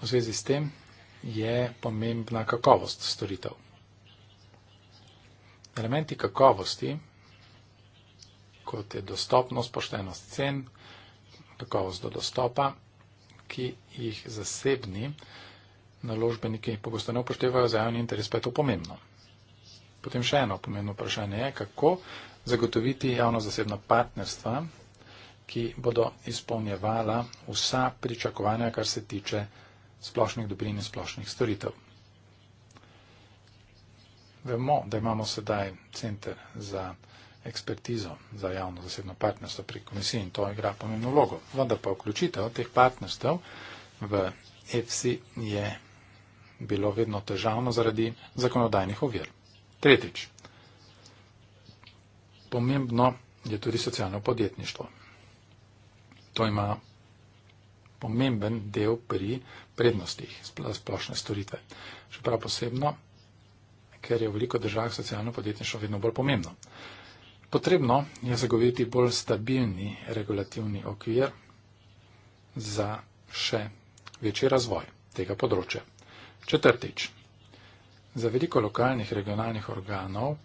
V zvezi s tem je pomembna kakovost storitev. Elementi kakovosti, kot je dostopnost, poštenost cen, kakovost do dostopa, ki jih zasebni naložbeniki pogosto ne upoštevajo za javni interes, pa je to pomembno. Potem še eno pomembno vprašanje je, kako zagotoviti javno-zasebno partnerstva, ki bodo izpolnjevala vsa pričakovanja, kar se tiče splošnih dobrin in splošnih storitev. Vemo, da imamo sedaj center za ekspertizo za javno-zasebno partnerstvo pri komisiji in to igra pomembno vlogo. Vendar pa vključitev teh partnerstv v EFSI je bilo vedno težavno zaradi zakonodajnih ovir. Tretjič. Pomembno je tudi socialno podjetništvo. To ima pomemben del pri prednostih splošne storitve. Še prav posebno, ker je v veliko državah socialno podjetništvo vedno bolj pomembno. Potrebno je zagoviti bolj stabilni regulativni okvir za še večji razvoj tega področja. Četrtič. Za veliko lokalnih regionalnih organov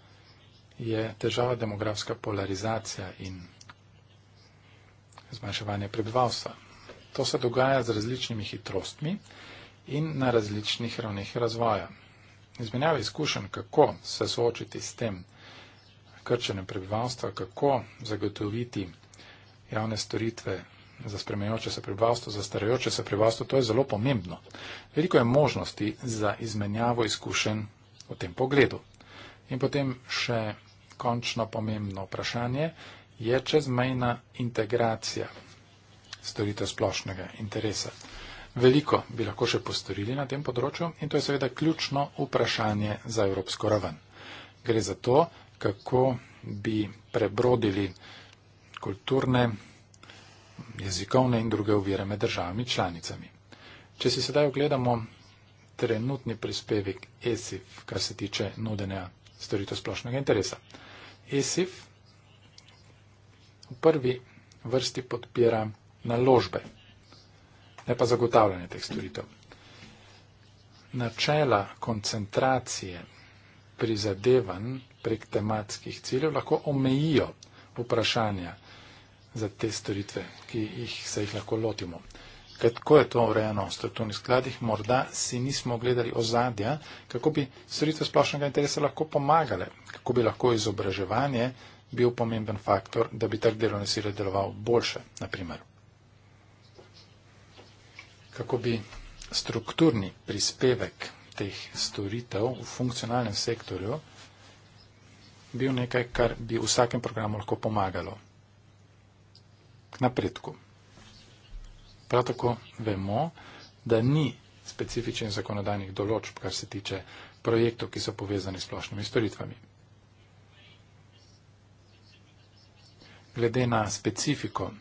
je težava demografska polarizacija in zmanjševanje prebivalstva. To se dogaja z različnimi hitrostmi in na različnih ravneh razvoja. Izmenjava izkušenj, kako se soočiti s tem, krčenem prebivalstva, kako zagotoviti javne storitve za spremenjoče se prebivalstvo, za starajoče se prebivalstvo, to je zelo pomembno. Veliko je možnosti za izmenjavo izkušenj v tem pogledu. In potem še končno pomembno vprašanje je čezmejna integracija storitev splošnega interesa. Veliko bi lahko še postorili na tem področju in to je seveda ključno vprašanje za evropsko raven. Gre za to, da kako bi prebrodili kulturne, jezikovne in druge uvire med državami članicami. Če si sedaj ogledamo trenutni prispevek ESIF, kar se tiče nudenja storitev splošnega interesa. ESIF v prvi vrsti podpira naložbe, ne pa zagotavljanje teh storitev. Načela koncentracije prizadevanj prek tematskih ciljev lahko omejijo vprašanja za te storitve, ki jih, se jih lahko lotimo. Kako je to urejeno v strukturnih skladih, morda si nismo gledali ozadja, kako bi storitve splošnega interesa lahko pomagale, kako bi lahko izobraževanje bil pomemben faktor, da bi tak delovne sile deloval boljše, na primer. Kako bi strukturni prispevek teh storitev v funkcionalnem sektorju bil nekaj, kar bi vsakem programu lahko pomagalo k napredku. Prav tako vemo, da ni specifičen zakonodajnih določb, kar se tiče projektov, ki so povezani s splošnimi storitvami. Glede na specifiko,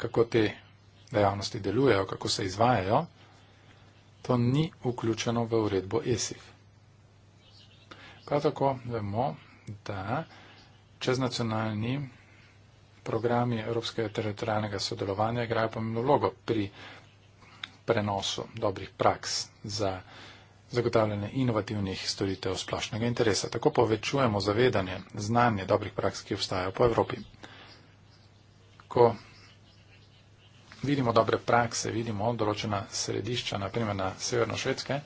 kako te dejavnosti delujejo, kako se izvajajo, to ni vključeno v uredbo ESIF. Prav tako vemo, da čeznacionalni programi Evropskega teritorijalnega sodelovanja igrajo pomembno vlogo pri prenosu dobrih praks za zagotavljanje inovativnih storitev splošnega interesa. Tako povečujemo zavedanje, znanje dobrih praks, ki obstajajo po Evropi. Ko vidimo dobre prakse, vidimo določena središča, naprimer na severno švedske,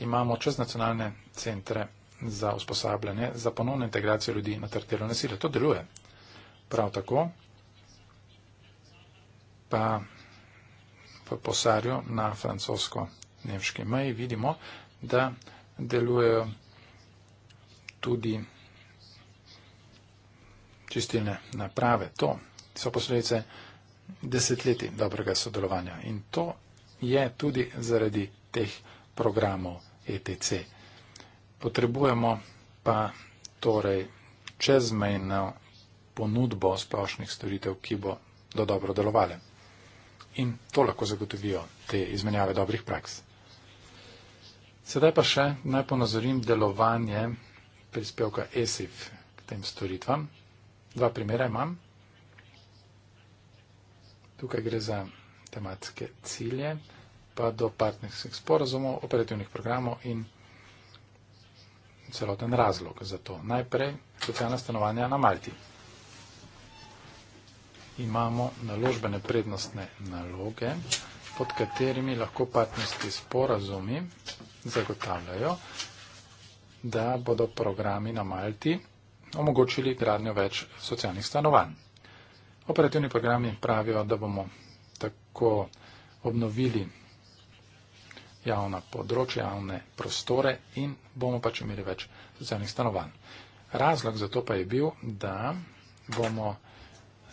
imamo čeznacionalne centre za usposabljanje, za ponovno integracijo ljudi na trg delovne sile. To deluje. Prav tako pa v posarju na francosko-nemški meji vidimo, da delujejo tudi čistilne naprave. To so posledice desetletij dobrega sodelovanja in to je tudi zaradi teh programov ETC. Potrebujemo pa torej čezmejno ponudbo splošnih storitev, ki bo do dobro delovale. In to lahko zagotovijo te izmenjave dobrih praks. Sedaj pa še naj ponazorim delovanje prispevka ESIF k tem storitvam. Dva primera imam. Tukaj gre za tematske cilje, pa do partnerskih sporazumov, operativnih programov in celoten razlog za to. Najprej socialna stanovanja na Malti. Imamo naložbene prednostne naloge, pod katerimi lahko partnerski sporazumi zagotavljajo, da bodo programi na Malti omogočili gradnjo več socialnih stanovanj. Operativni programi pravijo, da bomo tako obnovili javna področja, javne prostore in bomo pač imeli več socialnih stanovanj. Razlog za to pa je bil, da bomo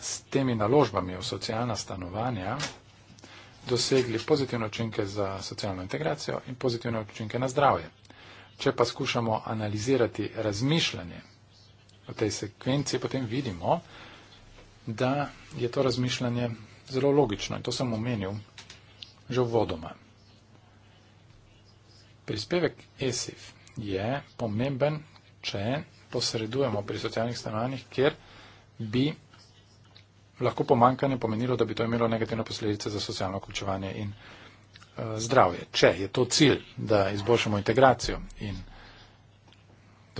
s temi naložbami v socialna stanovanja dosegli pozitivne učinke za socialno integracijo in pozitivne učinke na zdravje. Če pa skušamo analizirati razmišljanje v tej sekvenciji, potem vidimo, da je to razmišljanje zelo logično in to sem omenil že v vodoma. Prispevek ESIF je pomemben, če posredujemo pri socialnih stanovanjih, ker bi lahko pomankanje pomenilo, da bi to imelo negativne posledice za socialno vključevanje in uh, zdravje. Če je to cilj, da izboljšamo integracijo in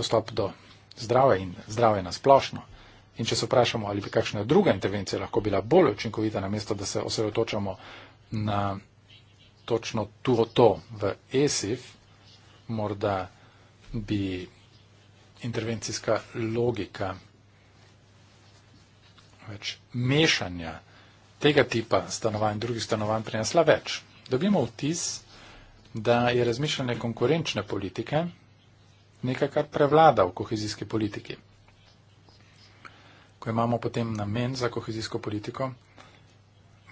dostop do zdrave in zdrave na splošno, in če se vprašamo, ali bi kakšna druga intervencija lahko bila bolj učinkovita, namesto da se osredotočamo na točno tu o to v ESIF, morda bi intervencijska logika več mešanja tega tipa stanovanj in drugih stanovanj prinesla več. Dobimo vtis, da je razmišljanje konkurenčne politike nekaj, kar prevlada v kohezijski politiki. Ko imamo potem namen za kohezijsko politiko,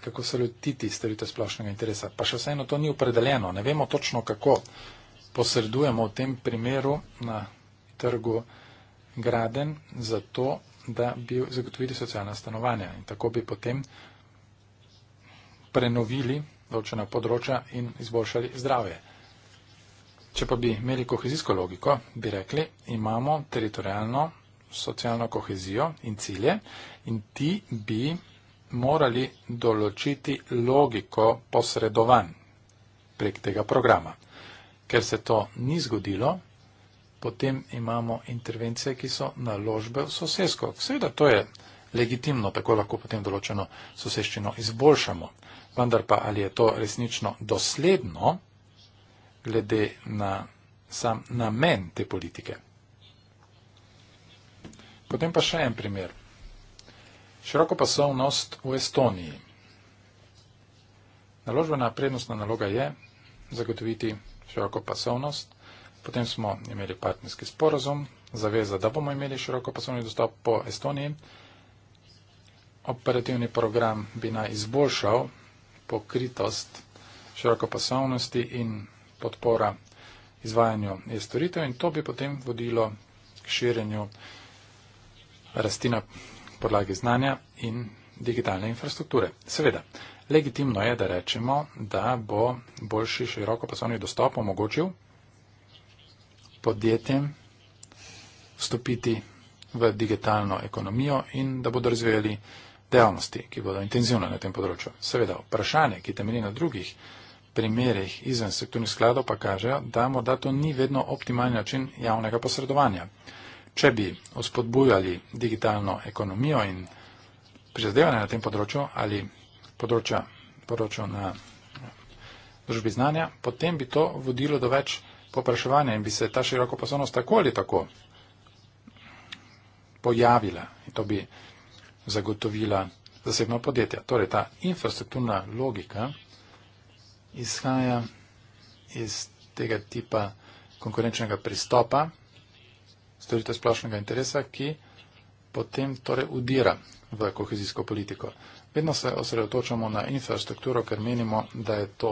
kako se lotiti storitev splošnega interesa. Pa še vseeno to ni opredeljeno, ne vemo točno kako posredujemo v tem primeru na trgu graden za to, da bi zagotovili socialna stanovanja. In tako bi potem prenovili določena področja in izboljšali zdravje. Če pa bi imeli kohezijsko logiko, bi rekli, imamo teritorijalno socialno kohezijo in cilje in ti bi morali določiti logiko posredovanj prek tega programa. Ker se to ni zgodilo, potem imamo intervencije, ki so naložbe v sosesko. Seveda, to je legitimno, tako lahko potem določeno soseščino izboljšamo. Vendar pa, ali je to resnično dosledno, glede na sam namen te politike. Potem pa še en primer. Široko pasovnost v Estoniji. Naložbena prednostna naloga je zagotoviti širokopasovnost, potem smo imeli partnerski sporozum, zaveza, da bomo imeli širokopasovni dostop po Estoniji. Operativni program bi naj izboljšal pokritost širokopasovnosti in podpora izvajanju e-storitev in to bi potem vodilo k širjenju rasti na podlagi znanja in digitalne infrastrukture. Seveda, legitimno je, da rečemo, da bo boljši široko poslovni dostop omogočil podjetjem vstopiti v digitalno ekonomijo in da bodo razvijali dejavnosti, ki bodo intenzivne na tem področju. Seveda, vprašanje, ki temelji na drugih primerih izven strukturnih skladov, pa kaže, da morda to ni vedno optimalni način javnega posredovanja. Če bi uspodbujali digitalno ekonomijo in prizadevanje na tem področju ali področja, področja na družbi znanja, potem bi to vodilo do več popraševanja in bi se ta široko posebnost tako ali tako pojavila in to bi zagotovila zasebno podjetje. Torej ta infrastrukturna logika izhaja iz tega tipa konkurenčnega pristopa, storitev splošnega interesa, ki potem torej udira v kohezijsko politiko. Vedno se osredotočamo na infrastrukturo, ker menimo, da je to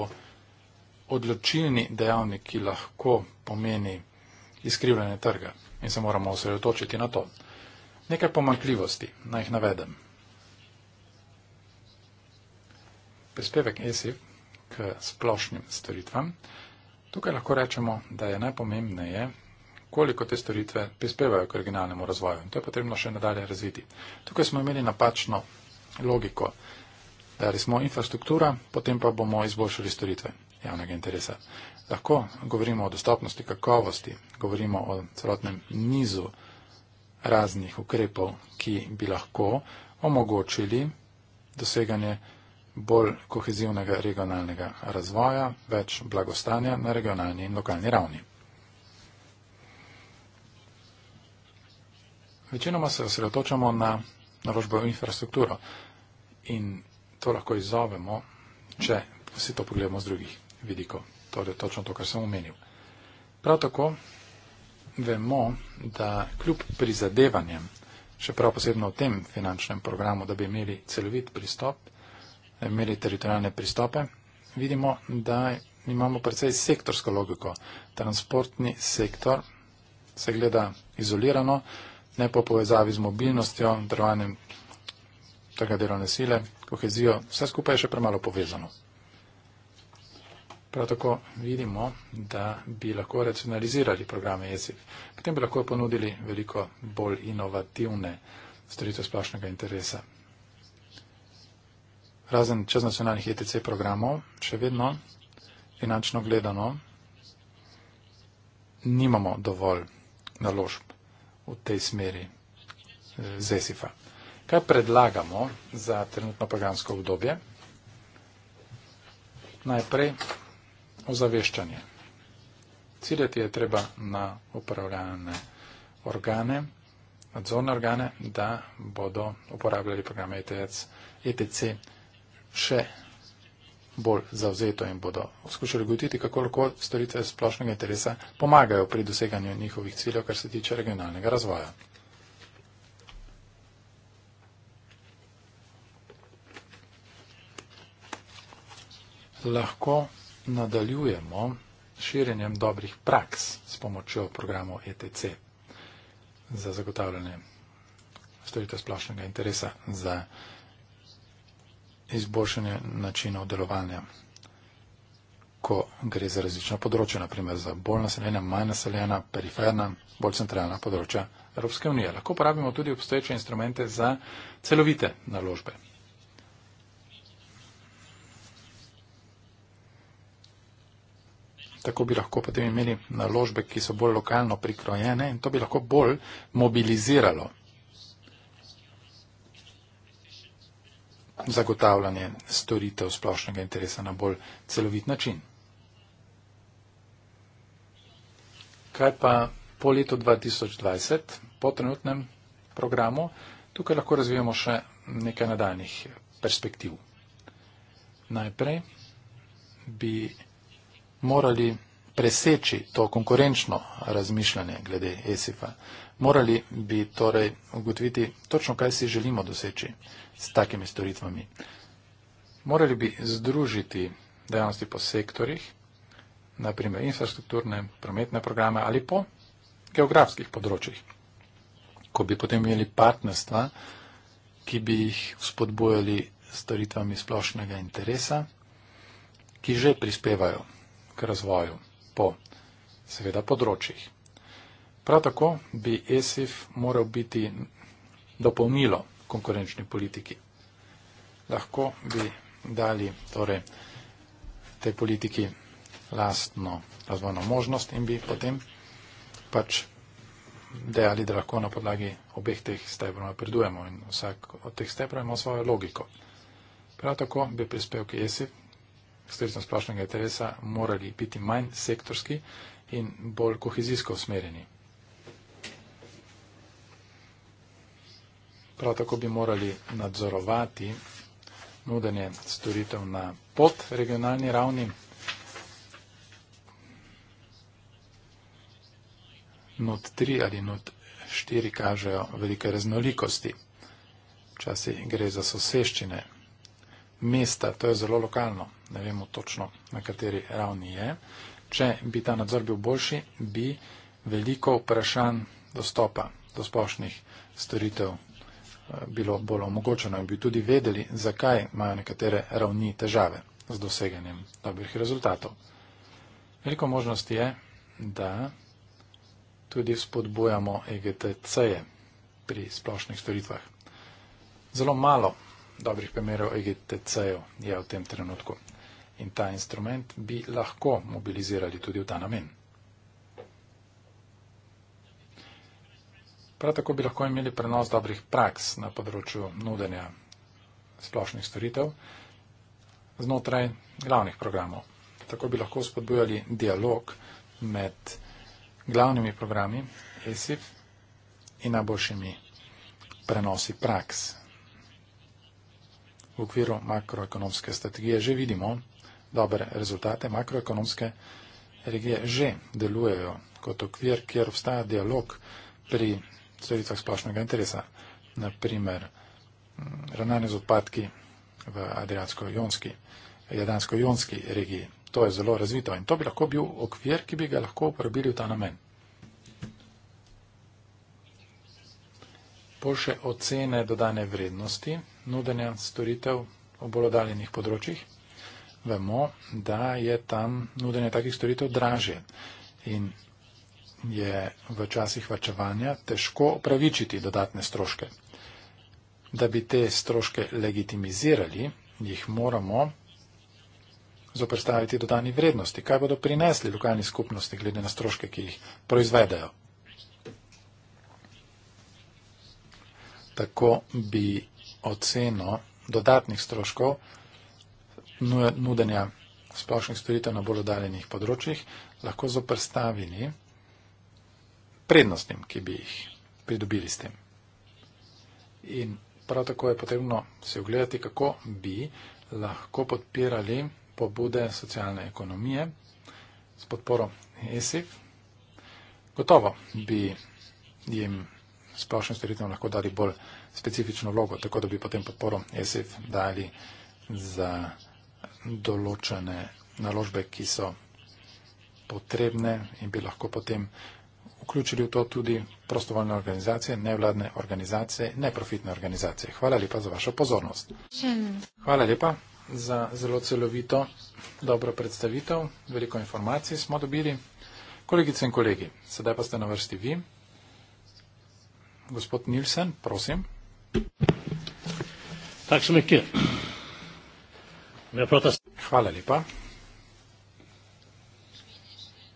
odločilni dejavnik, ki lahko pomeni izkrivljanje trga in se moramo osredotočiti na to. Nekaj pomankljivosti, naj jih navedem. Prispevek ESIF k splošnim storitvam. Tukaj lahko rečemo, da je najpomembneje, koliko te storitve prispevajo k originalnemu razvoju. To je potrebno še nadalje razviti. Tukaj smo imeli napačno logiko, dali smo infrastruktura, potem pa bomo izboljšali storitve javnega interesa. Lahko govorimo o dostopnosti, kakovosti, govorimo o celotnem nizu raznih ukrepov, ki bi lahko omogočili doseganje bolj kohezivnega regionalnega razvoja, več blagostanja na regionalni in lokalni ravni. Večinoma se osredotočamo na naložbo v infrastrukturo in to lahko izzovemo, če vsi to pogledamo z drugih vidikov. Torej, točno to, kar sem omenil. Prav tako vemo, da kljub prizadevanjem, še prav posebno v tem finančnem programu, da bi imeli celovit pristop, da bi imeli teritorijalne pristope, vidimo, da imamo predvsej sektorsko logiko. Transportni sektor se gleda izolirano, ne po povezavi z mobilnostjo, drvanjem tega delovne sile, kohezijo, vse skupaj je še premalo povezano. Prav tako vidimo, da bi lahko racionalizirali programe ESIF. Potem bi lahko ponudili veliko bolj inovativne storitve splošnega interesa. Razen čeznacionalnih ETC programov, še vedno finančno gledano, nimamo dovolj naložb v tej smeri eh, z ESIF-a. Kaj predlagamo za trenutno pagansko obdobje? Najprej ozaveščanje. Ciljati je treba na upravljane organe, nadzorne organe, da bodo uporabljali program ETC, e ETC še bolj zavzeto in bodo skušali ugotiti, kako lahko storitve splošnega interesa pomagajo pri doseganju njihovih ciljev, kar se tiče regionalnega razvoja. lahko nadaljujemo širjenjem dobrih praks s pomočjo programov ETC za zagotavljanje storitev splošnega interesa za izboljšanje načinov delovanja, ko gre za različna področja, naprimer za bolj naseljena, manj naseljena, periferna, bolj centralna področja Evropske unije. Lahko uporabimo tudi obstoječe instrumente za celovite naložbe. tako bi lahko potem imeli naložbe, ki so bolj lokalno prikrojene in to bi lahko bolj mobiliziralo zagotavljanje storitev splošnega interesa na bolj celovit način. Kaj pa po letu 2020, po trenutnem programu, tukaj lahko razvijemo še nekaj nadaljnih perspektiv. Najprej bi morali preseči to konkurenčno razmišljanje glede ESIF-a. Morali bi torej ugotoviti točno, kaj si želimo doseči s takimi storitvami. Morali bi združiti dejavnosti po sektorjih, naprimer infrastrukturne, prometne programe ali po geografskih področjih. Ko bi potem imeli partnerstva, ki bi jih spodbojali storitvami splošnega interesa, ki že prispevajo k razvoju po seveda področjih. Prav tako bi ESIF moral biti dopolnilo konkurenčni politiki. Lahko bi dali torej tej politiki lastno razvojno možnost in bi potem pač dejali, da lahko na podlagi obeh teh stebrov napredujemo in vsak od teh stebrov ima svojo logiko. Prav tako bi prispevki ESIF ustrezno splošnega interesa morali biti manj sektorski in bolj kohezijsko usmerjeni. Prav tako bi morali nadzorovati nudenje storitev na pod regionalni ravni, NOT 3 ali NOT 4 kažejo velike raznolikosti. Včasih gre za soseščine, mesta, to je zelo lokalno, ne vemo točno, na kateri ravni je. Če bi ta nadzor bil boljši, bi veliko vprašanj dostopa do splošnih storitev eh, bilo bolj omogočeno in bi tudi vedeli, zakaj imajo nekatere ravni težave z doseganjem dobrih rezultatov. Veliko možnosti je, da tudi spodbujamo EGTC-je pri splošnih storitvah. Zelo malo dobrih primerov EGTC-jev je v tem trenutku. In ta instrument bi lahko mobilizirali tudi v ta namen. Prav tako bi lahko imeli prenos dobrih praks na področju nudenja splošnih storitev znotraj glavnih programov. Tako bi lahko spodbujali dialog med glavnimi programi ESIF in najboljšimi prenosi praks v okviru makroekonomske strategije že vidimo dobre rezultate. Makroekonomske regije že delujejo kot okvir, kjer obstaja dialog pri storitvah splošnega interesa, naprimer mm, ravnanje z odpadki v Adriatsko-Jonski, Jadansko-Jonski regiji. To je zelo razvito in to bi lahko bil okvir, ki bi ga lahko uporabili v ta namen. Boljše ocene dodane vrednosti nudenja storitev obolodaljenih področjih, vemo, da je tam nudenje takih storitev dražje in je v časih vačevanja težko opravičiti dodatne stroške. Da bi te stroške legitimizirali, jih moramo zoprstaviti dodani vrednosti. Kaj bodo prinesli lokalni skupnosti glede na stroške, ki jih proizvedajo? Tako bi oceno dodatnih stroškov nudenja splošnih storitev na bolj oddaljenih področjih lahko zoprstavili prednostim, ki bi jih pridobili s tem. In prav tako je potrebno se ogledati, kako bi lahko podpirali pobude socialne ekonomije s podporo ESIF. Gotovo bi jim splošnim storitvam lahko dali bolj specifično vlogo, tako da bi potem podporo ESF dali za določene naložbe, ki so potrebne in bi lahko potem vključili v to tudi prostovoljne organizacije, nevladne organizacije, neprofitne organizacije. Hvala lepa za vašo pozornost. Hvala lepa za zelo celovito, dobro predstavitev. Veliko informacij smo dobili. Kolegice in kolegi, sedaj pa ste na vrsti vi. Gospod Nilsen, prosim. Tack så mycket. Jag pratar... Hvala lepa.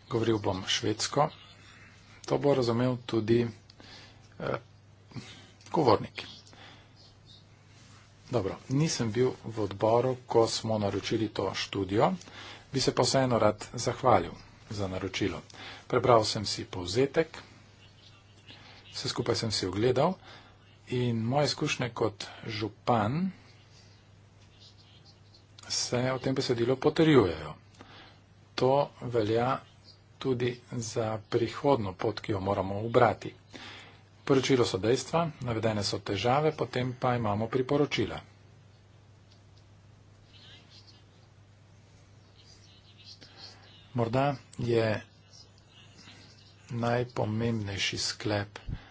Govoril bom švedsko. To bo razumel tudi eh, govornik. Dobro, nisem bil v odboru, ko smo naročili to študijo, bi se pa vseeno rad zahvalil za naročilo. Prebral sem si povzetek, vse skupaj sem si ogledal. In moje izkušnje kot župan se v tem besedilu potrjujejo. To velja tudi za prihodno pot, ki jo moramo ubrati. Poročilo so dejstva, navedene so težave, potem pa imamo priporočila. Morda je najpomembnejši sklep, da je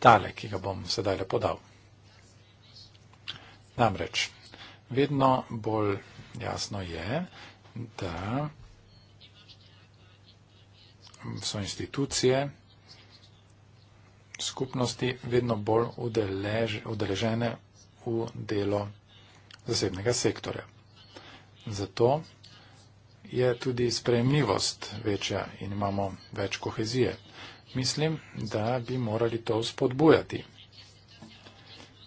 tale, ki ga bom sedaj le podal. Namreč, vedno bolj jasno je, da so institucije, skupnosti vedno bolj udelež, udeležene v delo zasebnega sektorja. Zato je tudi sprejemljivost večja in imamo več kohezije Mislim, da bi morali to spodbujati.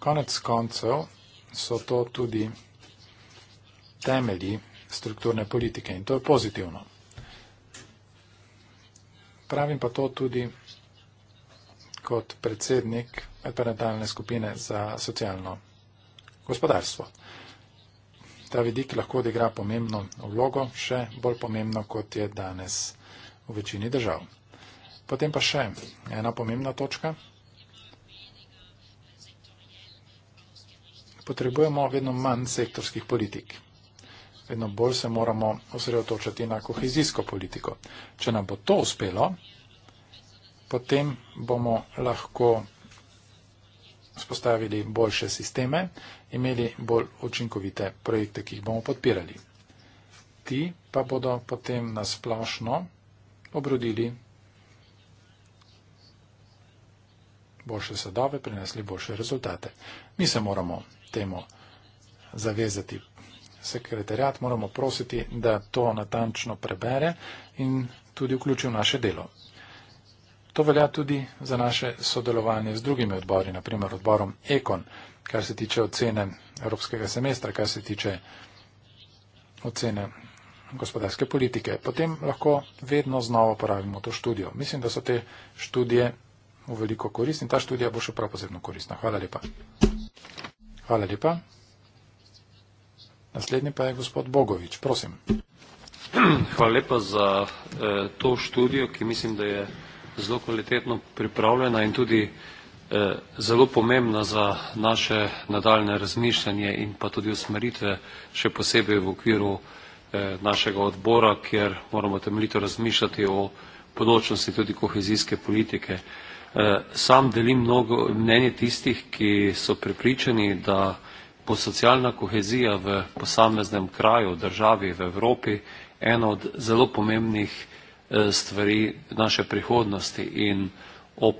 Konec koncev so to tudi temelji strukturne politike in to je pozitivno. Pravim pa to tudi kot predsednik parentalne skupine za socialno gospodarstvo. Ta vidik lahko odigra pomembno vlogo, še bolj pomembno, kot je danes v večini držav. Potem pa še ena pomembna točka. Potrebujemo vedno manj sektorskih politik. Vedno bolj se moramo osredotočati na kohezijsko politiko. Če nam bo to uspelo, potem bomo lahko spostavili boljše sisteme, imeli bolj učinkovite projekte, ki jih bomo podpirali. Ti pa bodo potem nasplošno obrodili boljše sadove prinesli boljše rezultate. Mi se moramo temu zavezati. Sekretarjat moramo prositi, da to natančno prebere in tudi vključi v naše delo. To velja tudi za naše sodelovanje z drugimi odbori, naprimer odborom Ekon, kar se tiče ocene evropskega semestra, kar se tiče ocene gospodarske politike. Potem lahko vedno znova uporabimo to študijo. Mislim, da so te študije v veliko korist in ta študija bo še prav posebno koristna. Hvala lepa. Hvala lepa. Naslednji pa je gospod Bogovič. Prosim. Hvala lepa za eh, to študijo, ki mislim, da je zelo kvalitetno pripravljena in tudi eh, zelo pomembna za naše nadaljne razmišljanje in pa tudi usmeritve, še posebej v okviru eh, našega odbora, kjer moramo temeljito razmišljati o podočnosti tudi kohezijske politike. Eh, Eh, sam delim mnogo mnenje tistih, ki so prepričani, da bo socialna kohezija v posameznem kraju, državi, v Evropi ena od zelo pomembnih eh, stvari naše prihodnosti in ob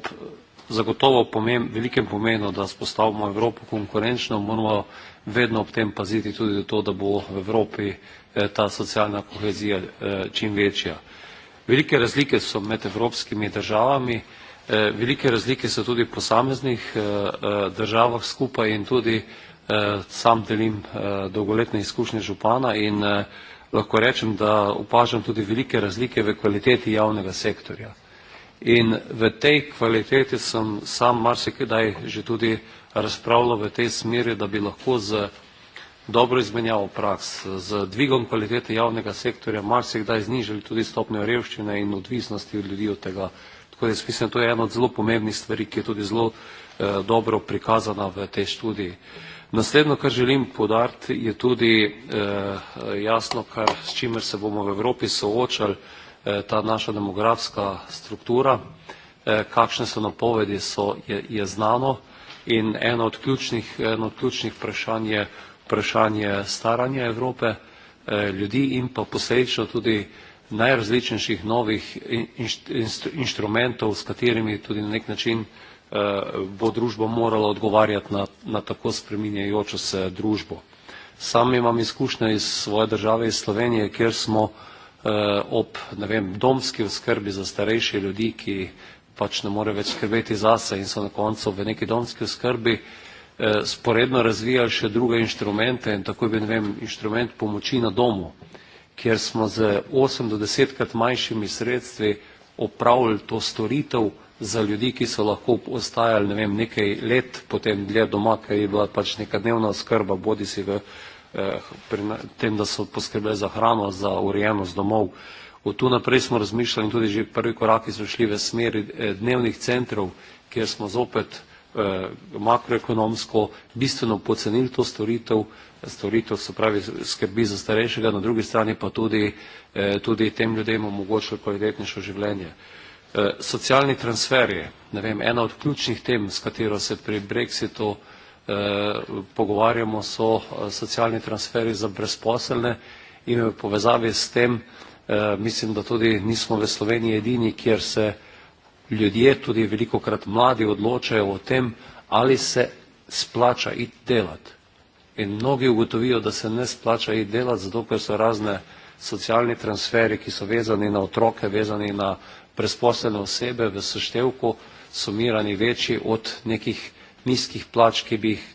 zagotovo pomem, velikem pomenu, da spostavimo Evropo konkurenčno, moramo vedno ob tem paziti tudi to, da bo v Evropi eh, ta socialna kohezija čim večja. Velike razlike so med evropskimi državami. Eh, velike razlike so tudi v posameznih eh, eh, državah skupaj in tudi sam delim dolgoletne izkušnje župana in lahko rečem, da upažam tudi velike razlike v kvaliteti javnega sektorja. In v tej kvaliteti sem sam marsikdaj že tudi razpravljal v tej smeri, da bi lahko z dobro izmenjavo praks, z dvigom kvalitete javnega sektorja marsikdaj znižali tudi stopnjo revščine in odvisnosti od ljudi od tega sektorja. Tako da jaz mislim, da to je ena od zelo pomembnih stvari, ki je tudi zelo eh, dobro prikazana v tej študiji. Naslednjo, kar želim podariti, je tudi eh, jasno, kar, s čimer se bomo v Evropi soočali, eh, ta naša demografska struktura, eh, kakšne so napovedi, so, je, je znano in eno od ključnih, eno od ključnih vprašanj je vprašanje staranja Evrope, eh, ljudi in pa posledično tudi eh, najrazličnejših novih inštrumentov, s katerimi tudi na nek način eh, bo družba morala odgovarjati na, na tako spreminjajočo se družbo. Sam imam izkušnje iz svoje države, iz Slovenije, kjer smo eh, ob ne vem, domski oskrbi za starejše ljudi, ki pač ne more več skrbeti zase in so na koncu v neki domski oskrbi, eh, sporedno razvijali še druge inštrumente in tako je bil, ne vem, inštrument pomoči na domu kjer smo z osem do desetkrat manjšimi sredstvi opravili to storitev za ljudi, ki so lahko ostajali ne vem, nekaj let potem dlje doma, ker je bila pač neka dnevna skrba, bodi si v eh, pri, tem, da so poskrbeli za hrano, za urejenost domov. Od tu naprej smo razmišljali in tudi že prvi koraki so šli v smeri eh, dnevnih centrov, kjer smo zopet eh, makroekonomsko bistveno pocenili to storitev, storitev, se pravi skrbi za starejšega, na drugi strani pa tudi, eh, tudi tem ljudem omogočili kvalitetnejše življenje. Eh, socialni transferi, ne vem, ena od ključnih tem, s katero se pri Brexitu eh, pogovarjamo, so eh, socialni transferi za brezposelne in v povezavi s tem eh, mislim, da tudi nismo v Sloveniji edini, kjer se ljudje, tudi veliko krat mladi, odločajo o tem, ali se splača iti delati. In mnogi ugotovijo, da se ne splača jih delati, zato ker so razne socialni transferi, ki so vezani na otroke, vezani na presposljene osebe v seštevku, sumirani večji od nekih nizkih plač, ki bi jih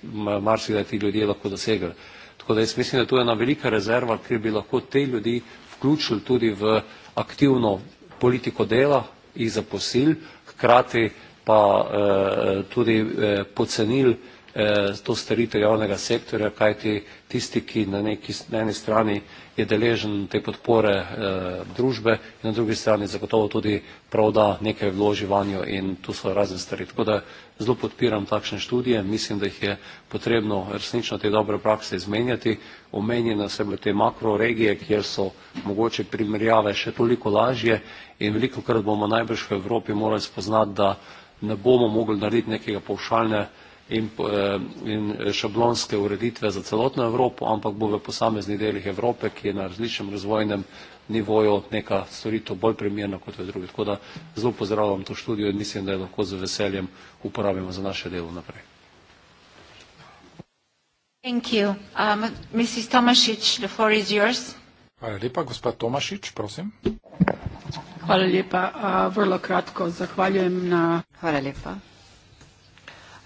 marsikdaj ti ljudje lahko dosegli. Tako da jaz mislim, da tu je ena velika rezerva, ker bi lahko te ljudi vključili tudi v aktivno politiko dela, jih zaposlili, hkrati pa eh, eh tudi eh, pocenili eh, to storitev javnega sektorja, kajti tisti, ki na, neki, na eni strani je deležen te podpore eh, družbe in na drugi strani zagotovo tudi prav, da nekaj vloži vanjo in tu so razne stvari. Tako da zelo podpiram takšne študije, mislim, da jih je potrebno resnično te dobre prakse izmenjati. Omenjene so bile te makroregije, kjer so mogoče primerjave še toliko lažje in veliko krat bomo najbrž v Evropi morali spoznati, da ne bomo mogli narediti nekega povšalnega in, eh, in šablonske ureditve za celotno Evropo, ampak bo v posameznih delih Evrope, ki je na različnem razvojnem nivoju neka storitev bolj primerna kot v drugih. Tako da zelo pozdravljam to študijo in mislim, da jo lahko z veseljem uporabimo za naše delo naprej. Um, Hvala lepa, gospod Tomašič, prosim. Hvala lepa, vrlo kratko zahvaljujem na. Hvala lepa.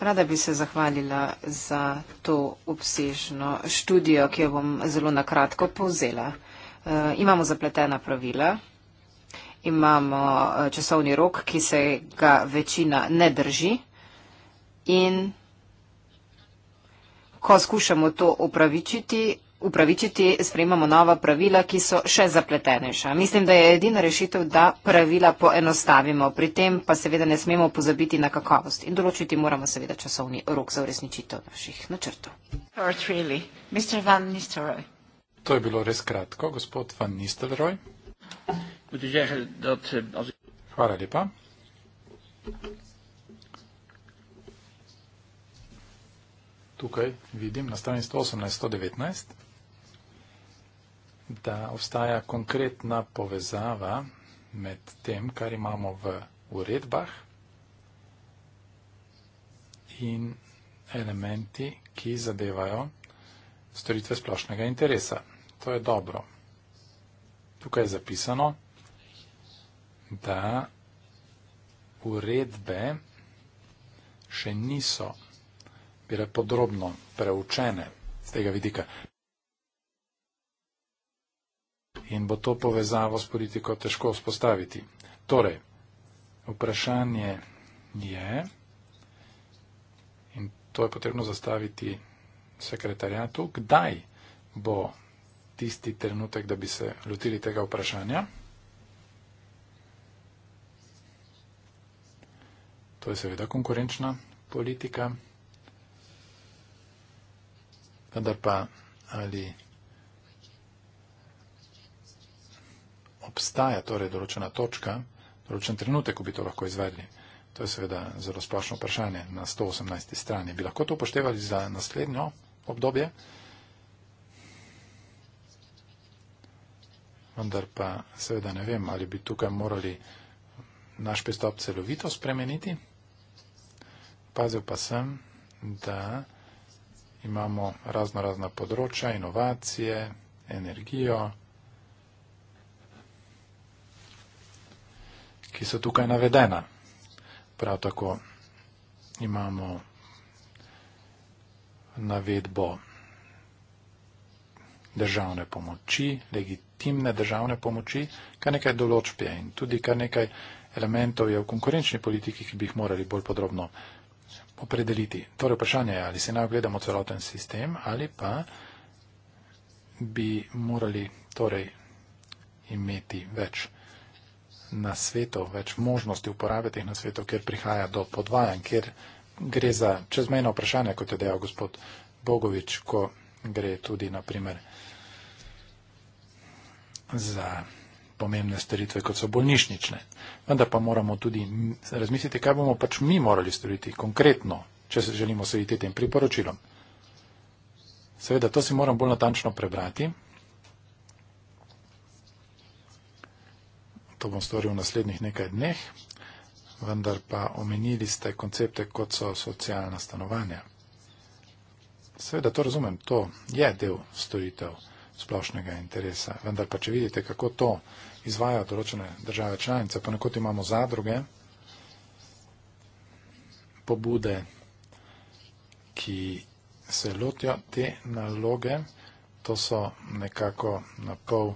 Rada bi se zahvalila za to obsežno študijo, ki jo bom zelo nakratko povzela. E, imamo zapletena pravila, imamo eh, časovni rok, ki se ga večina ne drži in ko skušamo to upravičiti, upravičiti, sprejmamo nova pravila, ki so še zapletenejša. Mislim, da je edina rešitev, da pravila poenostavimo. Pri tem pa seveda ne smemo pozabiti na kakovost in določiti moramo seveda časovni rok za uresničitev naših načrtov. To je bilo res kratko, gospod Van Nistelrooy. Hvala lepa. Tukaj vidim na strani 118-119 da obstaja konkretna povezava med tem, kar imamo v uredbah in elementi, ki zadevajo storitve splošnega interesa. To je dobro. Tukaj je zapisano, da uredbe še niso bile podrobno preučene z tega vidika in bo to povezavo s politiko težko vzpostaviti. Torej, vprašanje je, in to je potrebno zastaviti sekretarjatu, kdaj bo tisti trenutek, da bi se lotili tega vprašanja. To je seveda konkurenčna politika. Vendar pa ali obstaja torej določena točka, določen trenutek, ko bi to lahko izvedli. To je seveda zelo splošno vprašanje na 118. strani. Bi lahko to upoštevali za naslednjo obdobje? Vendar pa seveda ne vem, ali bi tukaj morali naš pristop celovito spremeniti. Pazil pa sem, da imamo razno razna področja, inovacije, energijo, ki so tukaj navedena. Prav tako imamo navedbo državne pomoči, legitimne državne pomoči, kar nekaj določb je in tudi kar nekaj elementov je v konkurenčni politiki, ki bi jih morali bolj podrobno opredeliti. Torej vprašanje je, ali se naj ogledamo celoten sistem ali pa bi morali torej imeti več na svetu, več možnosti uporabe teh na svetu, ker prihaja do podvajanj, ker gre za čezmejno vprašanje, kot je dejal gospod Bogovič, ko gre tudi naprimer za pomembne storitve, kot so bolnišnične. Vendar pa moramo tudi razmisliti, kaj bomo pač mi morali storiti konkretno, če se želimo slediti tem priporočilom. Seveda, to si moram bolj natančno prebrati, to bom storil v naslednjih nekaj dneh, vendar pa omenili ste koncepte, kot so socialna stanovanja. Seveda to razumem, to je del storitev splošnega interesa, vendar pa če vidite, kako to izvajajo določene države članice, ponekod imamo zadruge, pobude, ki se lotijo te naloge, to so nekako na pol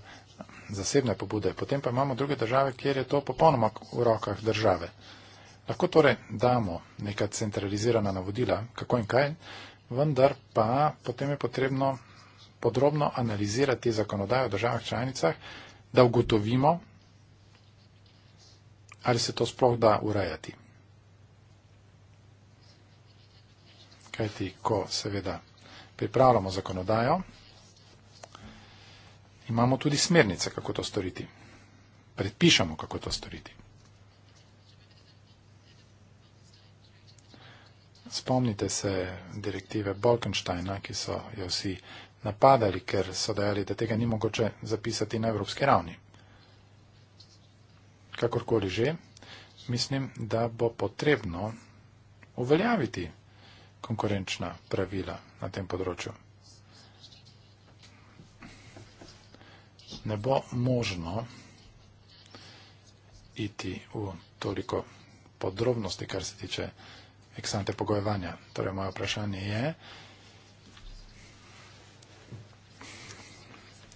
zasebne pobude. Potem pa imamo druge države, kjer je to popolnoma v rokah države. Lahko torej damo neka centralizirana navodila, kako in kaj, vendar pa potem je potrebno podrobno analizirati zakonodajo v državah članicah, da ugotovimo, ali se to sploh da urejati. Kajti, ko seveda pripravljamo zakonodajo, imamo tudi smernice, kako to storiti. Predpišemo, kako to storiti. Spomnite se direktive Bolkensteina, ki so jo vsi napadali, ker so dejali, da tega ni mogoče zapisati na evropski ravni. Kakorkoli že, mislim, da bo potrebno uveljaviti konkurenčna pravila na tem področju. ne bo možno iti v toliko podrobnosti, kar se tiče eksante pogojevanja. Torej, moje vprašanje je,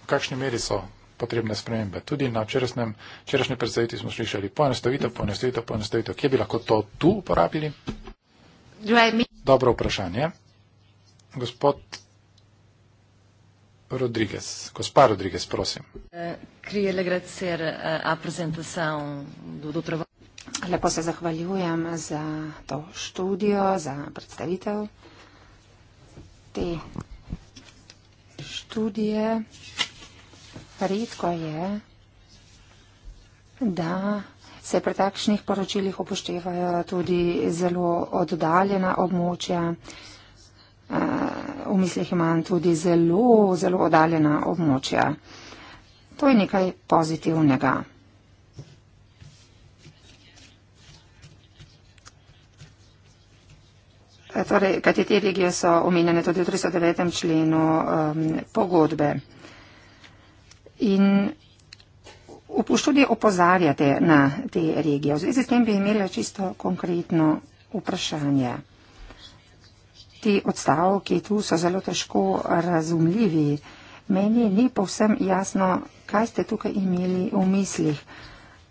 v kakšni meri so potrebne spremembe. Tudi na včerajšnji predstaviti smo slišali poenostavitev, poenostavitev, poenostavitev. Kje bi lahko to tu uporabili? Dobro vprašanje. Gospod Rodrigues. Gospa Rodrigues, prosim. Eh, Queria agradecer eh, a apresentação do, do trabalho. Lepo se zahvaljujem za to študijo, za predstavitev te študije. Redko je, da se pri takšnih poročilih upoštevajo tudi zelo oddaljena območja. Eh, v mislih imam tudi zelo, zelo oddaljena območja. To je nekaj pozitivnega. Eh, torej, katete regije so omenjene tudi v 309. členu um, pogodbe. In v poštudi opozarjate na te regije. V zvezi s tem bi imeli čisto konkretno vprašanje. Ti odstavki tu so zelo težko razumljivi. Meni ni povsem jasno, kaj ste tukaj imeli v mislih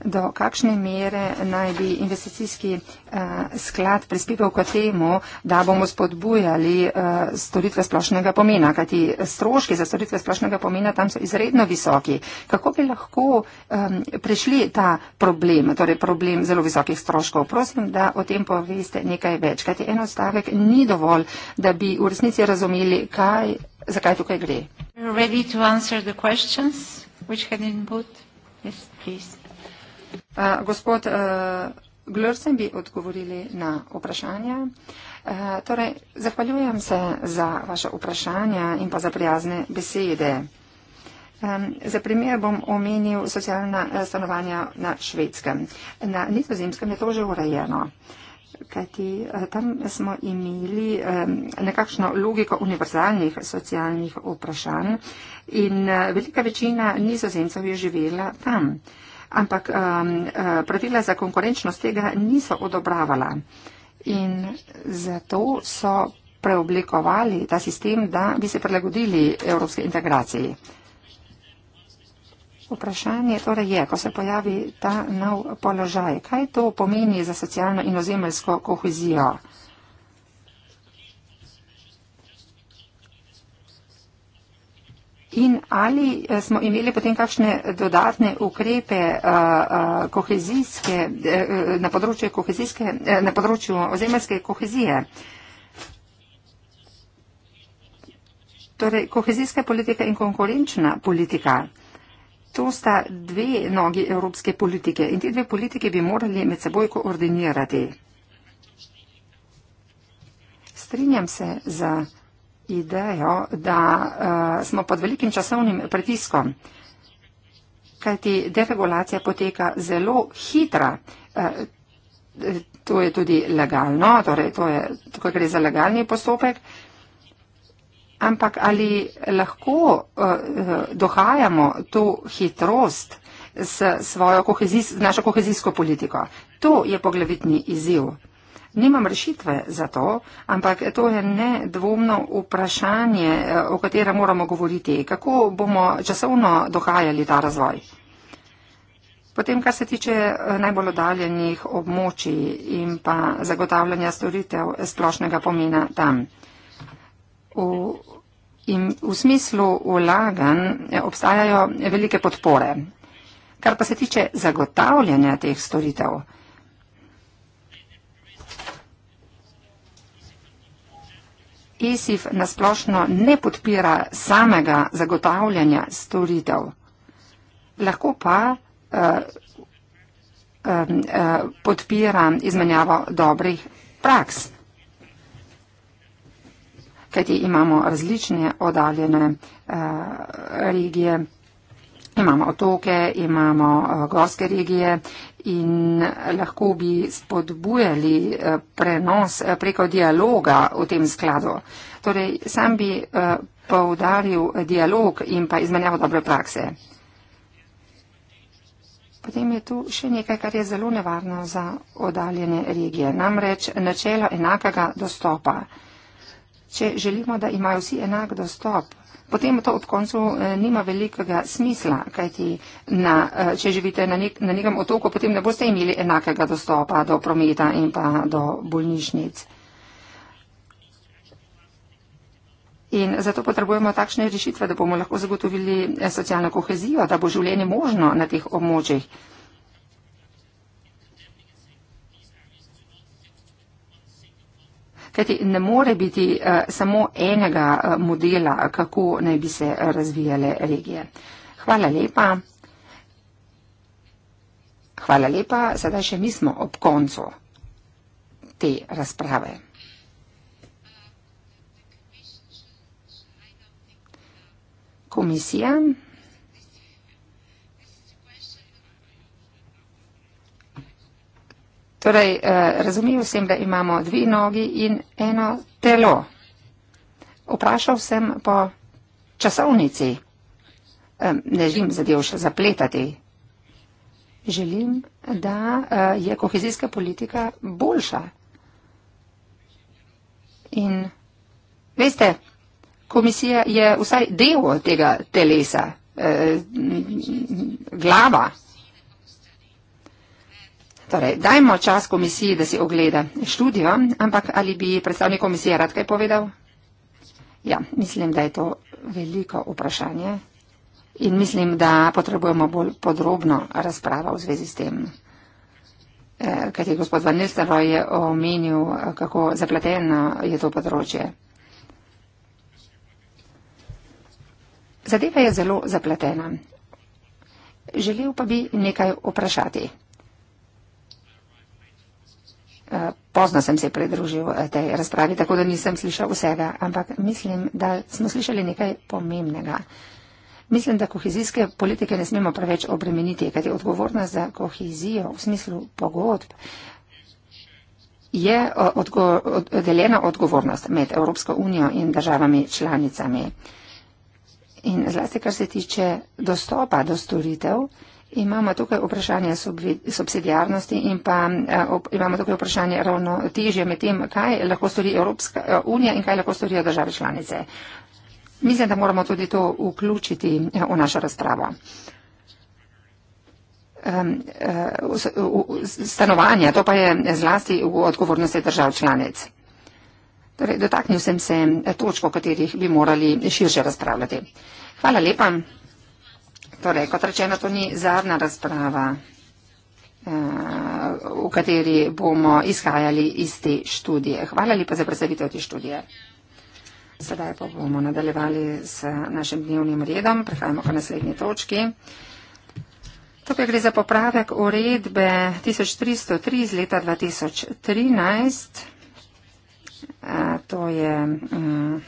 do kakšne mere naj bi investicijski eh, sklad prispeval k temu, da bomo spodbujali eh, storitve splošnega pomena, kajti stroški za storitve splošnega pomena tam so izredno visoki. Kako bi lahko eh, prišli ta problem, torej problem zelo visokih stroškov? Prosim, da o tem poveste nekaj več, kajti en odstavek ni dovolj, da bi v resnici razumeli, kaj, zakaj tukaj gre. Yes, Uh, gospod uh, eh, Glursen bi odgovorili na vprašanja. Uh, torej, zahvaljujem se za vaše vprašanja in pa za prijazne besede. Um, za primer bom omenil socialna stanovanja na švedskem. Na nizozemskem je to že urejeno, kajti uh, tam smo imeli um, nekakšno logiko univerzalnih socialnih vprašanj in uh, velika večina nizozemcev je živela tam. Uh, ampak um, uh, pravila za konkurenčnost tega niso odobravala. In zato so preoblikovali ta sistem, da bi se prilagodili evropske integraciji. Vprašanje torej je, ko se pojavi ta nov položaj, kaj to pomeni za socialno in ozemeljsko kohezijo? In ali eh, smo imeli potem kakšne dodatne ukrepe eh, eh, kohezijske, na področju, kohezijske, na področju ozemljske kohezije? Torej, kohezijska politika in konkurenčna politika. To sta dve nogi evropske politike in te dve politike bi morali med seboj koordinirati. Strinjam se za idejo, da uh, smo pod velikim časovnim pritiskom, kajti deregulacija poteka zelo hitra. Uh, to je tudi legalno, torej to je, tukaj gre za legalni postopek. Ampak ali lahko uh, dohajamo to hitrost s, kohezijs, s našo kohezijsko politiko? To je poglavitni izziv. Nimam rešitve za to, ampak to je nedvomno vprašanje, eh, o katerem moramo govoriti. Kako bomo časovno dohajali ta razvoj? Potem, kar se tiče eh, najbolj odaljenih območij in pa zagotavljanja storitev splošnega pomena tam. V, in v smislu vlagan eh, obstajajo velike podpore. Kar pa se tiče zagotavljanja teh storitev, ISIF nasplošno ne podpira samega zagotavljanja storitev. Lahko pa uh, um, uh, podpira izmenjavo dobrih praks, kajti imamo različne odaljene uh, eh, regije. Imamo otoke, imamo uh, gorske regije, in lahko bi spodbujali eh, prenos eh, preko dialoga v tem skladu. Torej, sam bi eh, poudaril dialog in pa izmenjavo dobre prakse. Potem je tu še nekaj, kar je zelo nevarno za odaljene regije. Namreč načelo enakega dostopa. Če želimo, da imajo vsi enak dostop potem to ob koncu eh, nima velikega smisla, kajti na, eh, če živite na, nek, na nekem otoku, potem ne boste imeli enakega dostopa do prometa in pa do bolnišnic. In zato potrebujemo takšne rešitve, da bomo lahko zagotovili eh, socialno kohezijo, da bo življenje možno na teh območjih. Kajti ne more biti eh, samo enega eh, modela, kako naj bi se razvijale regije. Hvala lepa. Hvala lepa, sedaj še mi smo ob koncu te razprave. Komisija, Torej, eh, razumijo sem, da imamo dve nogi in eno telo. Vprašal sem po časovnici. Ne želim zadev še zapletati. Želim, da eh, je kohezijska politika boljša. In veste, komisija je vsaj del tega telesa, eh, glava. Torej, dajmo čas komisiji, da si ogleda študijo, ampak ali bi predstavnik komisije rad kaj povedal? Ja, mislim, da je to veliko vprašanje in mislim, da potrebujemo bolj podrobno razpravo v zvezi s tem. Eh, kaj je gospod Van Nistelrooy omenil, eh, kako zapleteno je to področje. Zadeva je zelo zapletena. Želel pa bi nekaj vprašati pozno sem se pridružil eh, tej razpravi, tako da nisem slišal vsega, ampak mislim, da smo slišali nekaj pomembnega. Mislim, da kohezijske politike ne smemo preveč obremeniti, kajti odgovornost za kohezijo v smislu pogodb je eh, odgo od deljena odgovornost med Evropsko unijo in državami članicami. In zlasti, kar se tiče dostopa do storitev, Imamo tukaj vprašanje subsidijarnosti in pa eh, imamo tukaj vprašanje ravno težje med tem, kaj lahko stori Evropska eh, unija in kaj lahko storijo države članice. Mislim, da moramo tudi to vključiti eh, v našo razpravo. Stanovanja, to pa je zlasti v odgovornosti držav članic. Torej, dotaknil sem se točko, o katerih bi morali širše razpravljati. Hvala lepa. Torej, kot rečeno, to ni zadnja razprava, eh, v kateri bomo izhajali iz te študije. Hvala lepa za predstavitev te študije. Sedaj pa bomo nadaljevali s našim dnevnim redom. Prehajamo k naslednji točki. Tukaj gre za popravek uredbe 1303 iz leta 2013. Eh, to je mm,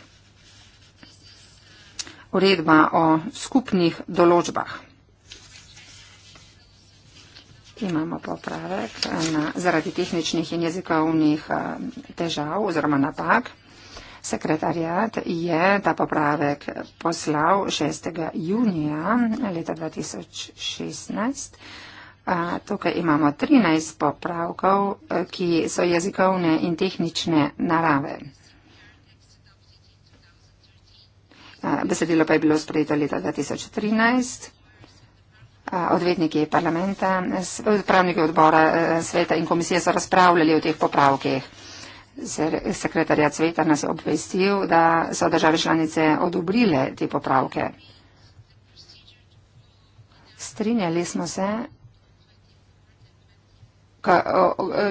uredba o skupnih določbah. Imamo popravek eh, na, zaradi tehničnih in jezikovnih eh, težav oziroma napak. Sekretarjat je ta popravek poslal 6. junija eh, leta 2016. Tukaj imamo 13 popravkov, ki so jezikovne in tehnične narave. Eh, besedilo pa je bilo sprejeto leta 2013. Eh, odvetniki parlamenta, pravniki odbora eh, sveta in komisije so razpravljali o teh popravkih. Sekretarja sveta nas je obvestil, da so države članice odobrile te popravke. Strinjali smo se,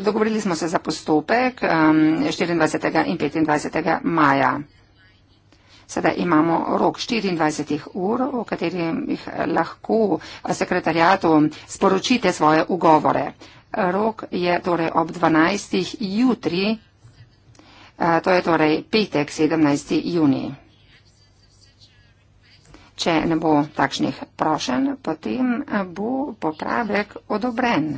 dogovorili smo se za postopek 24. Ehm, in 25. maja. Sedaj imamo rok 24 ur, v katerem jih lahko sekretarjatu sporočite svoje ugovore. Rok je torej ob 12. jutri, eh, to je torej petek 17. juni. Če ne bo takšnih prošen, potem eh, bo popravek odobren.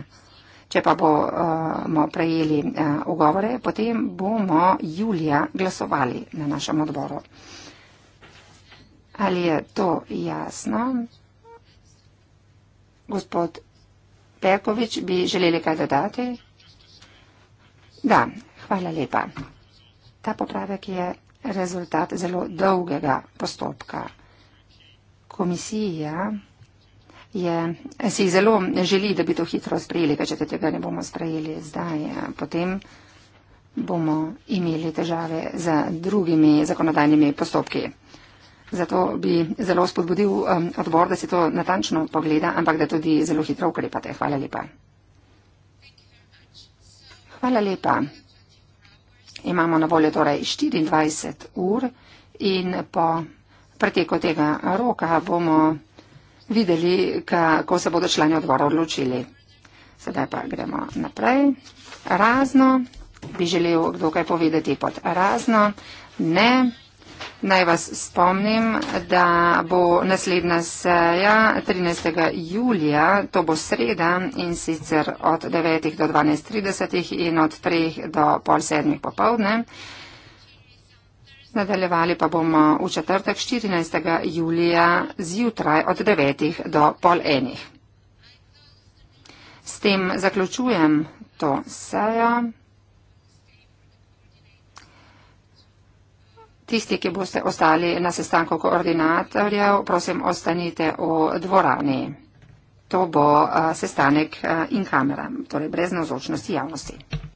Če pa bomo eh, prejeli ugovore, potem bomo julija glasovali na našem odboru. Ali je to jasno? Gospod Pekovič, bi želeli kaj dodati? Da, hvala lepa. Ta popravek je rezultat zelo dolgega postopka. Komisija je, si zelo želi, da bi to hitro sprejeli, ker če tega ne bomo sprejeli zdaj, potem bomo imeli težave z drugimi zakonodajnimi postopki. Zato bi zelo spodbudil um, odbor, da si to natančno pogleda, ampak da tudi zelo hitro ukrepate. Hvala lepa. Hvala lepa. Imamo na voljo torej 24 ur in po preteku tega roka bomo videli, kako se bodo člani odbora odločili. Sedaj pa gremo naprej. Razno. Bi želel kdo kaj povedati pod razno? Ne. Naj vas spomnim, da bo naslednja seja 13. julija, to bo sreda in sicer od 9. do 12.30 in od 3. do pol sedmih popovdne. Nadaljevali pa bomo v četrtek 14. julija zjutraj od 9. do pol enih. S tem zaključujem to sejo. Tisti, ki boste ostali na sestanku koordinatorjev, prosim, ostanite v dvorani. To bo eh, sestanek eh, in kamera, torej brez navzočnosti javnosti.